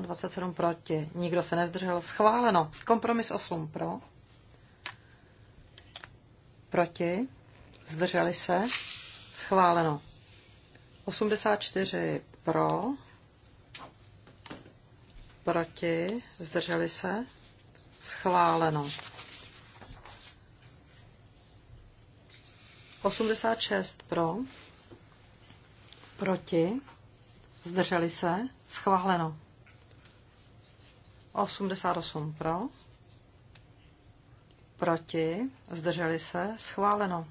Speaker 4: 27 proti. Nikdo se nezdržel. Schváleno. Kompromis 8 pro. Proti. Zdrželi se. Schváleno. 84 pro. Proti. Zdrželi se. Schváleno. 86 pro. Proti? Zdrželi se? Schváleno. 88 pro. Proti? Zdrželi se? Schváleno.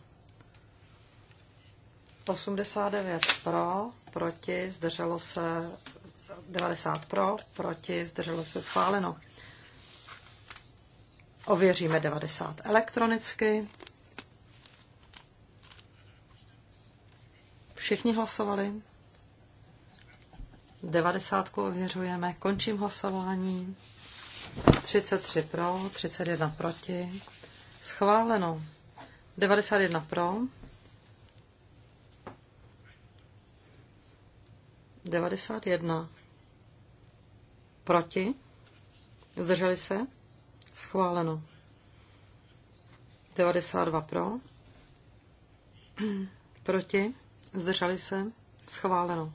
Speaker 4: 89 pro, proti, zdrželo se 90 pro, proti, zdrželo se schváleno. Ověříme 90 elektronicky. Všichni hlasovali? 90 ověřujeme. Končím hlasování. 33 pro, 31 proti. Schváleno. 91 pro. 91 proti. Zdrželi se? Schváleno. 92 pro. Proti. Zdrželi se? Schváleno.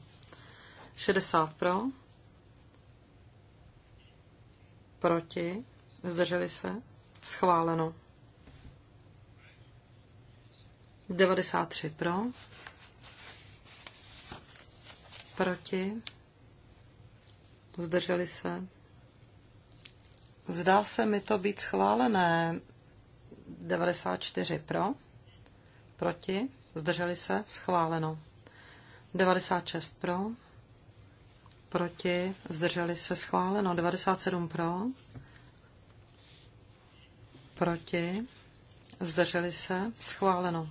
Speaker 4: 60 pro. Proti. Zdrželi se? Schváleno. 93 pro. Proti. Zdrželi se? Zdá se mi to být schválené. 94 pro. Proti zdrželi se, schváleno. 96 pro, proti, zdrželi se, schváleno. 97 pro, proti, zdrželi se, schváleno.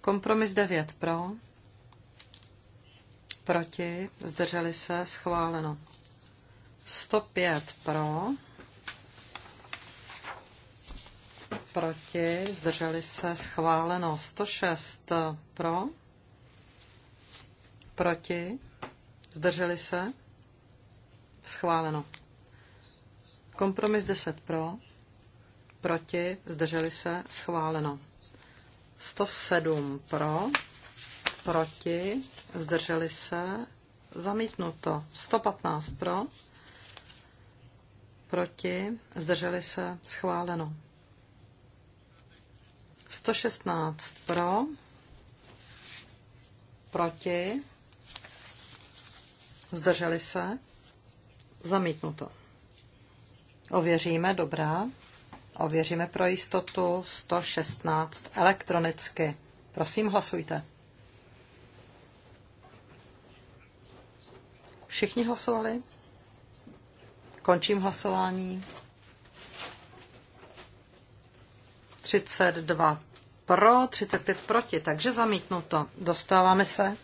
Speaker 4: Kompromis 9 pro, proti, zdrželi se, schváleno. 105 pro, proti, zdrželi se, schváleno. 106 eh, pro, proti, zdrželi se, schváleno. Kompromis 10 pro, proti, zdrželi se, schváleno. 107 pro, proti, zdrželi se, zamítnuto. 115 pro, proti, zdrželi se, schváleno. 116 pro, proti, zdrželi se, zamítnuto. Ověříme, dobrá. Ověříme pro jistotu 116 elektronicky. Prosím, hlasujte. Všichni hlasovali? Končím hlasování. 32 pro, 35 proti, takže zamítnuto. Dostáváme se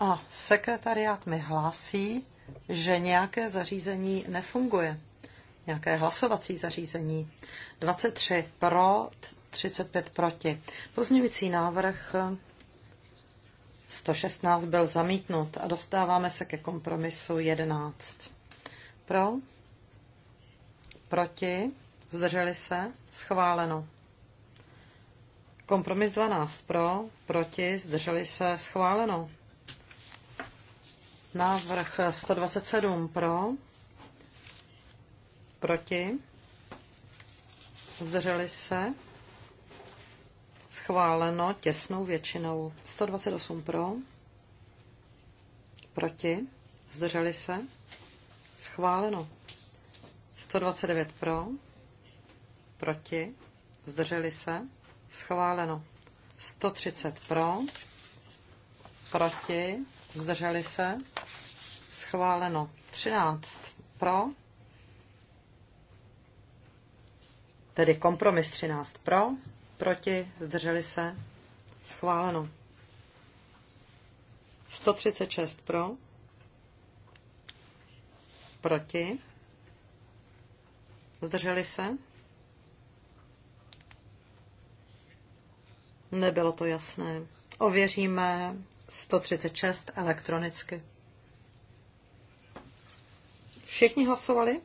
Speaker 4: A sekretariát mi hlásí, že nějaké zařízení nefunguje. Nějaké hlasovací zařízení. 23 pro, 35 proti. Pozměňující návrh 116 byl zamítnut a dostáváme se ke kompromisu 11. Pro? Proti? Zdrželi se? Schváleno. Kompromis 12 pro, proti, zdrželi se, schváleno. Návrh 127 pro, proti, zdrželi se, Schváleno těsnou většinou. 128 pro. Proti. Zdrželi se. Schváleno. 129 pro. Proti. Zdrželi se. Schváleno. 130 pro. Proti. Zdrželi se. Schváleno. 13 pro. Tedy kompromis 13 pro proti, zdrželi se, schváleno. 136 pro, proti, zdrželi se, nebylo to jasné. Ověříme 136 elektronicky. Všichni hlasovali?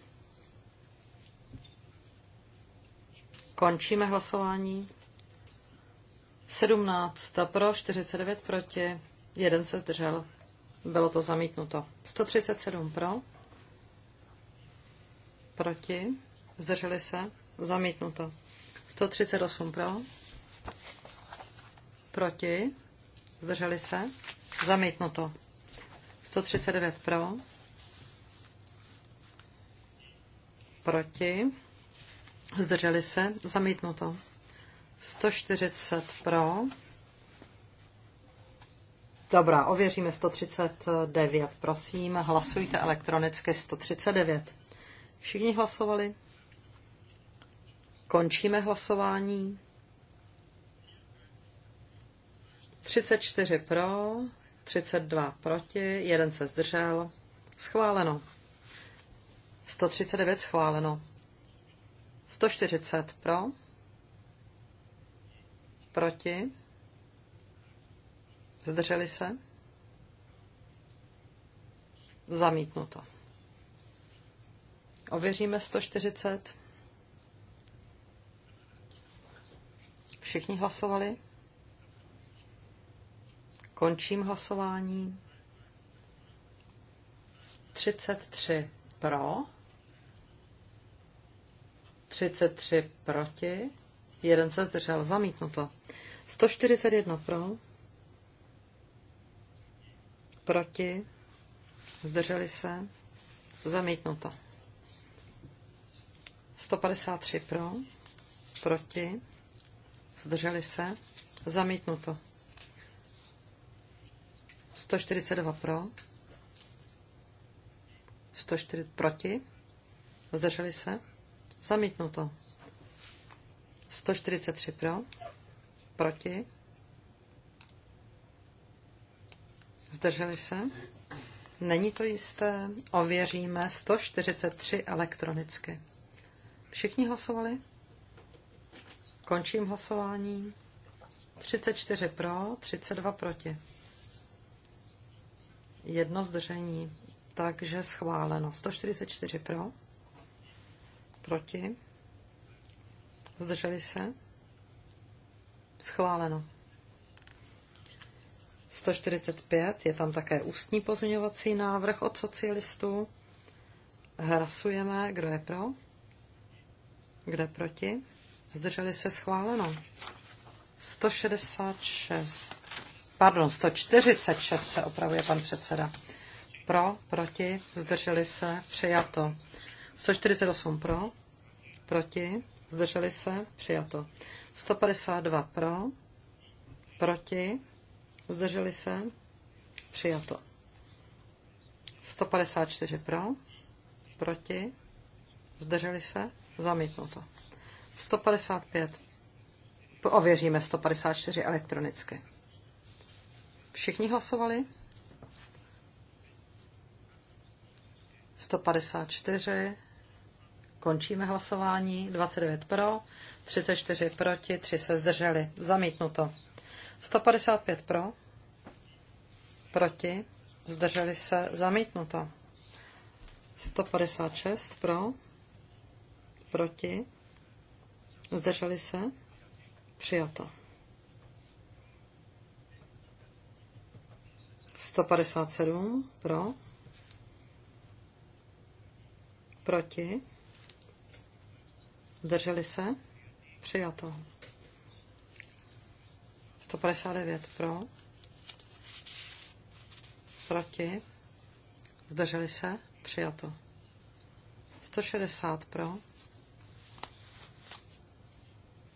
Speaker 4: Končíme hlasování. 17 pro, 49 proti, jeden se zdržel. Bylo to zamítnuto. 137 pro, proti, zdrželi se, zamítnuto. 138 pro, proti, zdrželi se, zamítnuto. 139 pro, proti, zdrželi se, zamítnuto. 140 pro. Dobrá, ověříme 139, prosím. Hlasujte elektronicky 139. Všichni hlasovali? Končíme hlasování. 34 pro, 32 proti, jeden se zdržel. Schváleno. 139 schváleno. 140 pro. Proti? Zdrželi se? Zamítnuto. Ověříme 140. Všichni hlasovali? Končím hlasování. 33 pro, 33 proti. Jeden se zdržel. Zamítnuto. 141 pro. Proti. Zdrželi se. Zamítnuto. 153 pro. Proti. Zdrželi se. Zamítnuto. 142 pro. 104 proti. Zdrželi se. Zamítnuto. 143 pro, proti, zdrželi se. Není to jisté, ověříme 143 elektronicky. Všichni hlasovali? Končím hlasování. 34 pro, 32 proti. Jedno zdržení, takže schváleno. 144 pro, proti, Zdrželi se? Schváleno. 145 je tam také ústní pozměňovací návrh od socialistů. Hlasujeme, kdo je pro, kdo je proti. Zdrželi se schváleno. 166, pardon, 146 se opravuje pan předseda. Pro, proti, zdrželi se, přijato. 148 pro, proti, zdrželi se, přijato. 152 pro, proti, zdrželi se, přijato. 154 pro, proti, zdrželi se, zamítnuto. 155, ověříme 154 elektronicky. Všichni hlasovali? 154, Končíme hlasování. 29 pro, 34 proti, 3 se zdrželi. Zamítnuto. 155 pro, proti, zdrželi se. Zamítnuto. 156 pro, proti, zdrželi se. Přijato. 157 pro, proti, Zdrželi se? Přijato. 159 pro. Proti. Zdrželi se? Přijato. 160 pro.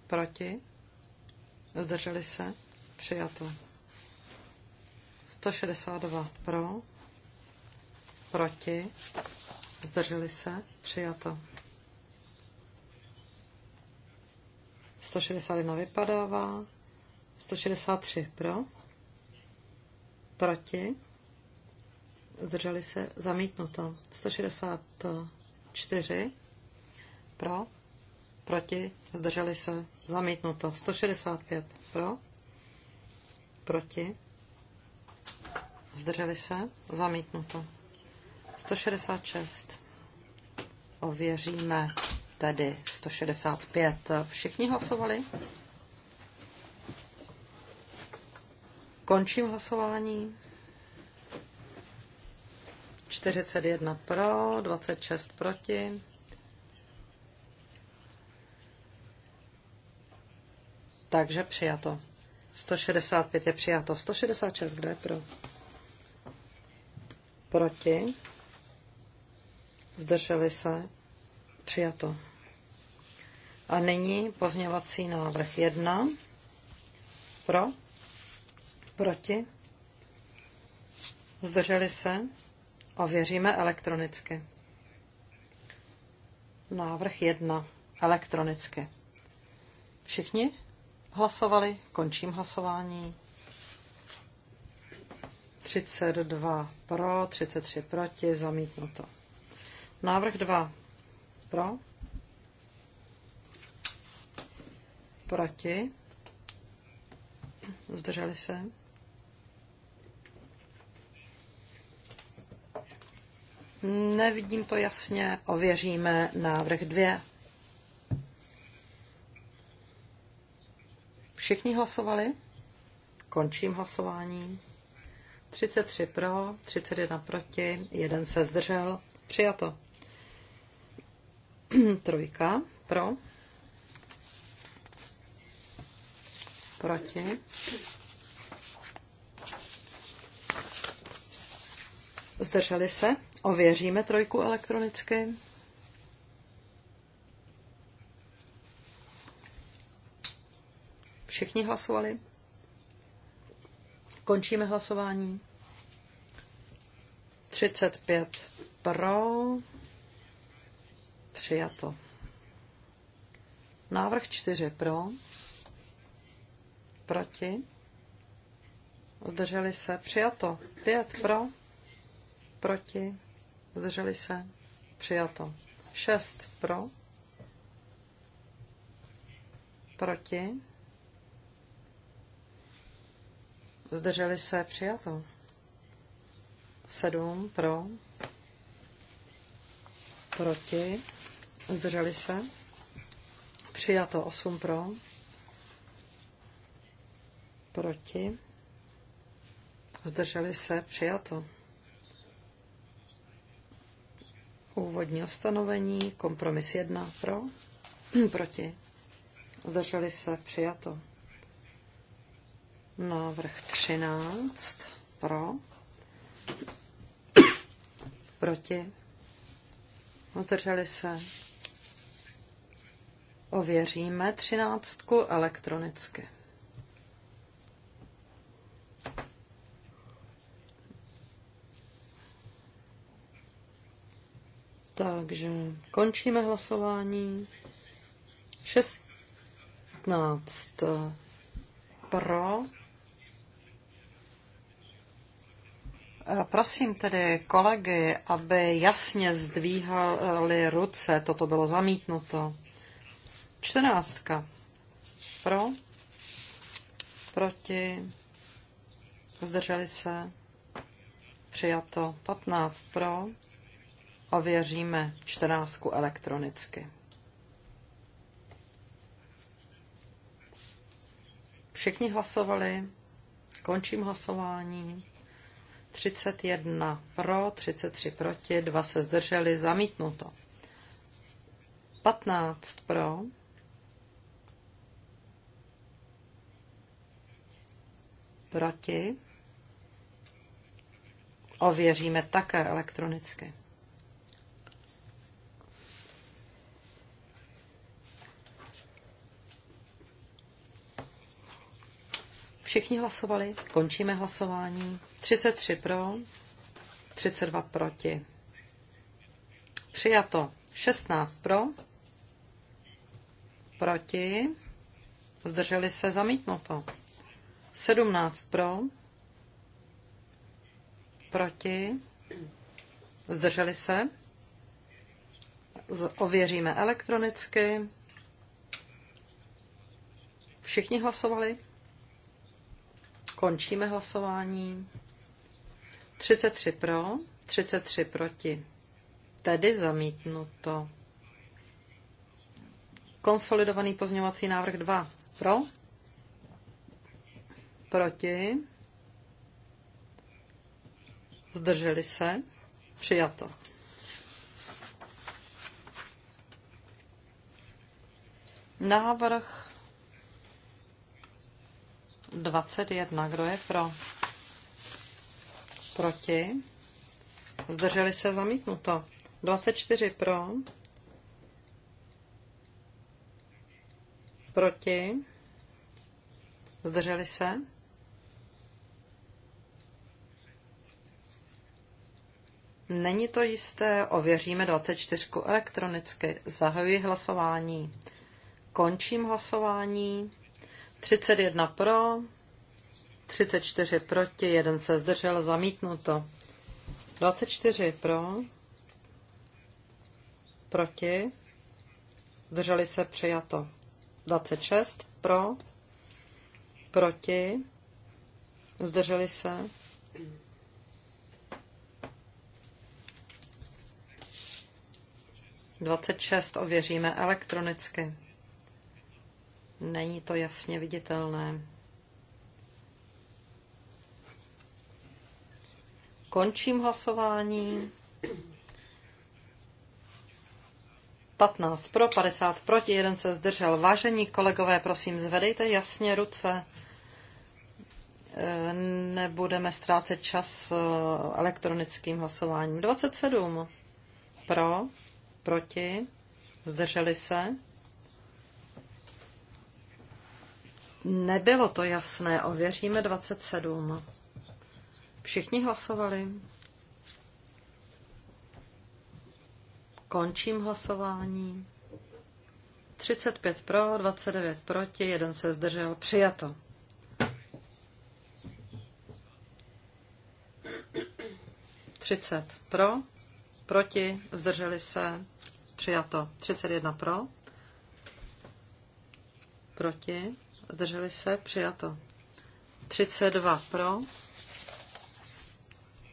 Speaker 4: Proti. Zdrželi se? Přijato. 162 pro. Proti. Zdrželi se? Přijato. 161 vypadává. 163 pro. Proti. Zdrželi se zamítnuto. 164 pro. Proti. Zdrželi se zamítnuto. 165 pro. Proti. Zdrželi se zamítnuto. 166 ověříme tedy 165. Všichni hlasovali? Končím hlasování. 41 pro, 26 proti. Takže přijato. 165 je přijato. 166, kdo je pro? Proti. Zdrželi se. Přijato. A nyní pozněvací návrh 1. Pro? Proti? Zdrželi se? Ověříme elektronicky. Návrh 1. Elektronicky. Všichni hlasovali? Končím hlasování. 32 pro, 33 proti, zamítnuto. Návrh 2 pro, Proti? Zdrželi se? Nevidím to jasně, ověříme návrh dvě. Všichni hlasovali? Končím hlasování. 33 pro, 31 proti, jeden se zdržel. Přijato. Trojka pro. Proti? Zdrželi se? Ověříme trojku elektronicky. Všichni hlasovali? Končíme hlasování. 35 pro. Přijato. Návrh 4 pro proti, zdrželi se, přijato. Pět pro, proti, zdrželi se, přijato. Šest pro, proti, zdrželi se, přijato. Sedm pro, proti, zdrželi se, přijato. Osm pro, proti, zdrželi se, přijato. Úvodní ustanovení, kompromis 1 pro, proti, zdrželi se, přijato. Návrh 13 pro, proti, zdrželi se, ověříme třináctku elektronicky. Takže končíme hlasování. 16 eh, pro. Eh, prosím tedy kolegy, aby jasně zdvíhali ruce. Toto bylo zamítnuto. Čtrnáctka. Pro. Proti. Zdrželi se. Přijato. Patnáct pro Ověříme čtrnáctku elektronicky. Všichni hlasovali. Končím hlasování. 31 pro, 33 proti, 2 se zdrželi, zamítnuto. 15 pro, proti. Ověříme také elektronicky. Všichni hlasovali, končíme hlasování. 33 pro, 32 proti. Přijato 16 pro, proti, zdrželi se zamítnuto. 17 pro, proti, zdrželi se. Ověříme elektronicky. Všichni hlasovali? Končíme hlasování. 33 pro, 33 proti. Tedy zamítnuto. Konsolidovaný pozměňovací návrh 2. Pro? Proti? Zdrželi se? Přijato. Návrh 21. Kdo je pro? Proti? Zdrželi se zamítnuto. 24 pro. Proti? Zdrželi se? Není to jisté, ověříme 24 elektronicky. Zahajuji hlasování. Končím hlasování. 31 pro, 34 proti, jeden se zdržel, zamítnuto. 24 pro, proti, zdrželi se přijato. 26 pro, proti, zdrželi se. 26 ověříme elektronicky. Není to jasně viditelné. Končím hlasování. 15 pro, 50 proti, jeden se zdržel. Vážení kolegové, prosím, zvedejte jasně ruce. E, nebudeme ztrácet čas e, elektronickým hlasováním. 27 pro, proti, zdrželi se. Nebylo to jasné, ověříme 27. Všichni hlasovali. Končím hlasování. 35 pro, 29 proti, jeden se zdržel. Přijato. pro, proti, zdrželi se, přijato. 31 pro, proti, zdrželi se, přijato. 32 pro,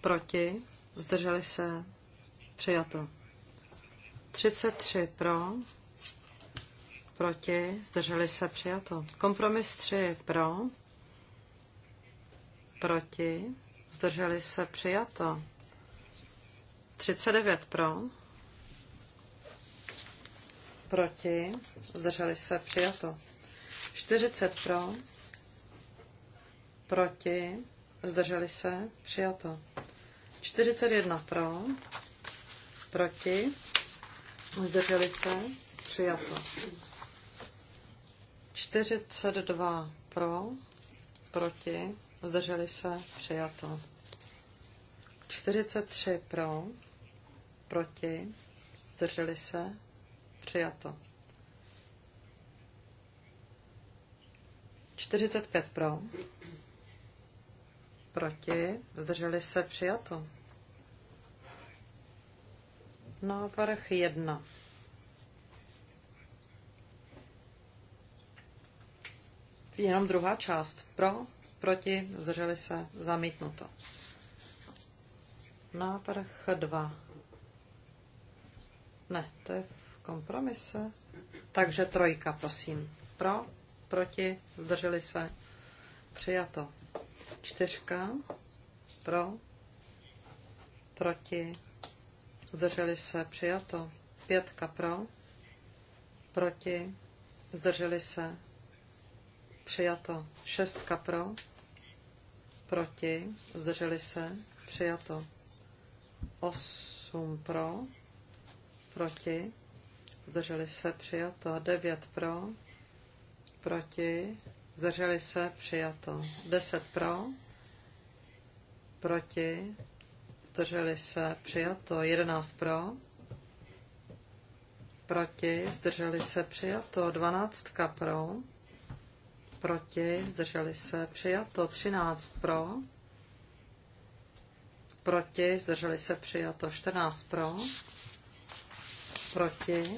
Speaker 4: proti, zdrželi se, přijato. 33 pro, proti, zdrželi se, přijato. Kompromis 3 pro, proti, zdrželi se, přijato. 39 pro, proti, zdrželi se, přijato. 40 pro, proti, zdrželi se, přijato. 41 pro, proti, zdrželi se, přijato. 42 pro, proti, zdrželi se, přijato. 43 pro, proti, zdrželi se, přijato. 45 pro. Proti. Zdrželi se přijato. Návrh 1. Jenom druhá část. Pro, proti, zdrželi se, zamítnuto. Návrh 2. Ne, to je v kompromise. Takže trojka, prosím. Pro, proti, zdrželi se, přijato. Čtyřka, pro, proti, zdrželi se, přijato. Pětka pro, proti, zdrželi se, přijato. Šestka pro, proti, zdrželi se, přijato. Osm pro, proti, zdrželi se, přijato. Devět pro, proti, zdrželi se, přijato. 10 pro, proti, zdrželi se, přijato. 11 pro, proti, zdrželi se, přijato. 12 pro, proti, zdrželi se, přijato. 13 pro, proti, zdrželi se, přijato. 14 pro, proti,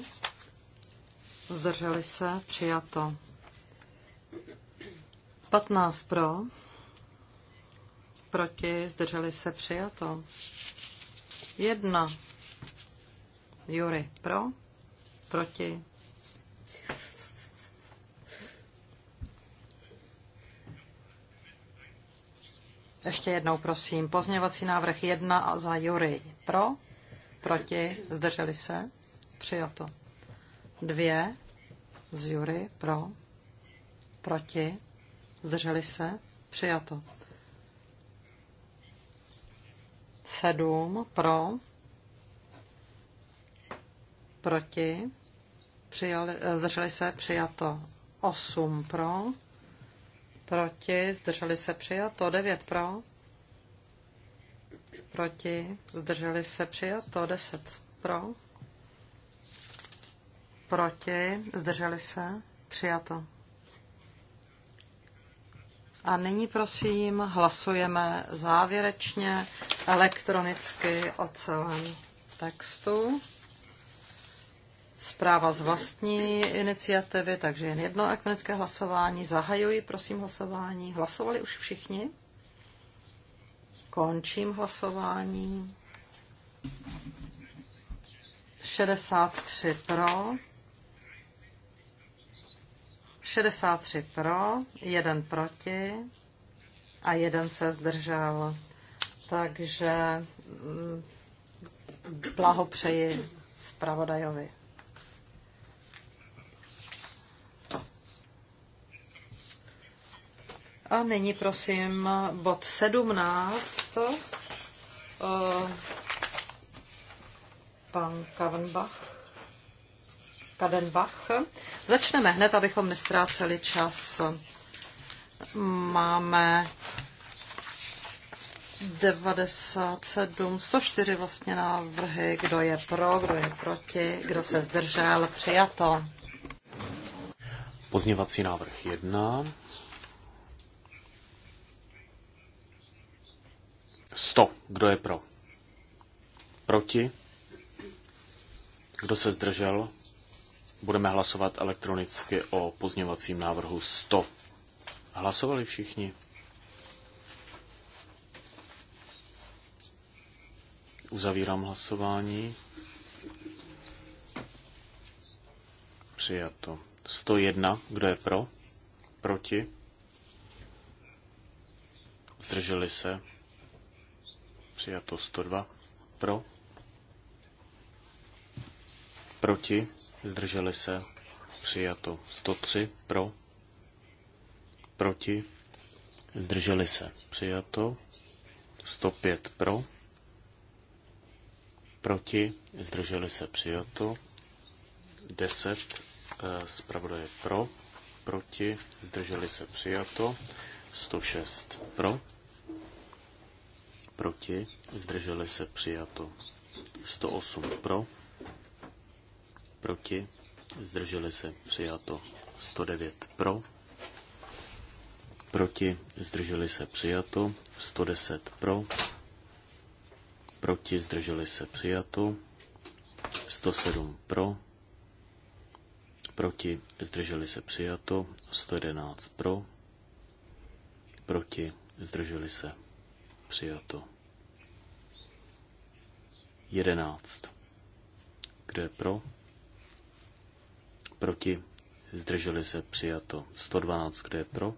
Speaker 4: zdrželi se, přijato. 15 pro, proti, zdrželi se přijato. 1 Jury pro, proti. Ještě jednou prosím, pozněvací návrh 1 a za Jury pro, proti, zdrželi se, přijato. Dvě z Jury pro, proti, Zdrželi se? Přijato. Sedm pro. Proti. Přijali, eh, zdrželi se? Přijato. Osm pro. Proti. Zdrželi se? Přijato. Devět pro. Proti. Zdrželi se? Přijato. Deset pro. Proti. Zdrželi se? Přijato. A nyní prosím hlasujeme závěrečně elektronicky o celém textu. Zpráva z vlastní iniciativy, takže jen jedno elektronické hlasování. Zahajuji, prosím, hlasování. Hlasovali už všichni? Končím hlasování. 63 pro, 63 pro, jeden proti a jeden se zdržel. Takže mm, blahopřeji zpravodajovi. A nyní prosím bod 17. Eh, pan Kavenbach. Kadenbach. Začneme hned, abychom nestráceli čas. Máme 97, 104 vlastně návrhy, kdo je pro, kdo je proti, kdo se zdržel, přijato.
Speaker 1: Pozněvací návrh 1. 100. Kdo je pro? Proti? Kdo se zdržel? budeme hlasovat elektronicky o pozněvacím návrhu 100. Hlasovali všichni? Uzavírám hlasování. Přijato. 101. Kdo je pro? Proti? Zdrželi se? Přijato 102. Pro? Proti? zdrželi se, přijato 103 pro, proti, zdrželi se, přijato 105 pro, proti, zdrželi se, přijato 10, eh, zpravodaje pro, proti, zdrželi se, přijato 106 pro, proti, zdrželi se, přijato 108 pro, proti, zdrželi se, přijato 109 pro, proti, zdrželi se, přijato 110 pro, proti, zdrželi se, přijato 107 pro, proti, zdrželi se, přijato 111 pro, proti, zdrželi se, přijato 11. Kdo je pro? Proti? Zdrželi se přijato. 112. Kdo je pro?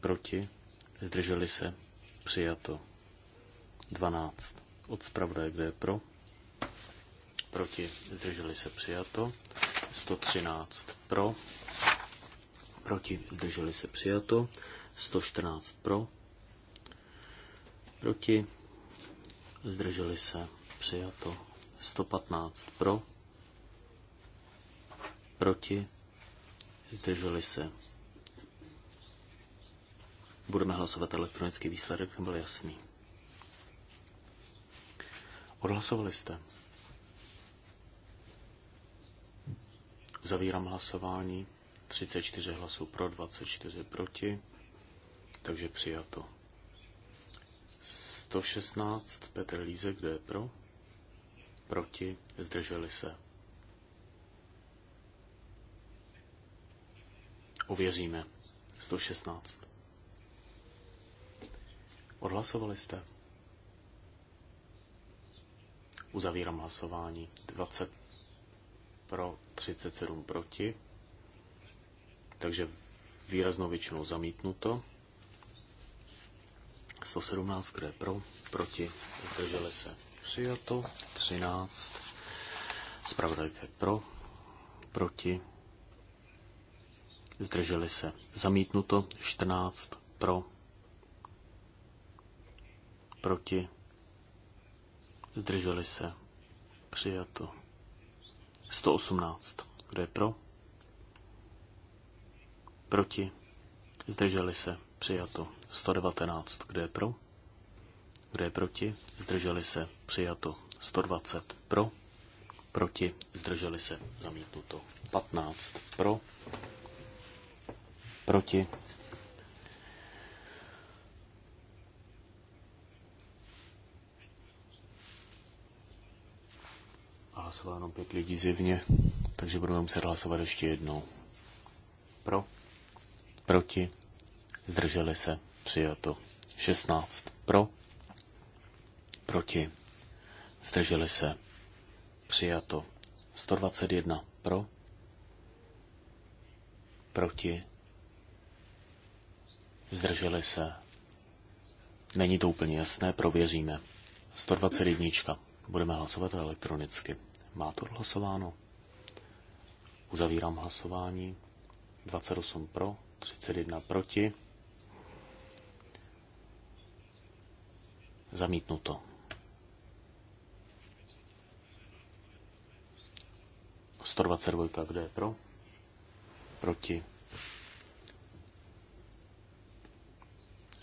Speaker 1: Proti? Zdrželi se přijato. 12. Od zpravodaje, kdo je pro? Proti? Zdrželi se přijato. 113. Pro? Proti? Zdrželi se přijato. 114. Pro? Proti? Zdrželi se přijato. 115. Pro? Proti? Zdrželi se. Budeme hlasovat elektronický výsledek, byl jasný. Odhlasovali jste. Zavírám hlasování. 34 hlasů pro, 24 proti. Takže přijato. 116 Petr Lízek, kdo je pro? Proti, zdrželi se. pověříme. 116. Odhlasovali jste? Uzavírám hlasování. 20 pro, 37 proti. Takže výraznou většinou zamítnuto. 117, kde je pro, proti, zdrželi se. Přijato, 13, zpravodajka pro, proti, zdrželi se. Zamítnuto 14 pro, proti, zdrželi se. Přijato 118. Kdo je pro? Proti, zdrželi se. Přijato 119. Kdo je pro? Kdo je proti? Zdrželi se. Přijato 120 pro, proti, zdrželi se. Zamítnuto 15 pro Proti. Hlasovalo jenom pět lidí zjevně, takže budeme muset hlasovat ještě jednou. Pro. Proti. Zdrželi se. Přijato. 16. Pro. Proti. Zdrželi se. Přijato. 121. Pro. Proti. Zdrželi se. Není to úplně jasné, prověříme. 120 121. Budeme hlasovat elektronicky. Má to hlasováno? Uzavírám hlasování. 28 pro, 31 proti. Zamítnuto. to. 122, kde je pro? Proti.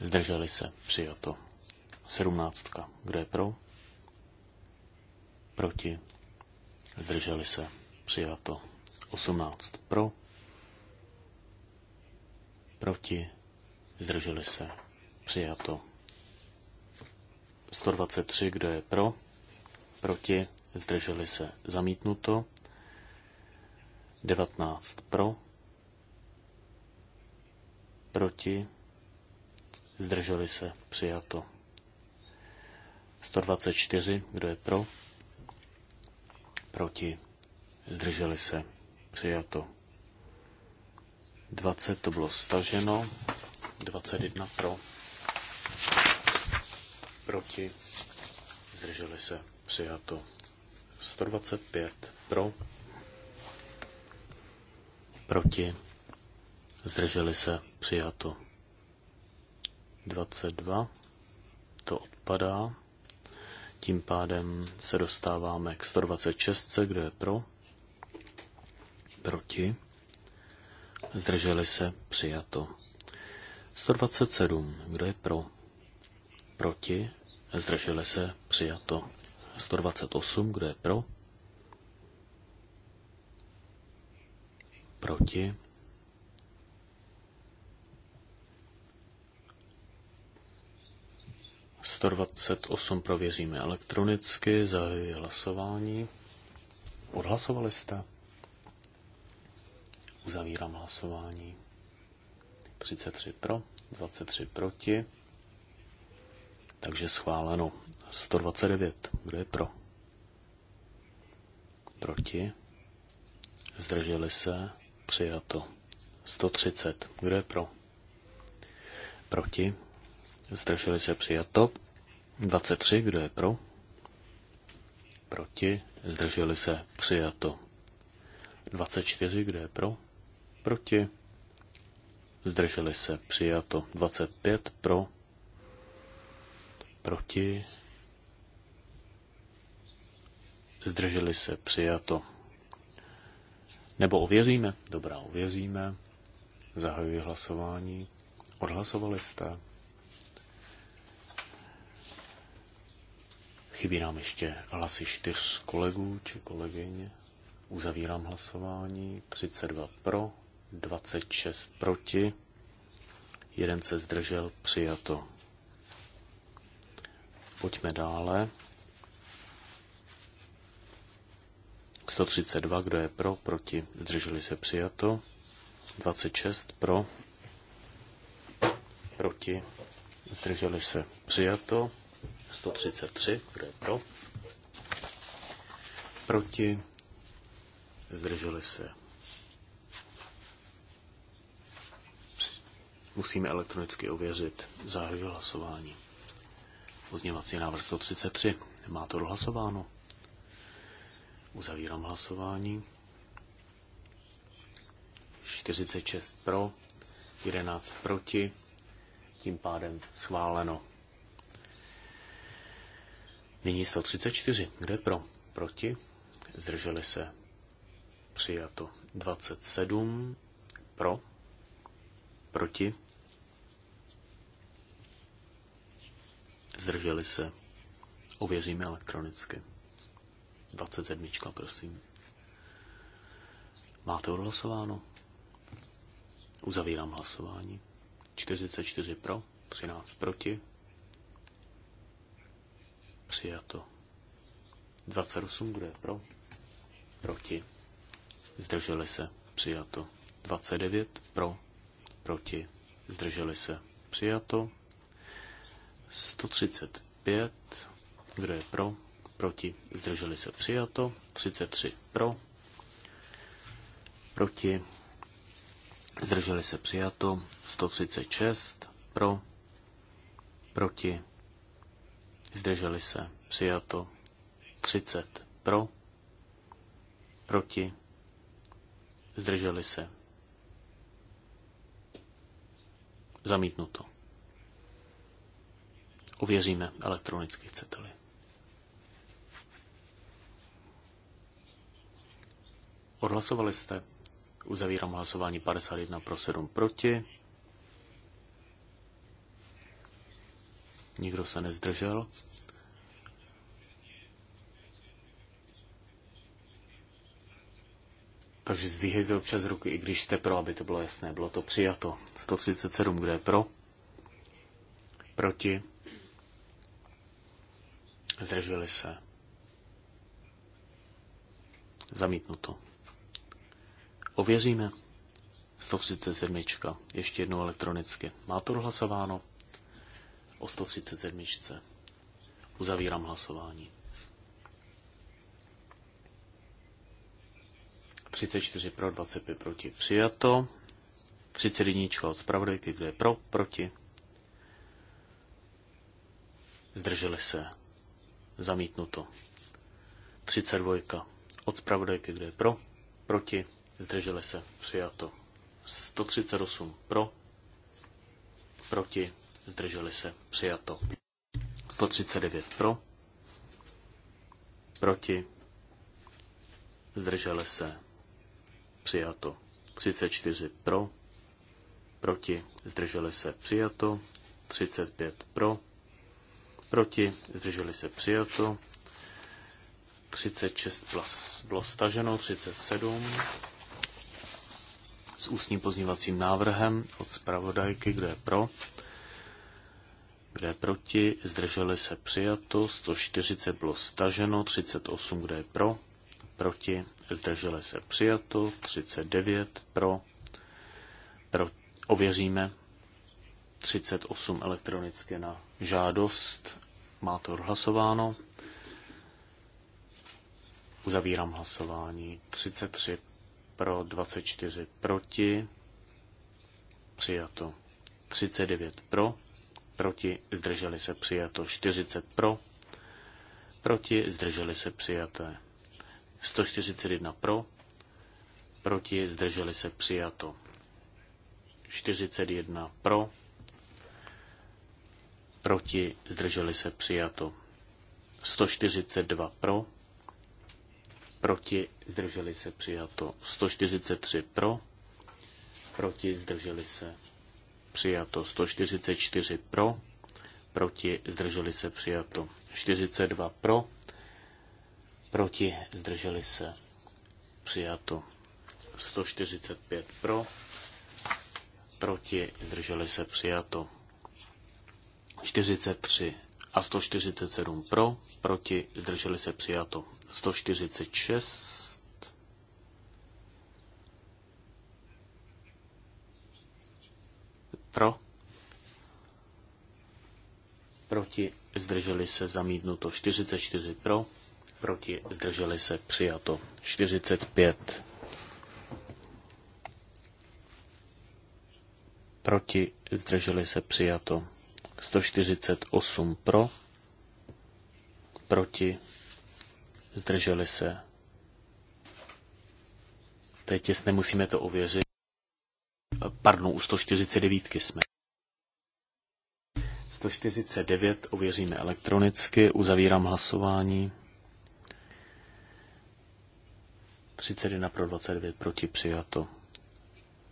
Speaker 1: Zdrželi se. Přijato. Sedmnáctka. Kdo je pro? Proti. Zdrželi se. Přijato. Osmnáct. Pro. Proti. Zdrželi se. Přijato. 123. Kdo je pro? Proti. Zdrželi se. Zamítnuto. 19 pro. Proti zdrželi se, přijato. 124, kdo je pro, proti, zdrželi se, přijato. 20 to bylo staženo, 21 pro, proti, zdrželi se, přijato. 125 pro, proti, zdrželi se, přijato. 22. To odpadá. Tím pádem se dostáváme k 126, kde je pro, proti, zdrželi se, přijato. 127, kdo je pro, proti, zdrželi se, přijato. 128, kdo je pro, proti, 128 prověříme elektronicky, zahajuji hlasování. Odhlasovali jste? Uzavírám hlasování. 33 pro, 23 proti. Takže schváleno. 129. Kdo je pro? Proti. Zdrželi se. Přijato. 130. Kdo je pro? Proti Zdrželi se přijato. 23. Kdo je pro? Proti. Zdrželi se přijato. 24. Kdo je pro? Proti. Zdrželi se přijato. 25. Pro. Proti. Zdrželi se přijato. Nebo ověříme? Dobrá, ověříme. Zahajuji hlasování. Odhlasovali jste? Chybí nám ještě hlasy čtyř kolegů či kolegyň. Uzavírám hlasování. 32 pro, 26 proti, jeden se zdržel, přijato. Pojďme dále. 132, kdo je pro, proti, zdrželi se, přijato. 26 pro, proti, zdrželi se, přijato. 133, kdo je pro? Proti? Zdrželi se. Musíme elektronicky ověřit zahájí hlasování. Pozněvací návrh 133. Má to dohlasováno? Uzavírám hlasování. 46 pro, 11 proti. Tím pádem schváleno. Nyní 134. Kdo je pro? Proti? Zdrželi se. Přijato. 27. Pro? Proti? Zdrželi se. Ověříme elektronicky. 27. prosím. Máte odhlasováno? Uzavírám hlasování. 44 pro, 13 proti, Přijato. 28, kdo je pro? Proti. Zdrželi se. Přijato. 29, pro? Proti. Zdrželi se. Přijato. 135, kdo je pro? Proti. Zdrželi se. Přijato. 33, pro? Proti. Zdrželi se. Přijato. 136, pro? Proti zdrželi se, přijato 30 pro, proti, zdrželi se, zamítnuto. Uvěříme elektronicky, chcete-li. Odhlasovali jste. Uzavírám hlasování 51 pro 7 proti. nikdo se nezdržel. Takže zdvíhejte občas ruky, i když jste pro, aby to bylo jasné. Bylo to přijato. 137, kdo je pro? Proti? Zdrželi se. Zamítnuto. Ověříme. 137. Ještě jednou elektronicky. Má to dohlasováno? o 137. Uzavírám hlasování. 34 pro, 25 proti. Přijato. 31 od zpravodajky, kdo je pro, proti. Zdrželi se. Zamítnuto. 32 od zpravodajky, kdo je pro, proti. Zdrželi se. Přijato. 138 pro, proti zdrželi se, přijato. 139 pro, proti, zdrželi se, přijato. 34 pro, proti, zdrželi se, přijato. 35 pro, proti, zdrželi se, přijato. 36 plus, bylo staženo, 37 s ústním pozněvacím návrhem od zpravodajky, kde je pro, kdo je proti, zdrželi se přijato, 140 bylo staženo, 38, kdo je pro, proti, zdrželi se přijato, 39 pro, pro ověříme, 38 elektronicky na žádost, má to odhlasováno. Uzavírám hlasování. 33 pro, 24 proti, přijato. 39 pro, proti, zdrželi se přijato 40 pro, proti, zdrželi se přijaté 141 pro, proti, zdrželi se přijato 41 pro, proti, zdrželi se přijato 142 pro, proti, zdrželi se přijato 143 pro, proti, zdrželi se přijato. 144 pro, proti, zdrželi se přijato. 42 pro, proti, zdrželi se přijato. 145 pro, proti, zdrželi se přijato. 43 a 147 pro, proti, zdrželi se přijato. 146 Pro? Proti? Zdrželi se zamítnuto 44 pro. Proti? Zdrželi se přijato 45. Proti? Zdrželi se přijato 148 pro. Proti? Zdrželi se. Teď jest nemusíme to ověřit pardon, u 149 jsme. 149 ověříme elektronicky, uzavírám hlasování. 31 pro 29 proti přijato.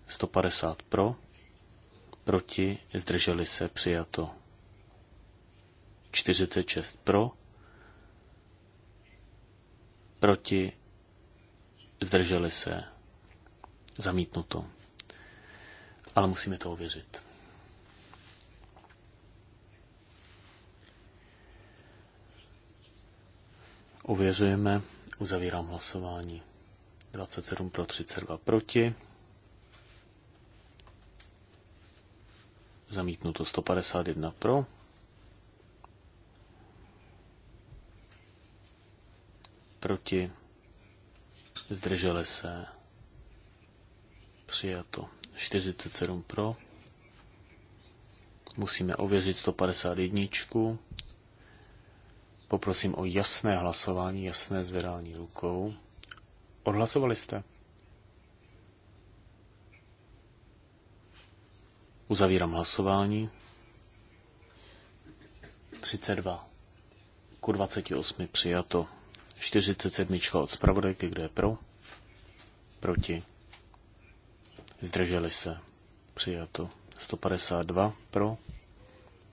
Speaker 1: 150 pro, proti zdrželi se přijato. 46 pro, proti zdrželi se zamítnuto ale musíme to ověřit. Ověřujeme, uzavírám hlasování. 27 pro 32 proti. Zamítnuto 151 pro. Proti. Zdrželi se. Přijato. 47 pro. Musíme ověřit 151. Poprosím o jasné hlasování, jasné zvedání rukou. Odhlasovali jste? Uzavírám hlasování. 32 ku 28 přijato. 47 od zpravodajky, kde je pro? Proti zdrželi se, přijato 152 pro,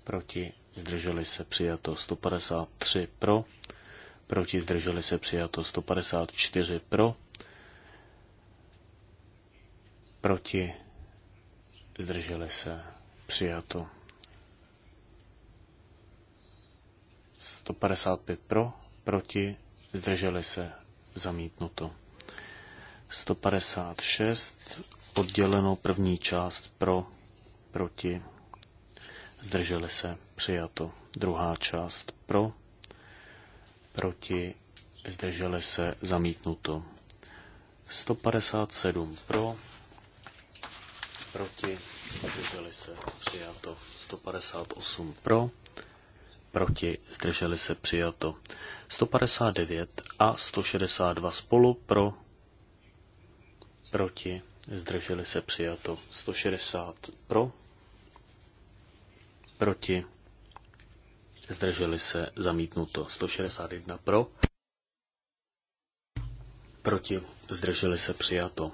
Speaker 1: proti, zdrželi se, přijato 153 pro, proti, zdrželi se, přijato 154 pro, proti, zdrželi se, přijato 155 pro, proti, zdrželi se, zamítnuto. 156 odděleno první část pro, proti, zdrželi se, přijato. Druhá část pro, proti, zdrželi se, zamítnuto. 157 pro, proti, zdrželi se, přijato. 158 pro, proti, zdrželi se, přijato. 159 a 162 spolu pro, proti, zdrželi se přijato 160 pro, proti, zdrželi se zamítnuto 161 pro, proti, zdrželi se přijato.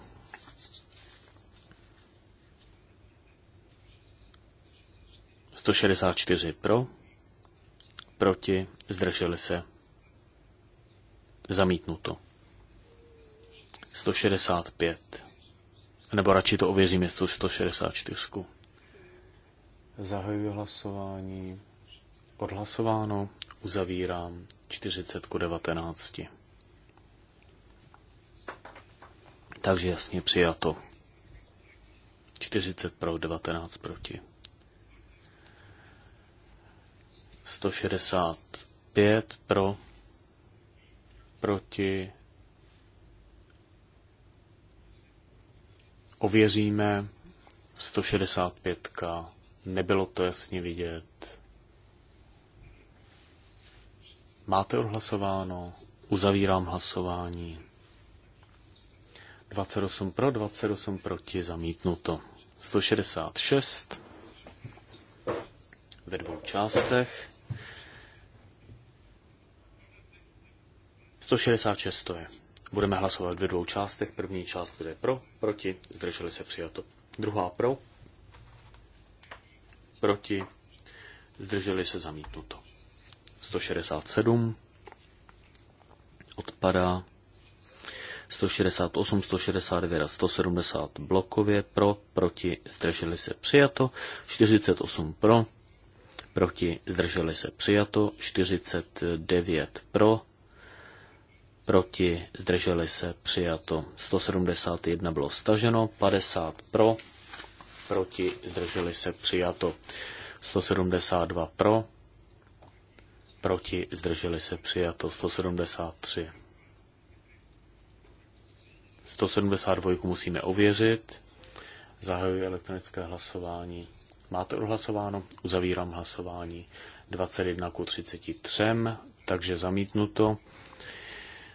Speaker 1: Sto šedesát čtyři pro, proti, zdrželi se, zamítnuto. Sto šedesát pět nebo radši to ověříme 164. Zahajuji hlasování. Odhlasováno. Uzavírám 40 19. Takže jasně přijato. 40 pro 19 proti. 165 pro proti Ověříme 165. Nebylo to jasně vidět. Máte odhlasováno? Uzavírám hlasování. 28 pro, 28 proti, zamítnuto. 166 ve dvou částech. 166 to je. Budeme hlasovat ve dvou částech. První část bude pro, proti, zdrželi se přijato. Druhá pro, proti, zdrželi se zamítnuto. 167 odpadá. 168, 169 a 170 blokově pro, proti, zdrželi se přijato, 48 pro, proti, zdrželi se přijato, 49 pro, proti, zdrželi se, přijato. 171 bylo staženo, 50 pro, proti, zdrželi se, přijato. 172 pro, proti, zdrželi se, přijato. 173. 172 musíme ověřit. Zahajuji elektronické hlasování. Máte odhlasováno? Uzavírám hlasování 21 ku 33, takže zamítnuto.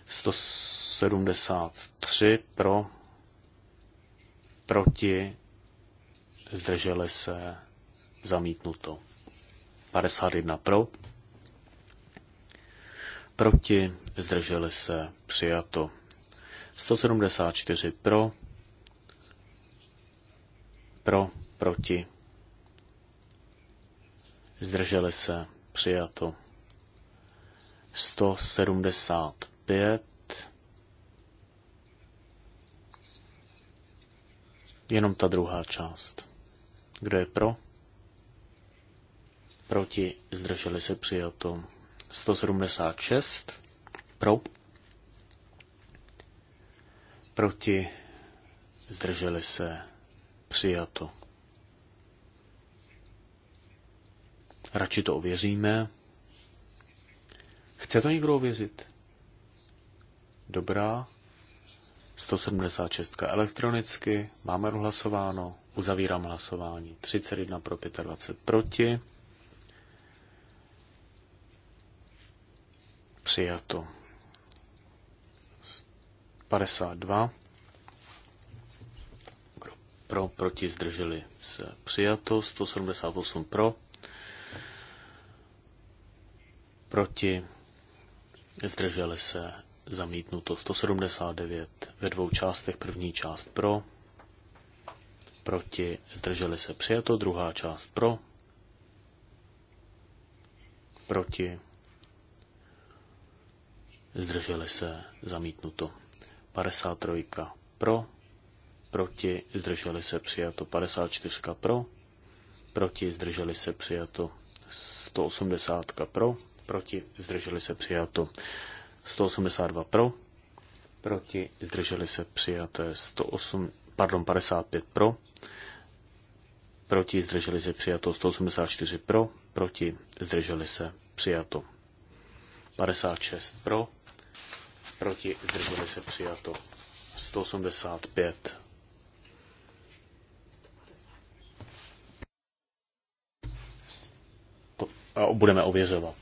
Speaker 1: 173 pro, proti, zdrželi se, zamítnuto. 51 pro, proti, zdrželi se, přijato. 174 pro, pro, proti, zdrželi se, přijato. 170 5. Jenom ta druhá část. Kdo je pro? Proti zdrželi se přijato 176. Pro? Proti zdrželi se přijato. Radši to ověříme. Chce to někdo ověřit? Dobrá. 176 elektronicky. Máme hlasováno. Uzavírám hlasování. 31 pro 25 proti. Přijato. 52. Pro, proti, zdrželi se. Přijato. 178 pro. Proti, zdrželi se zamítnuto 179 ve dvou částech. První část pro, proti, zdrželi se přijato, druhá část pro, proti, zdrželi se zamítnuto 53 pro, proti, zdrželi se přijato 54 pro, proti, zdrželi se přijato 180 pro, proti, zdrželi se přijato 182 pro, proti, zdrželi se přijaté 108, pardon, 55 pro, proti, zdrželi se přijato 184 pro, proti, zdrželi se přijato 56 pro, proti, zdrželi se přijato 185 A budeme ověřovat.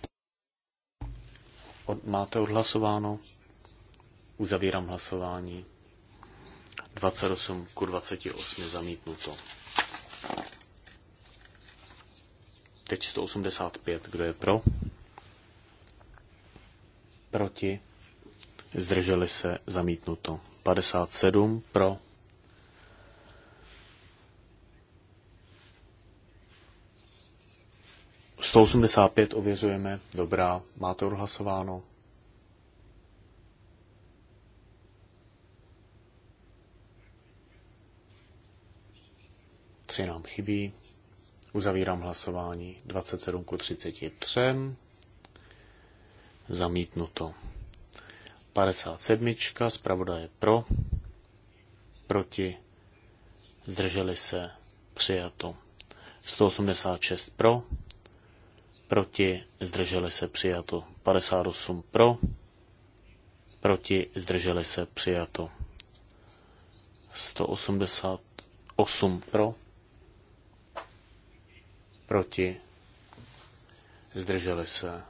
Speaker 1: Od, máte odhlasováno? Uzavírám hlasování. 28 ku 28 zamítnuto. Teď 185. Kdo je pro? Proti? Zdrželi se zamítnuto. 57 pro 185 ověřujeme. Dobrá, máte odhlasováno. Tři nám chybí. Uzavírám hlasování 27 ku 33. Zamítnuto. 57. je pro. Proti. Zdrželi se. Přijato. 186 pro proti, zdrželi se přijato 58 pro, proti, zdrželi se přijato 188 pro, proti, zdrželi se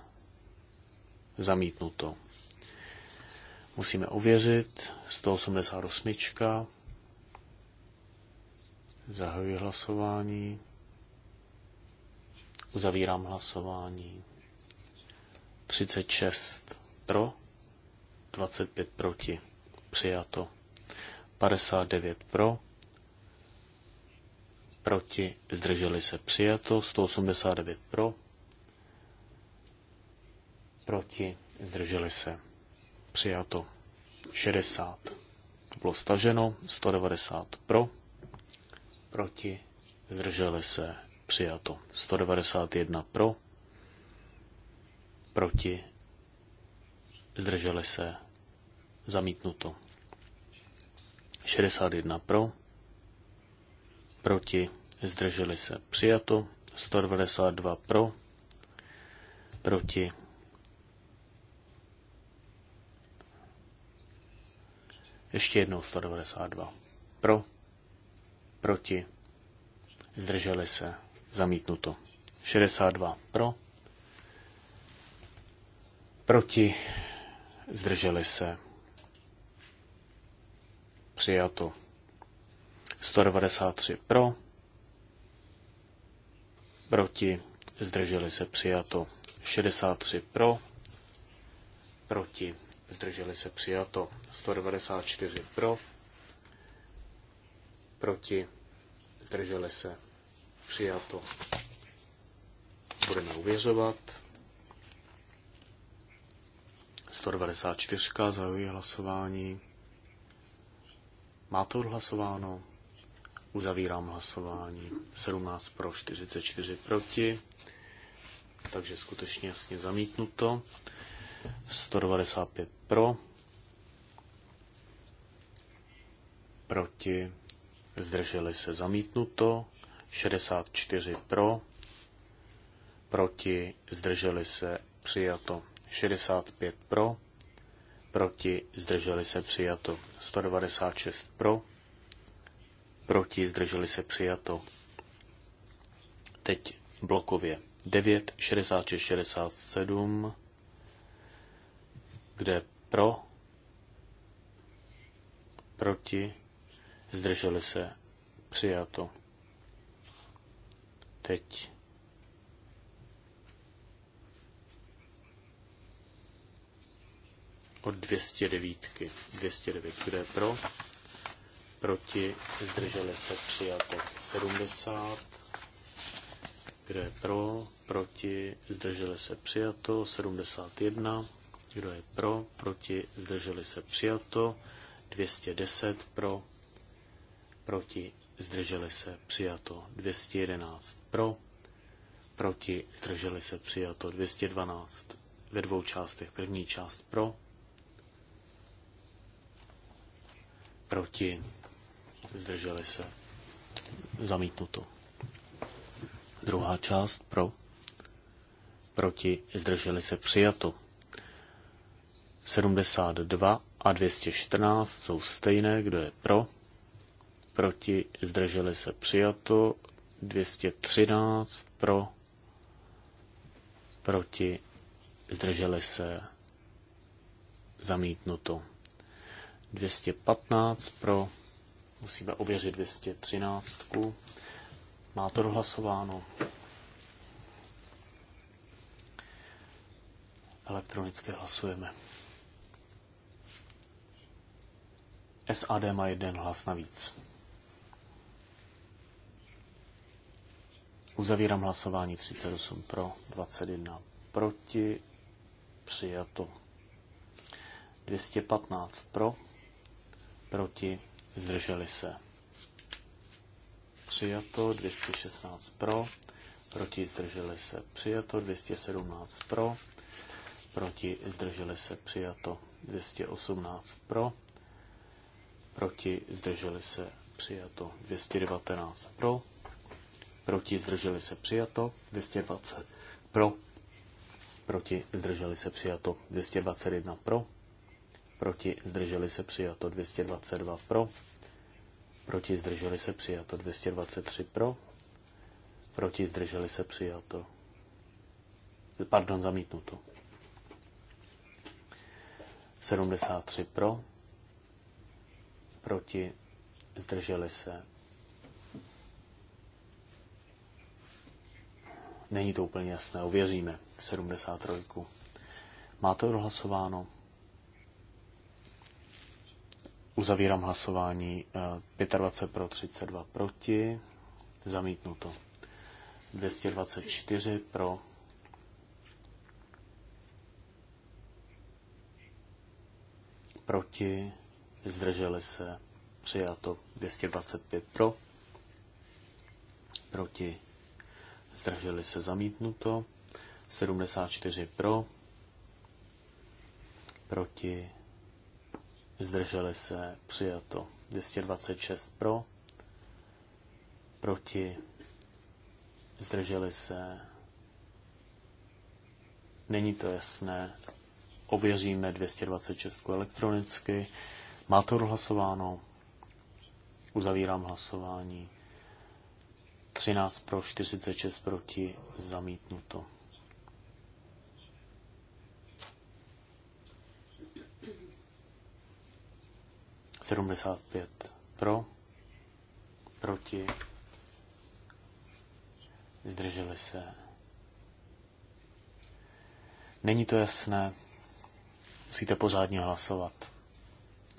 Speaker 1: zamítnuto. Musíme ověřit 188. Zahajuji hlasování. Uzavírám hlasování. 36 pro, 25 proti. Přijato. 59 pro, proti, zdrželi se přijato, 189 pro, proti, zdrželi se přijato, 60 bylo staženo, 190 pro, proti, zdrželi se Přijato. 191 pro. Proti. Zdrželi se. Zamítnuto. 61 pro. Proti. Zdrželi se. Přijato. 192 pro. Proti. Ještě jednou 192. Pro. Proti. Zdrželi se. Zamítnuto. 62 pro. Proti. Zdrželi se. Přijato. 193 pro. Proti. Zdrželi se. Přijato. 63 pro. Proti. Zdrželi se. Přijato. 194 pro. Proti. Zdrželi se Přijato. Budeme uvěřovat. 194. zahajuje hlasování. Má to odhlasováno? Uzavírám hlasování. 17 pro, 44 proti. Takže skutečně jasně zamítnuto. 195 pro. Proti. Zdrželi se zamítnuto. 64 pro, proti, zdrželi se, přijato. 65 pro, proti, zdrželi se, přijato. 196 pro, proti, zdrželi se, přijato. Teď blokově 9, 66, 67, kde pro, proti, zdrželi se, přijato teď. Od 209. 209, kde je pro? Proti, zdrželi se přijato 70. Kdo je pro? Proti, zdrželi se přijato 71. Kdo je pro? Proti, zdrželi se přijato 210 pro, proti, zdrželi se, přijato 211 pro, proti, zdrželi se, přijato 212 ve dvou částech. První část pro, proti, zdrželi se, zamítnuto. Druhá část pro, proti, zdrželi se, přijato. 72 a 214 jsou stejné, kdo je pro, proti, zdrželi se přijato, 213 pro, proti, zdrželi se zamítnuto. 215 pro, musíme ověřit 213. Má to dohlasováno. Elektronicky hlasujeme. SAD má jeden hlas navíc. Uzavírám hlasování 38 pro, 21 proti, přijato. 215 pro, proti, zdrželi se. Přijato 216 pro, proti zdrželi se. Přijato 217 pro, proti zdrželi se. Přijato 218 pro, proti zdrželi se. Přijato 219 pro, proti, zdrželi se přijato, 220 pro, proti, zdrželi se přijato, 221 pro, proti, zdrželi se přijato, 222 pro, proti, zdrželi se přijato, 223 pro, proti, zdrželi se přijato, pardon, zamítnuto, 73 pro, proti, zdrželi se Není to úplně jasné, ověříme 73. Má to odhlasováno? Uzavírám hlasování 25 eh, pro 32 proti, zamítnuto. 224 pro proti, zdrželi se, přijato 225 pro, proti, zdrželi se zamítnuto, 74 pro, proti, zdrželi se přijato, 226 pro, proti, zdrželi se, není to jasné, ověříme 226 elektronicky, má to hlasováno, uzavírám hlasování. 13 pro, 46 proti, zamítnuto. Sedmdesát pět pro, proti, zdrželi se. Není to jasné, musíte pořádně hlasovat.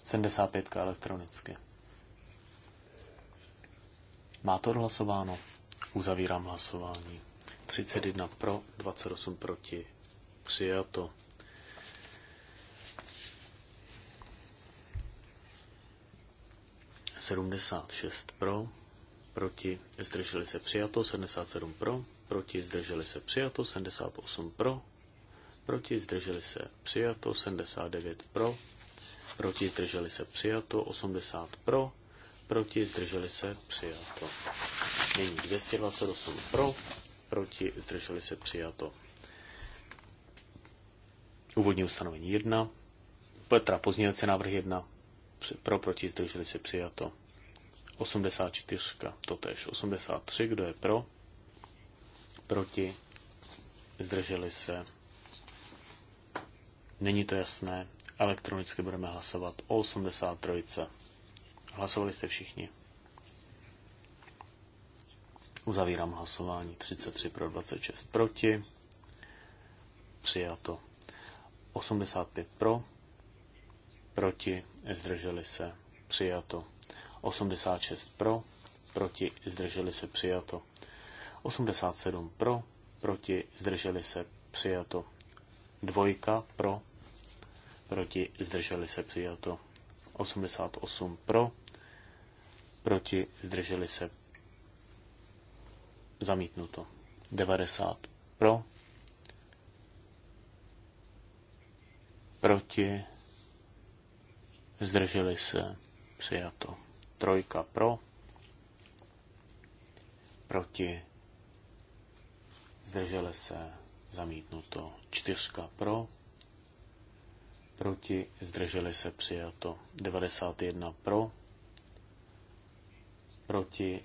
Speaker 1: 75 elektronicky. Má to odhlasováno? Uzavírám hlasování. 31 pro, 28 proti. Přijato. Sedmdesát šest pro, proti, zdrželi se přijato, sedm pro, proti, zdrželi se přijato, 78 pro, proti, zdrželi se přijato, 79 pro, proti, zdrželi se přijato, 80 pro, proti, zdrželi se, přijato. Nyní 228 pro, proti, zdrželi se, přijato. Úvodní ustanovení 1, Petra pozdělce návrh 1, pro, proti, zdrželi se, přijato. 84, totež 83, kdo je pro, proti, zdrželi se. Není to jasné, elektronicky budeme hlasovat o 83. Hlasovali jste všichni. Uzavírám hlasování 33 pro 26 proti. Přijato 85 pro, proti, zdrželi se, přijato 86 pro, proti, zdrželi se, přijato 87 pro, proti, zdrželi se, přijato dvojka pro, proti, zdrželi se, přijato 88 pro, proti, zdrželi se, zamítnuto. 90 pro, proti, zdrželi se, přijato. Trojka pro, proti, zdrželi se, zamítnuto. Čtyřka pro, proti, zdrželi se, přijato. 91 pro, proti,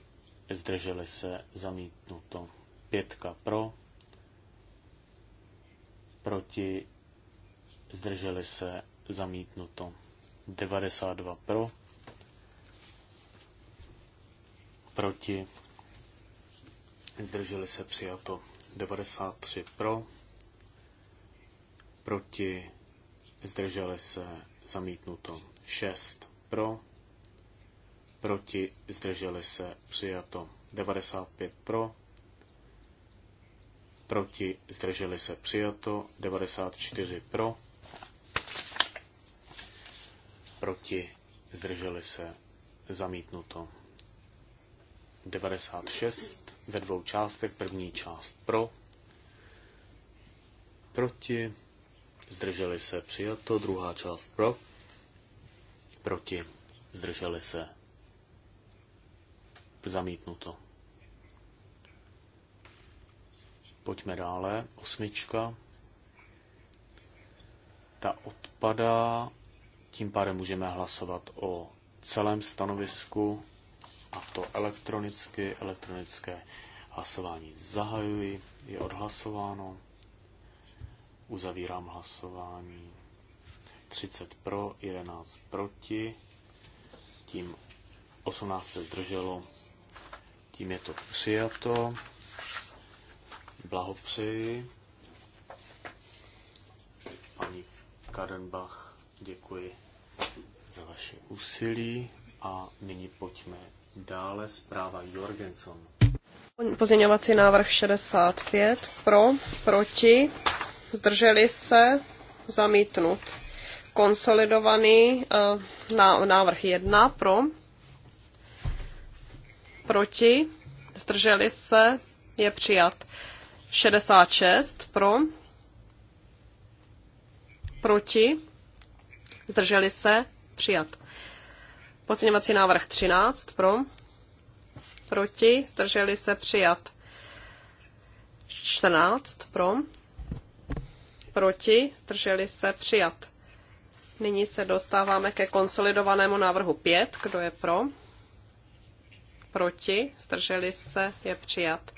Speaker 1: zdrželi se, zamítnuto. Pětka pro, proti, zdrželi se, zamítnuto. 92 pro, proti, zdrželi se, přijato. 93 pro, proti, zdrželi se, zamítnuto. 6 pro, proti, zdrželi se, přijato. 95 pro, proti, zdrželi se, přijato. 94 pro, proti, zdrželi se, zamítnuto. 96 ve dvou částech, první část pro, proti, zdrželi se, přijato, druhá část pro, proti, zdrželi se, Zamítnuto. Pojďme dále. Osmička. Ta odpadá. Tím pádem můžeme hlasovat o celém stanovisku a to elektronicky. Elektronické hlasování zahajuji. Je odhlasováno. Uzavírám hlasování. 30 pro, 11 proti. Tím 18 se zdrželo. Tím je to přijato. Blahopřeji. Paní Karenbach, děkuji za vaše úsilí a nyní pojďme dále. Zpráva Jorgenson.
Speaker 2: Pozměňovací návrh 65. Pro, proti, zdrželi se, zamítnut. Konsolidovaný eh, návrh 1 pro, proti, zdrželi se, je přijat. 66 pro, proti, zdrželi se, přijat. Pozměňovací návrh 13 pro, proti, zdrželi se, přijat. 14 pro, proti, zdrželi se, přijat. Nyní se dostáváme ke konsolidovanému návrhu 5. Kdo je pro? proti, zdrželi se, je přijat.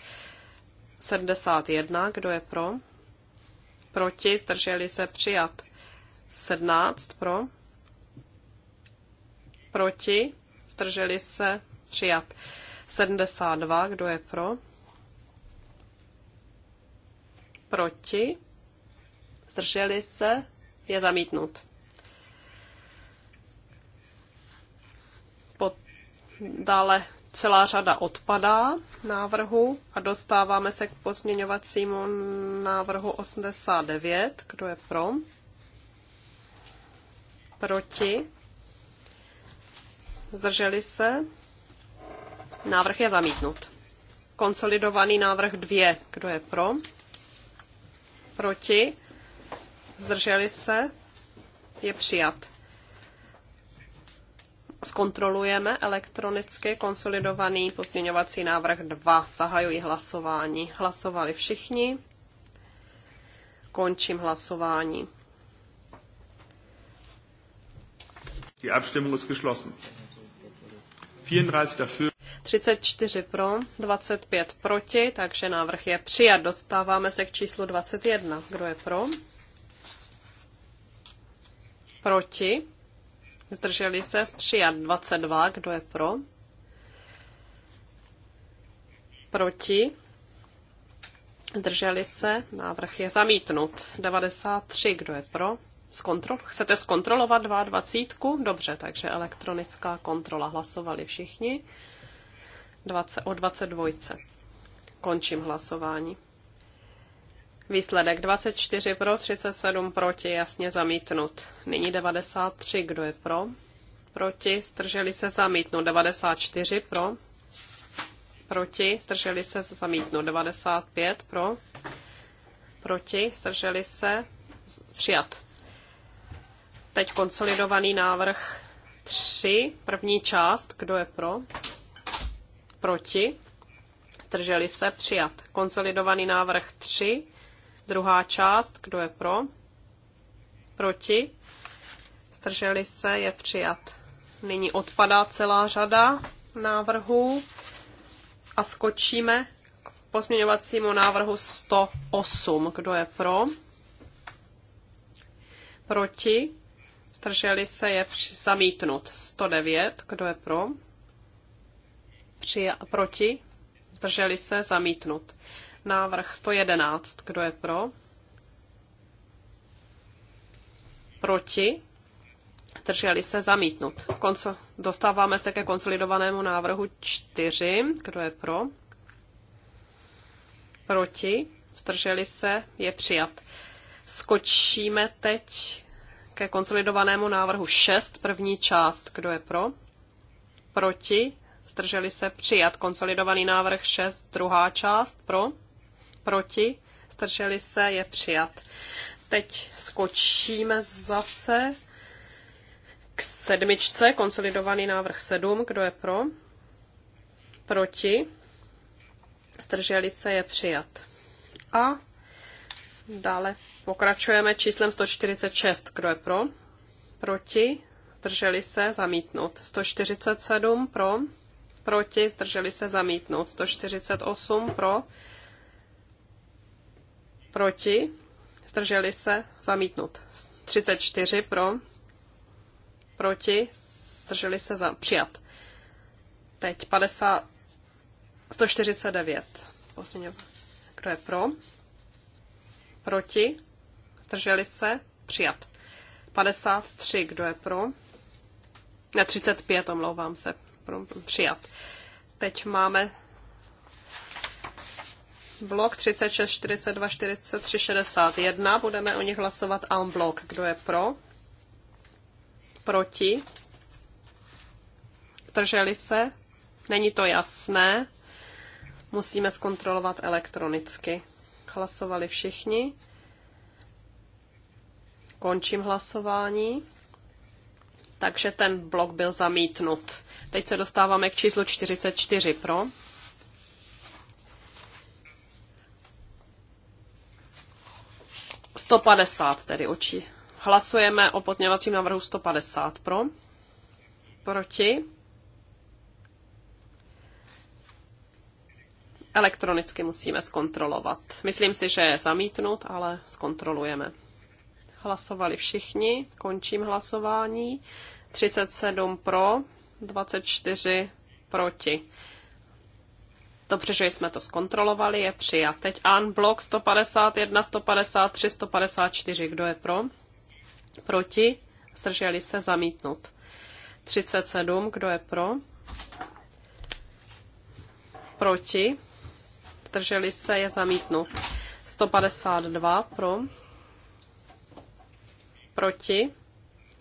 Speaker 2: 71, kdo je pro, proti, zdrželi se, přijat. 17 pro, proti, zdrželi se, přijat. 72, kdo je pro, proti, zdrželi se, je zamítnut. Pod, dále celá řada odpadá návrhu a dostáváme se k pozměňovacímu návrhu 89. Kdo je pro? Proti? Zdrželi se? Návrh je zamítnut. Konsolidovaný návrh 2. Kdo je pro? Proti? Zdrželi se? Je přijat zkontrolujeme elektronicky konsolidovaný pozměňovací návrh 2. Zahajuji hlasování. Hlasovali všichni. Končím hlasování.
Speaker 4: Die
Speaker 1: Abstimmung ist geschlossen.
Speaker 2: 34 pro, 25 proti, takže návrh je přijat. Dostáváme se k číslu 21. Kdo je pro? Proti. Zdrželi se? z 22. Kdo je pro? Proti? Zdrželi se? Návrh je zamítnut. 93. Kdo je pro? Zkontrol- Chcete zkontrolovat 22? Dobře, takže elektronická kontrola. Hlasovali všichni. 20, o 22. Končím hlasování. Výsledek 24 pro, 37 proti, jasně zamítnut. Nyní 93, kdo je pro? Proti, strželi se zamítnout. 94 pro, proti, strželi se zamítnout. 95 pro, proti, strželi se přijat. Teď konsolidovaný návrh 3, první část, kdo je pro? Proti, strželi se přijat. Konsolidovaný návrh 3, Druhá část, kdo je pro? Proti? Zdrželi se, je přijat. Nyní odpadá celá řada návrhů a skočíme k pozměňovacímu návrhu 108. Kdo je pro? Proti? Zdrželi se, je zamítnut. 109. Kdo je pro? Přija- proti? Zdrželi se, zamítnut. Návrh 111. Kdo je pro? Proti? Zdrželi se zamítnut. Konco- dostáváme se ke konsolidovanému návrhu 4. Kdo je pro? Proti? Zdrželi se? Je přijat. Skočíme teď ke konsolidovanému návrhu 6, první část. Kdo je pro? Proti? Zdrželi se přijat konsolidovaný návrh 6, druhá část pro, proti, strželi se, je přijat. Teď skočíme zase k sedmičce, konsolidovaný návrh sedm, kdo je pro, proti, strželi se, je přijat. A dále pokračujeme číslem 146, kdo je pro, proti, zdrželi se, zamítnout. 147 pro, proti, zdrželi se, zamítnout. 148 pro, proti, zdrželi se, zamítnut. 34 pro, proti, zdrželi se, za, přijat. Teď 50, 149. Posledně, kdo je pro? Proti, zdrželi se, přijat. 53, kdo je pro? Ne, 35, omlouvám se, pro, přijat. Teď máme Blok 36, 42, 43, 61. Budeme o nich hlasovat en blok. Kdo je pro? Proti? Zdrželi se? Není to jasné. Musíme zkontrolovat elektronicky. Hlasovali všichni. Končím hlasování. Takže ten blok byl zamítnut. Teď se dostáváme k číslu 44 pro. 150 tedy očí. Hlasujeme o pozměňovacím návrhu 150 pro. Proti. Elektronicky musíme zkontrolovat. Myslím si, že je zamítnut, ale zkontrolujeme. Hlasovali všichni, končím hlasování. 37 pro, 24 proti. Dobře, že jsme to zkontrolovali, je přijat. Teď unblock 151, 153, 154. Kdo je pro? Proti? Zdrželi se zamítnout. 37. Kdo je pro? Proti? Zdrželi se je zamítnout. 152 pro? Proti?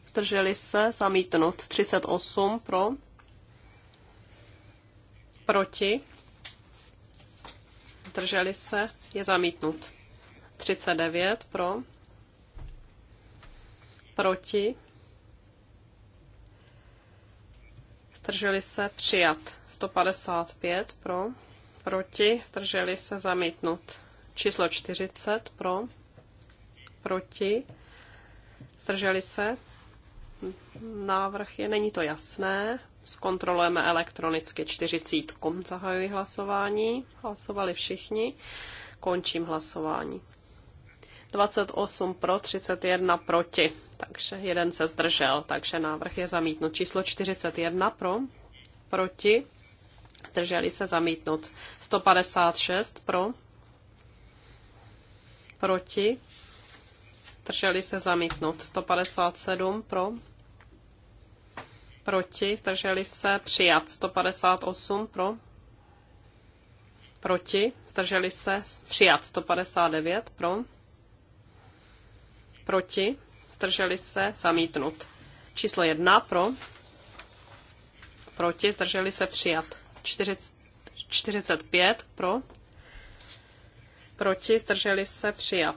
Speaker 2: Zdrželi se zamítnout. 38 pro? Proti? zdrželi se, je zamítnut. 39 pro, proti, zdrželi se, přijat. 155 pro, proti, zdrželi se, zamítnut. Číslo 40 pro, proti, zdrželi se. Návrh je, není to jasné, Zkontrolujeme elektronicky 40. Zahajuji hlasování. Hlasovali všichni. Končím hlasování. 28 pro, 31 proti. Takže jeden se zdržel, takže návrh je zamítnut. Číslo 41 pro, proti, zdrželi se zamítnut. 156 pro, proti, zdrželi se zamítnut. 157 pro, proti, zdrželi se, přijat 158 pro, proti, zdrželi se, přijat 159 pro, proti, zdrželi se, zamítnut. Číslo 1 pro, proti, zdrželi se, přijat 45 pro, proti, zdrželi se, přijat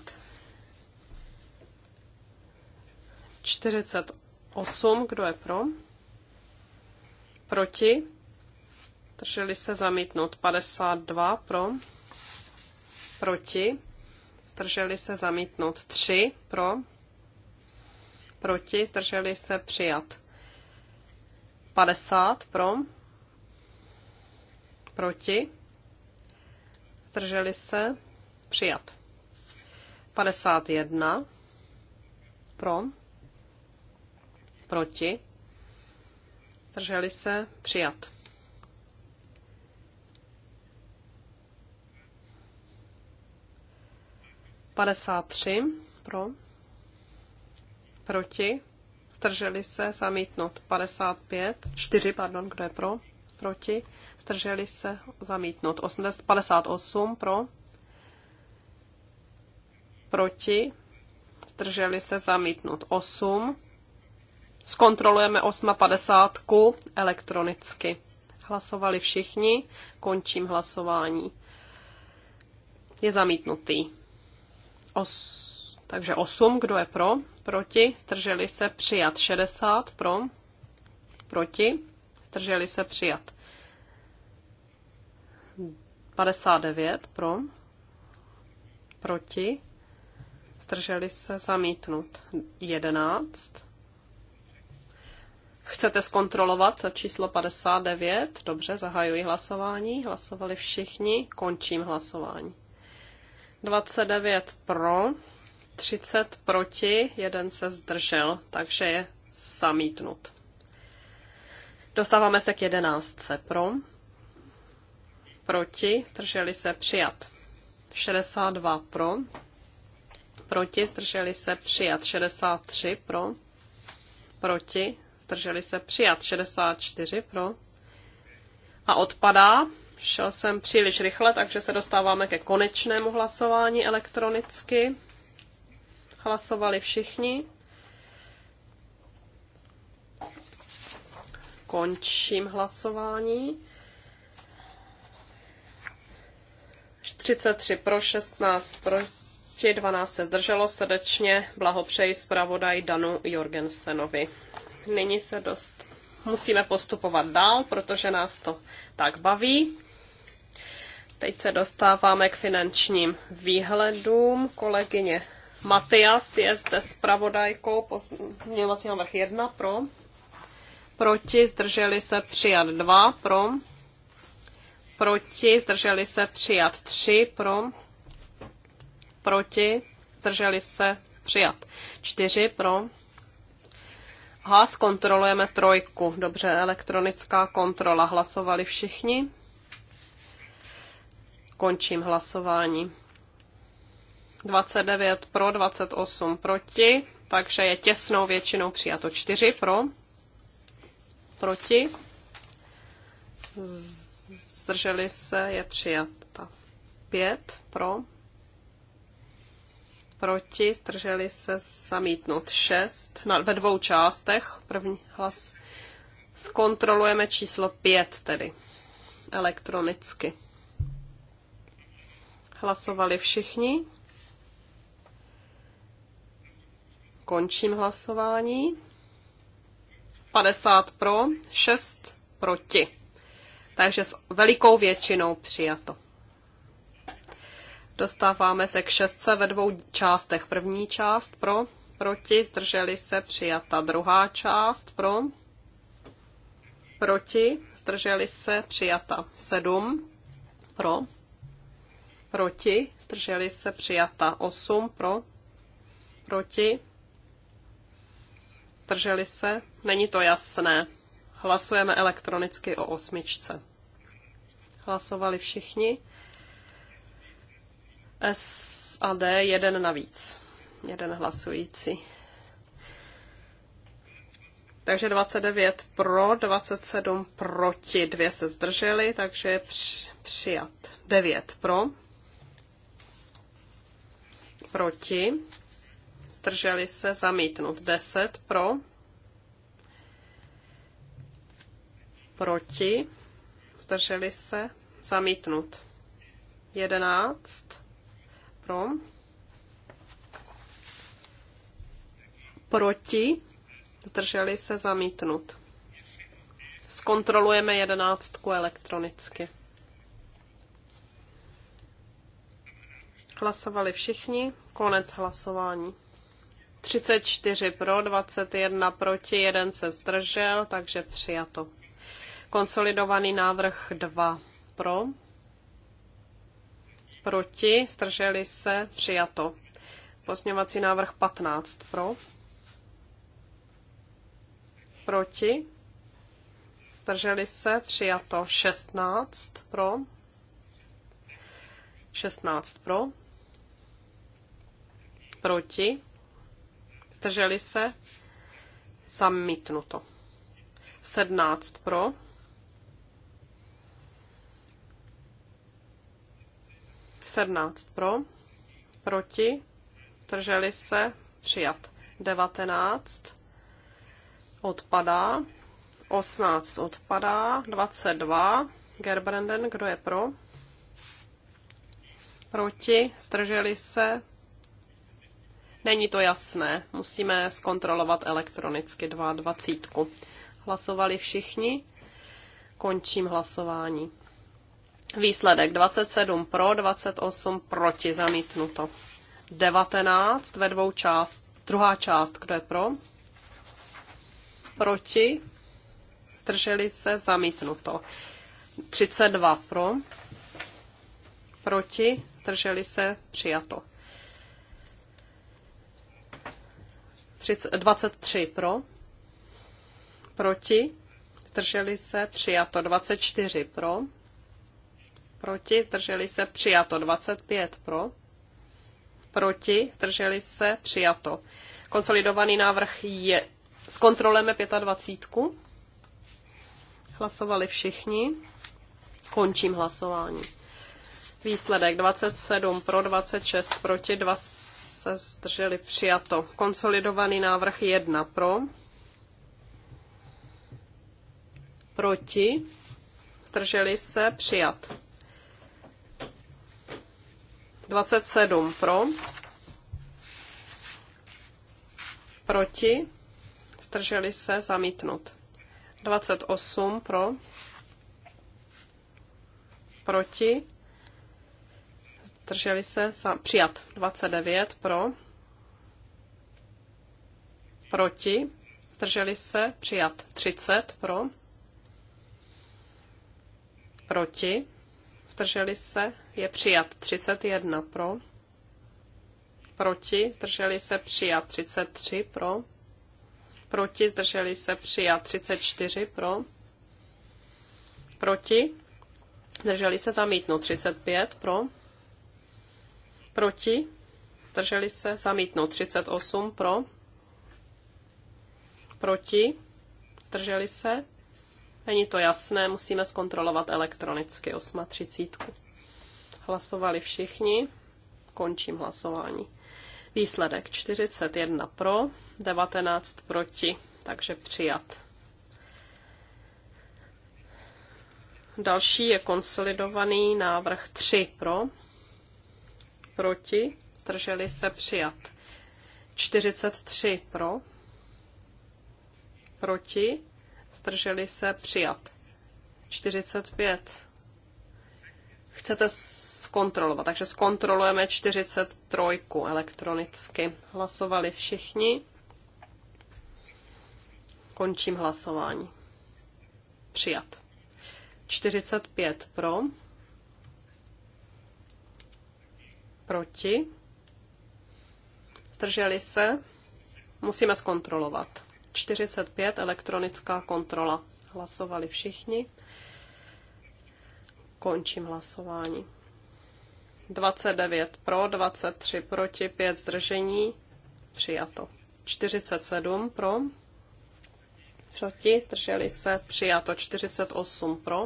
Speaker 2: 48, kdo je pro? proti, Drželi se zamítnout 52 pro, proti, zdrželi se zamítnout 3 pro, proti, zdrželi se přijat 50 pro, proti, zdrželi se přijat 51 pro, proti, Zdrželi se? Přijat. Padesát tři pro, proti, zdrželi se, zamítnout. 55, čtyři pardon, kdo je pro, proti, zdrželi se, zamítnout. Padesát osm pro, proti, zdrželi se, zamítnout. osm Zkontrolujeme 8.50 elektronicky. Hlasovali všichni, končím hlasování. Je zamítnutý. Os, takže 8, kdo je pro, proti, strželi se přijat. 60 pro, proti, strželi se přijat. 59 pro, proti, strželi se zamítnut. 11 Chcete zkontrolovat číslo 59? Dobře, zahajuji hlasování. Hlasovali všichni. Končím hlasování. 29 pro, 30 proti, jeden se zdržel, takže je zamítnut. Dostáváme se k 11 pro, proti, zdrželi se přijat. 62 pro, proti, zdrželi se přijat. 63 pro, proti, zdrželi se přijat 64 pro. A odpadá. Šel jsem příliš rychle, takže se dostáváme ke konečnému hlasování elektronicky. Hlasovali všichni. Končím hlasování. 33 pro 16 proti 12 se zdrželo srdečně. Blahopřeji zpravodaj Danu Jorgensenovi nyní se dost musíme postupovat dál, protože nás to tak baví. Teď se dostáváme k finančním výhledům. Kolegyně Matias je zde pravodajkou pozměňovací návrh 1 pro. Proti zdrželi se přijat 2 pro. Proti zdrželi se přijat 3 pro. Proti zdrželi se přijat 4 pro Hlas kontrolujeme trojku. Dobře, elektronická kontrola. Hlasovali všichni? Končím hlasování. 29 pro, 28 proti, takže je těsnou většinou přijato 4 pro, proti, zdrželi se, je přijata 5 pro, proti, strželi se zamítnout šest na, ve dvou částech. První hlas. Zkontrolujeme číslo pět tedy elektronicky. Hlasovali všichni. Končím hlasování. 50 pro, 6 proti. Takže s velikou většinou přijato. Dostáváme se k šestce ve dvou částech. První část pro, proti, zdrželi se, přijata. Druhá část pro, proti, zdrželi se, přijata. Sedm pro, proti, zdrželi se, přijata. Osm pro, proti, zdrželi se, není to jasné. Hlasujeme elektronicky o osmičce. Hlasovali všichni. S a D jeden navíc. Jeden hlasující. Takže 29 pro, 27 proti, dvě se zdrželi, takže je přijat. 9 pro, proti, zdrželi se, zamítnut. 10 pro, proti, zdrželi se, zamítnut. 11 pro, proti, zdrželi se zamítnut. Zkontrolujeme jedenáctku elektronicky. Hlasovali všichni, konec hlasování. 34 pro, 21 proti, 1 se zdržel, takže přijato. Konsolidovaný návrh 2 pro, proti, zdrželi se, přijato. Pozměňovací návrh 15 pro, proti, zdrželi se, přijato 16 pro, 16 pro, proti, zdrželi se, zamítnuto. 17 pro, 17 pro, proti, drželi se, přijat. 19 odpadá, 18 odpadá, 22 Gerbranden, kdo je pro? Proti, zdrželi se. Není to jasné, musíme zkontrolovat elektronicky 22. Hlasovali všichni, končím hlasování. Výsledek 27 pro, 28 proti, zamítnuto. 19 ve dvou část, druhá část, kdo je pro? Proti, zdrželi se, zamítnuto. 32 pro, proti, zdrželi se, přijato. 23 pro, proti, zdrželi se, přijato. 24 pro, proti, zdrželi se přijato. 25 pro, proti, zdrželi se přijato. Konsolidovaný návrh je s kontrolem 25. Hlasovali všichni. Končím hlasování. Výsledek 27 pro 26 proti 2 se zdrželi přijato. Konsolidovaný návrh 1 pro. Proti. Zdrželi se přijat. 27 pro, proti, zdrželi se, zamítnut. 28 pro, proti, zdrželi se, za, přijat. 29 pro, proti, zdrželi se, přijat. 30 pro, proti, zdrželi se, je přijat 31 pro, proti, zdrželi se, přijat 33 pro, proti, zdrželi se, přijat 34 pro, proti, zdrželi se, zamítnu 35 pro, proti, zdrželi se, zamítnu 38 pro, proti, zdrželi se, Není to jasné, musíme zkontrolovat elektronicky 8.30. Hlasovali všichni. Končím hlasování. Výsledek 41 pro, 19 proti, takže přijat. Další je konsolidovaný návrh 3 pro, proti, zdrželi se přijat. 43 pro, proti, Zdrželi se přijat. 45. Chcete zkontrolovat, takže zkontrolujeme 43 elektronicky. Hlasovali všichni. Končím hlasování. Přijat. 45 pro. Proti. Zdrželi se. Musíme zkontrolovat. 45 elektronická kontrola. Hlasovali všichni. Končím hlasování. 29 pro, 23 proti, 5 zdržení. Přijato. 47 pro, proti, zdrželi se, přijato 48 pro,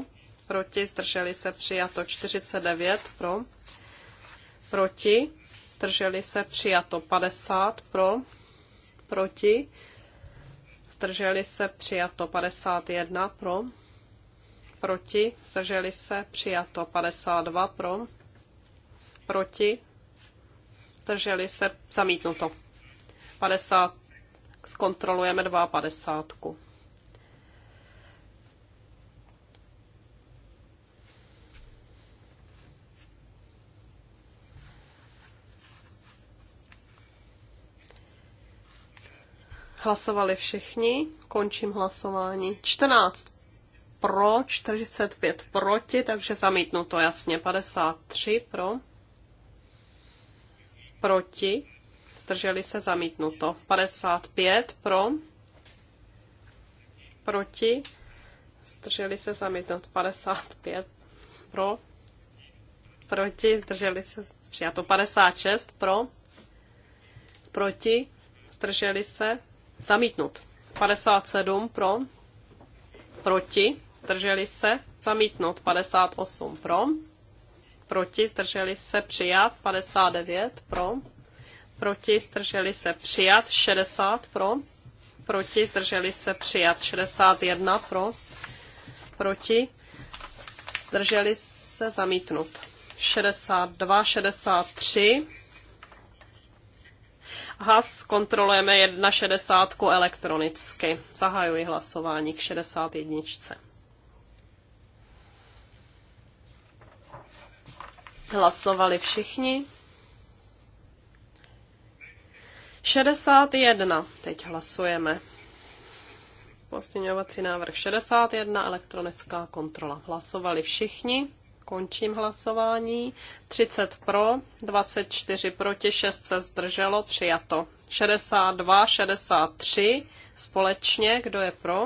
Speaker 2: proti, zdrželi se, přijato 49 pro, proti, zdrželi se, přijato 50 pro, proti, zdrželi se přijato 51 pro, proti, zdrželi se přijato 52 pro, proti, zdrželi se zamítnuto. 50, zkontrolujeme 52. Hlasovali všichni, končím hlasování. 14 pro, 45 proti, takže zamítnu to jasně. 53 pro, proti, zdrželi se zamítnuto. 55 pro, proti, zdrželi se zamítnout. 55 pro, proti, zdrželi se přijato. 56 pro, proti, zdrželi se Zamítnut. 57 pro. Proti. Zdrželi se. Zamítnut. 58 pro. Proti. Zdrželi se. Přijat. 59 pro. Proti. Zdrželi se. Přijat. 60 pro. Proti. Zdrželi se. Přijat. 61 pro. Proti. Zdrželi se. Zamítnut. 62, 63 Hlas kontrolujeme na šedesátku elektronicky. Zahajuji hlasování k 61. Hlasovali všichni. 61. Teď hlasujeme. Postěňovací návrh 61, elektronická kontrola. Hlasovali všichni. Končím hlasování. 30 pro, 24 proti, 6 se zdrželo, přijato. 62, 63 společně, kdo je pro?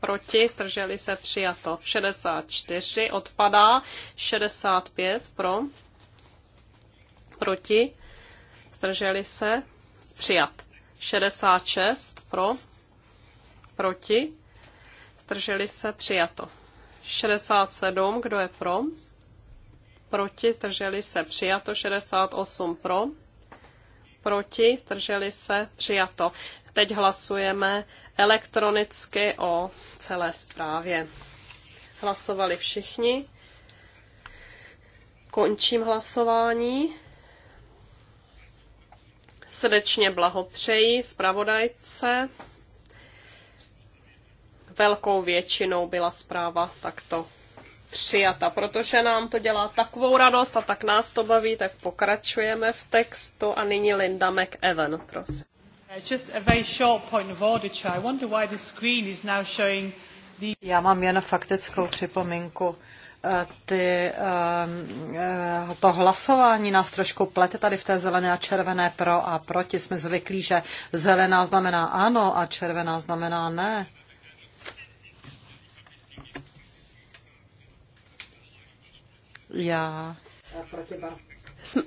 Speaker 2: Proti, zdrželi se, přijato. 64 odpadá, 65 pro, proti, zdrželi se, přijat. 66 pro, proti, zdrželi se, přijato. 67, kdo je pro? Proti, zdrželi se, přijato. 68 pro. Proti, zdrželi se, přijato. Teď hlasujeme elektronicky o celé zprávě. Hlasovali všichni. Končím hlasování. Srdečně blahopřeji zpravodajce velkou většinou byla zpráva takto přijata, protože nám to dělá takovou radost a tak nás to baví, tak pokračujeme v textu a nyní Linda McEwen, prosím.
Speaker 4: Uh, Já mám jen faktickou připomínku. Uh, ty, um, uh, to hlasování nás trošku plete tady v té zelené a červené pro a proti. Jsme zvyklí, že zelená znamená ano a červená znamená ne. Já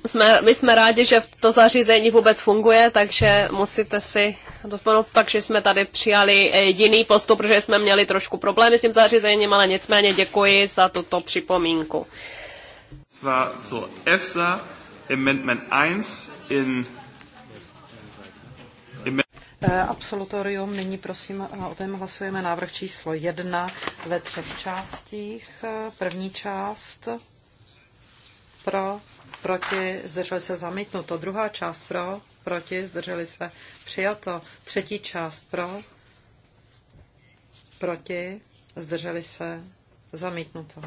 Speaker 2: jsme, my jsme rádi, že to zařízení vůbec funguje, takže musíte si dospomenout, takže jsme tady přijali eh, jiný postup, protože jsme měli trošku problémy s tím zařízením, ale nicméně děkuji za tuto připomínku.
Speaker 1: Zwar so EFSA Amendment 1 in
Speaker 4: eh, Absolutorium. Nyní prosím, eh, o tom hlasujeme návrh číslo 1 ve třech částích. První část pro, proti, zdrželi se zamítnuto. Druhá část pro, proti, zdrželi se přijato. Třetí část pro, proti, zdrželi se zamítnuto.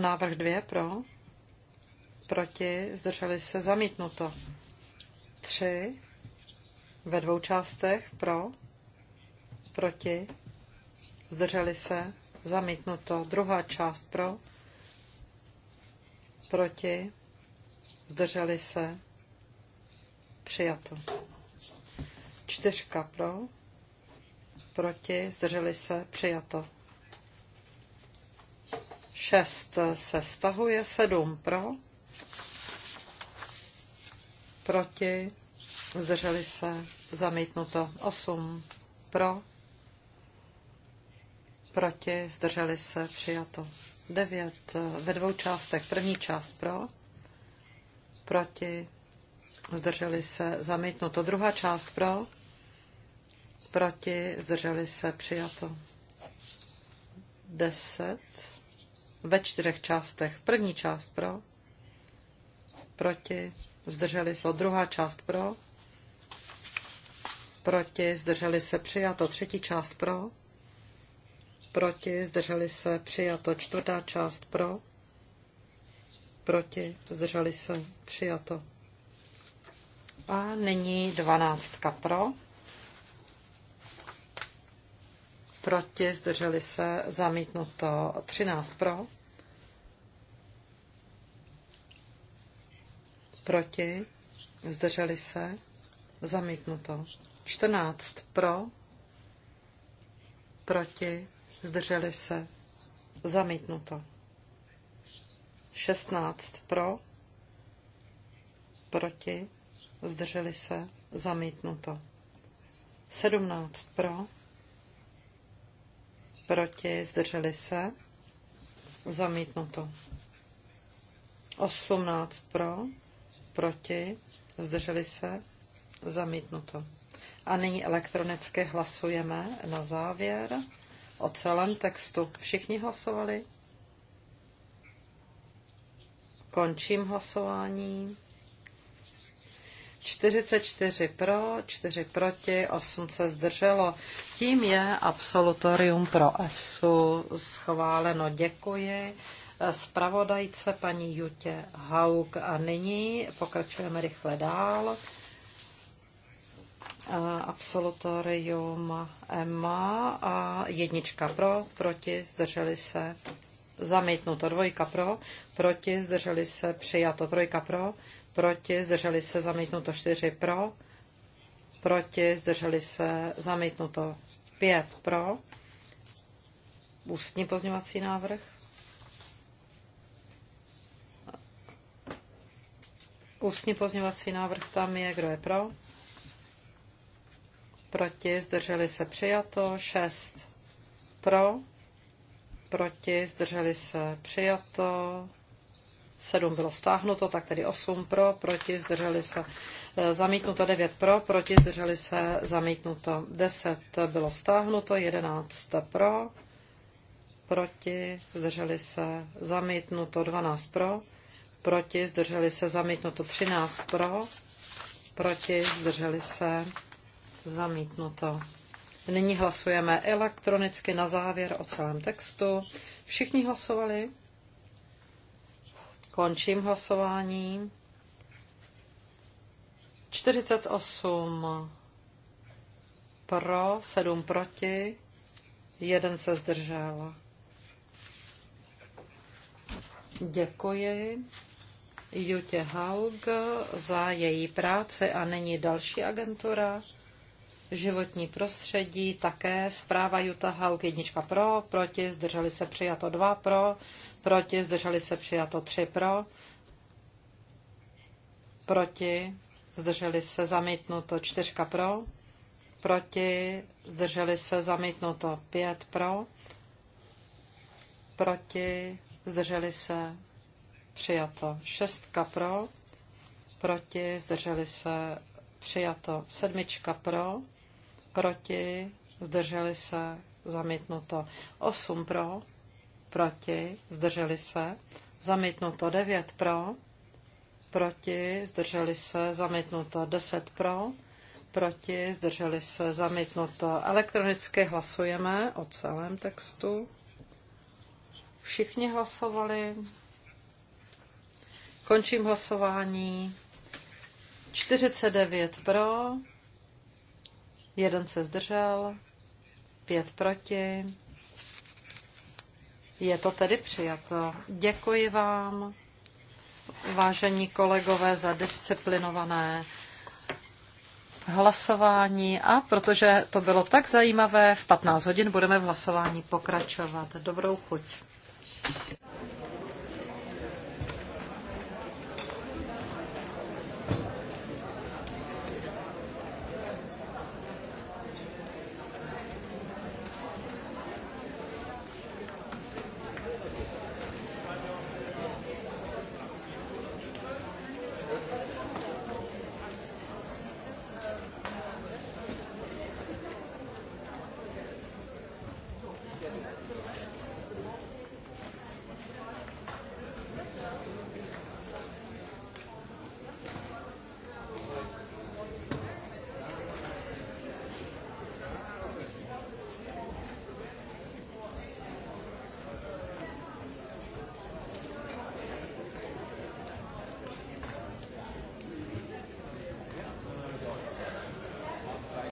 Speaker 4: Návrh dvě pro, proti, zdrželi se zamítnuto. Tři ve dvou částech pro, proti, zdrželi se zamítnuto. Druhá část pro, proti, zdrželi se, přijato. Čtyřka pro, proti, zdrželi se, přijato. Šest se stahuje, sedm pro, proti, zdrželi se, zamítnuto. Osm pro, proti, zdrželi se, přijato. 9 eh, ve dvou částech. První část pro, proti, zdrželi se, zamítnuto. Druhá část pro, proti, zdrželi se, přijato. 10 ve čtyřech částech. První část pro, proti, zdrželi se, druhá část pro, proti, zdrželi se, přijato. Třetí část pro, proti, zdrželi se, přijato. Čtvrtá část pro, proti, zdrželi se, přijato. A nyní dvanáctka pro, proti, zdrželi se, zamítnuto. Třináct pro, proti, zdrželi se, zamítnuto. Čtrnáct pro, proti, zdrželi se, zamítnuto. 16 pro, proti, zdrželi se, zamítnuto. 17 pro, proti, zdrželi se, zamítnuto. 18 pro, proti, zdrželi se, zamítnuto. A nyní elektronicky hlasujeme na závěr o celém textu. Všichni hlasovali? Končím hlasování. 44 pro, 4 proti, 8 se zdrželo. Tím je absolutorium pro EFSU schváleno. Děkuji zpravodajce paní Jutě Hauk a nyní pokračujeme rychle dál absolutorium EMA a jednička pro, proti, zdrželi se zamítnuto, dvojka pro, proti, zdrželi se přijato, trojka pro, proti, zdrželi se zamítnuto, čtyři pro, proti, zdrželi se zamítnuto, pět pro, ústní pozměňovací návrh, Ústní pozměňovací návrh tam je, kdo je pro? proti, zdrželi se přijato, 6 pro, proti, zdrželi se přijato, 7 bylo stáhnuto, tak tedy 8 e, pro, proti, zdrželi se zamítnuto, 9 pro, proti, zdrželi se zamítnuto, 10 bylo stáhnuto, 11 pro, proti, zdrželi se zamítnuto, 12 pro, proti, zdrželi se zamítnuto, 13 pro, proti, zdrželi se Zamítnuto. Nyní hlasujeme elektronicky na závěr o celém textu. Všichni hlasovali? Končím hlasování. 48 pro, 7 proti, jeden se zdržel. Děkuji Jutě Haug za její práci a není další agentura životní prostředí, také zpráva Utah Hauk, jednička pro, proti, zdrželi se přijato dva pro, proti, zdrželi se přijato tři pro, proti, zdrželi se zamítnuto čtyřka pro, proti, zdrželi se zamítnuto pět pro, proti, zdrželi se přijato šestka pro, proti, zdrželi se přijato sedmička pro, proti, zdrželi se, zamítnuto 8 pro, proti, zdrželi se, zamítnuto 9 pro, proti, zdrželi se, zamítnuto 10 pro, proti, zdrželi se, zamítnuto. Elektronicky hlasujeme o celém textu. Všichni hlasovali. Končím hlasování. 49 pro, Jeden se zdržel, pět proti. Je to tedy přijato. Děkuji vám, vážení kolegové, za disciplinované hlasování a protože to bylo tak zajímavé, v 15 hodin budeme v hlasování pokračovat. Dobrou chuť.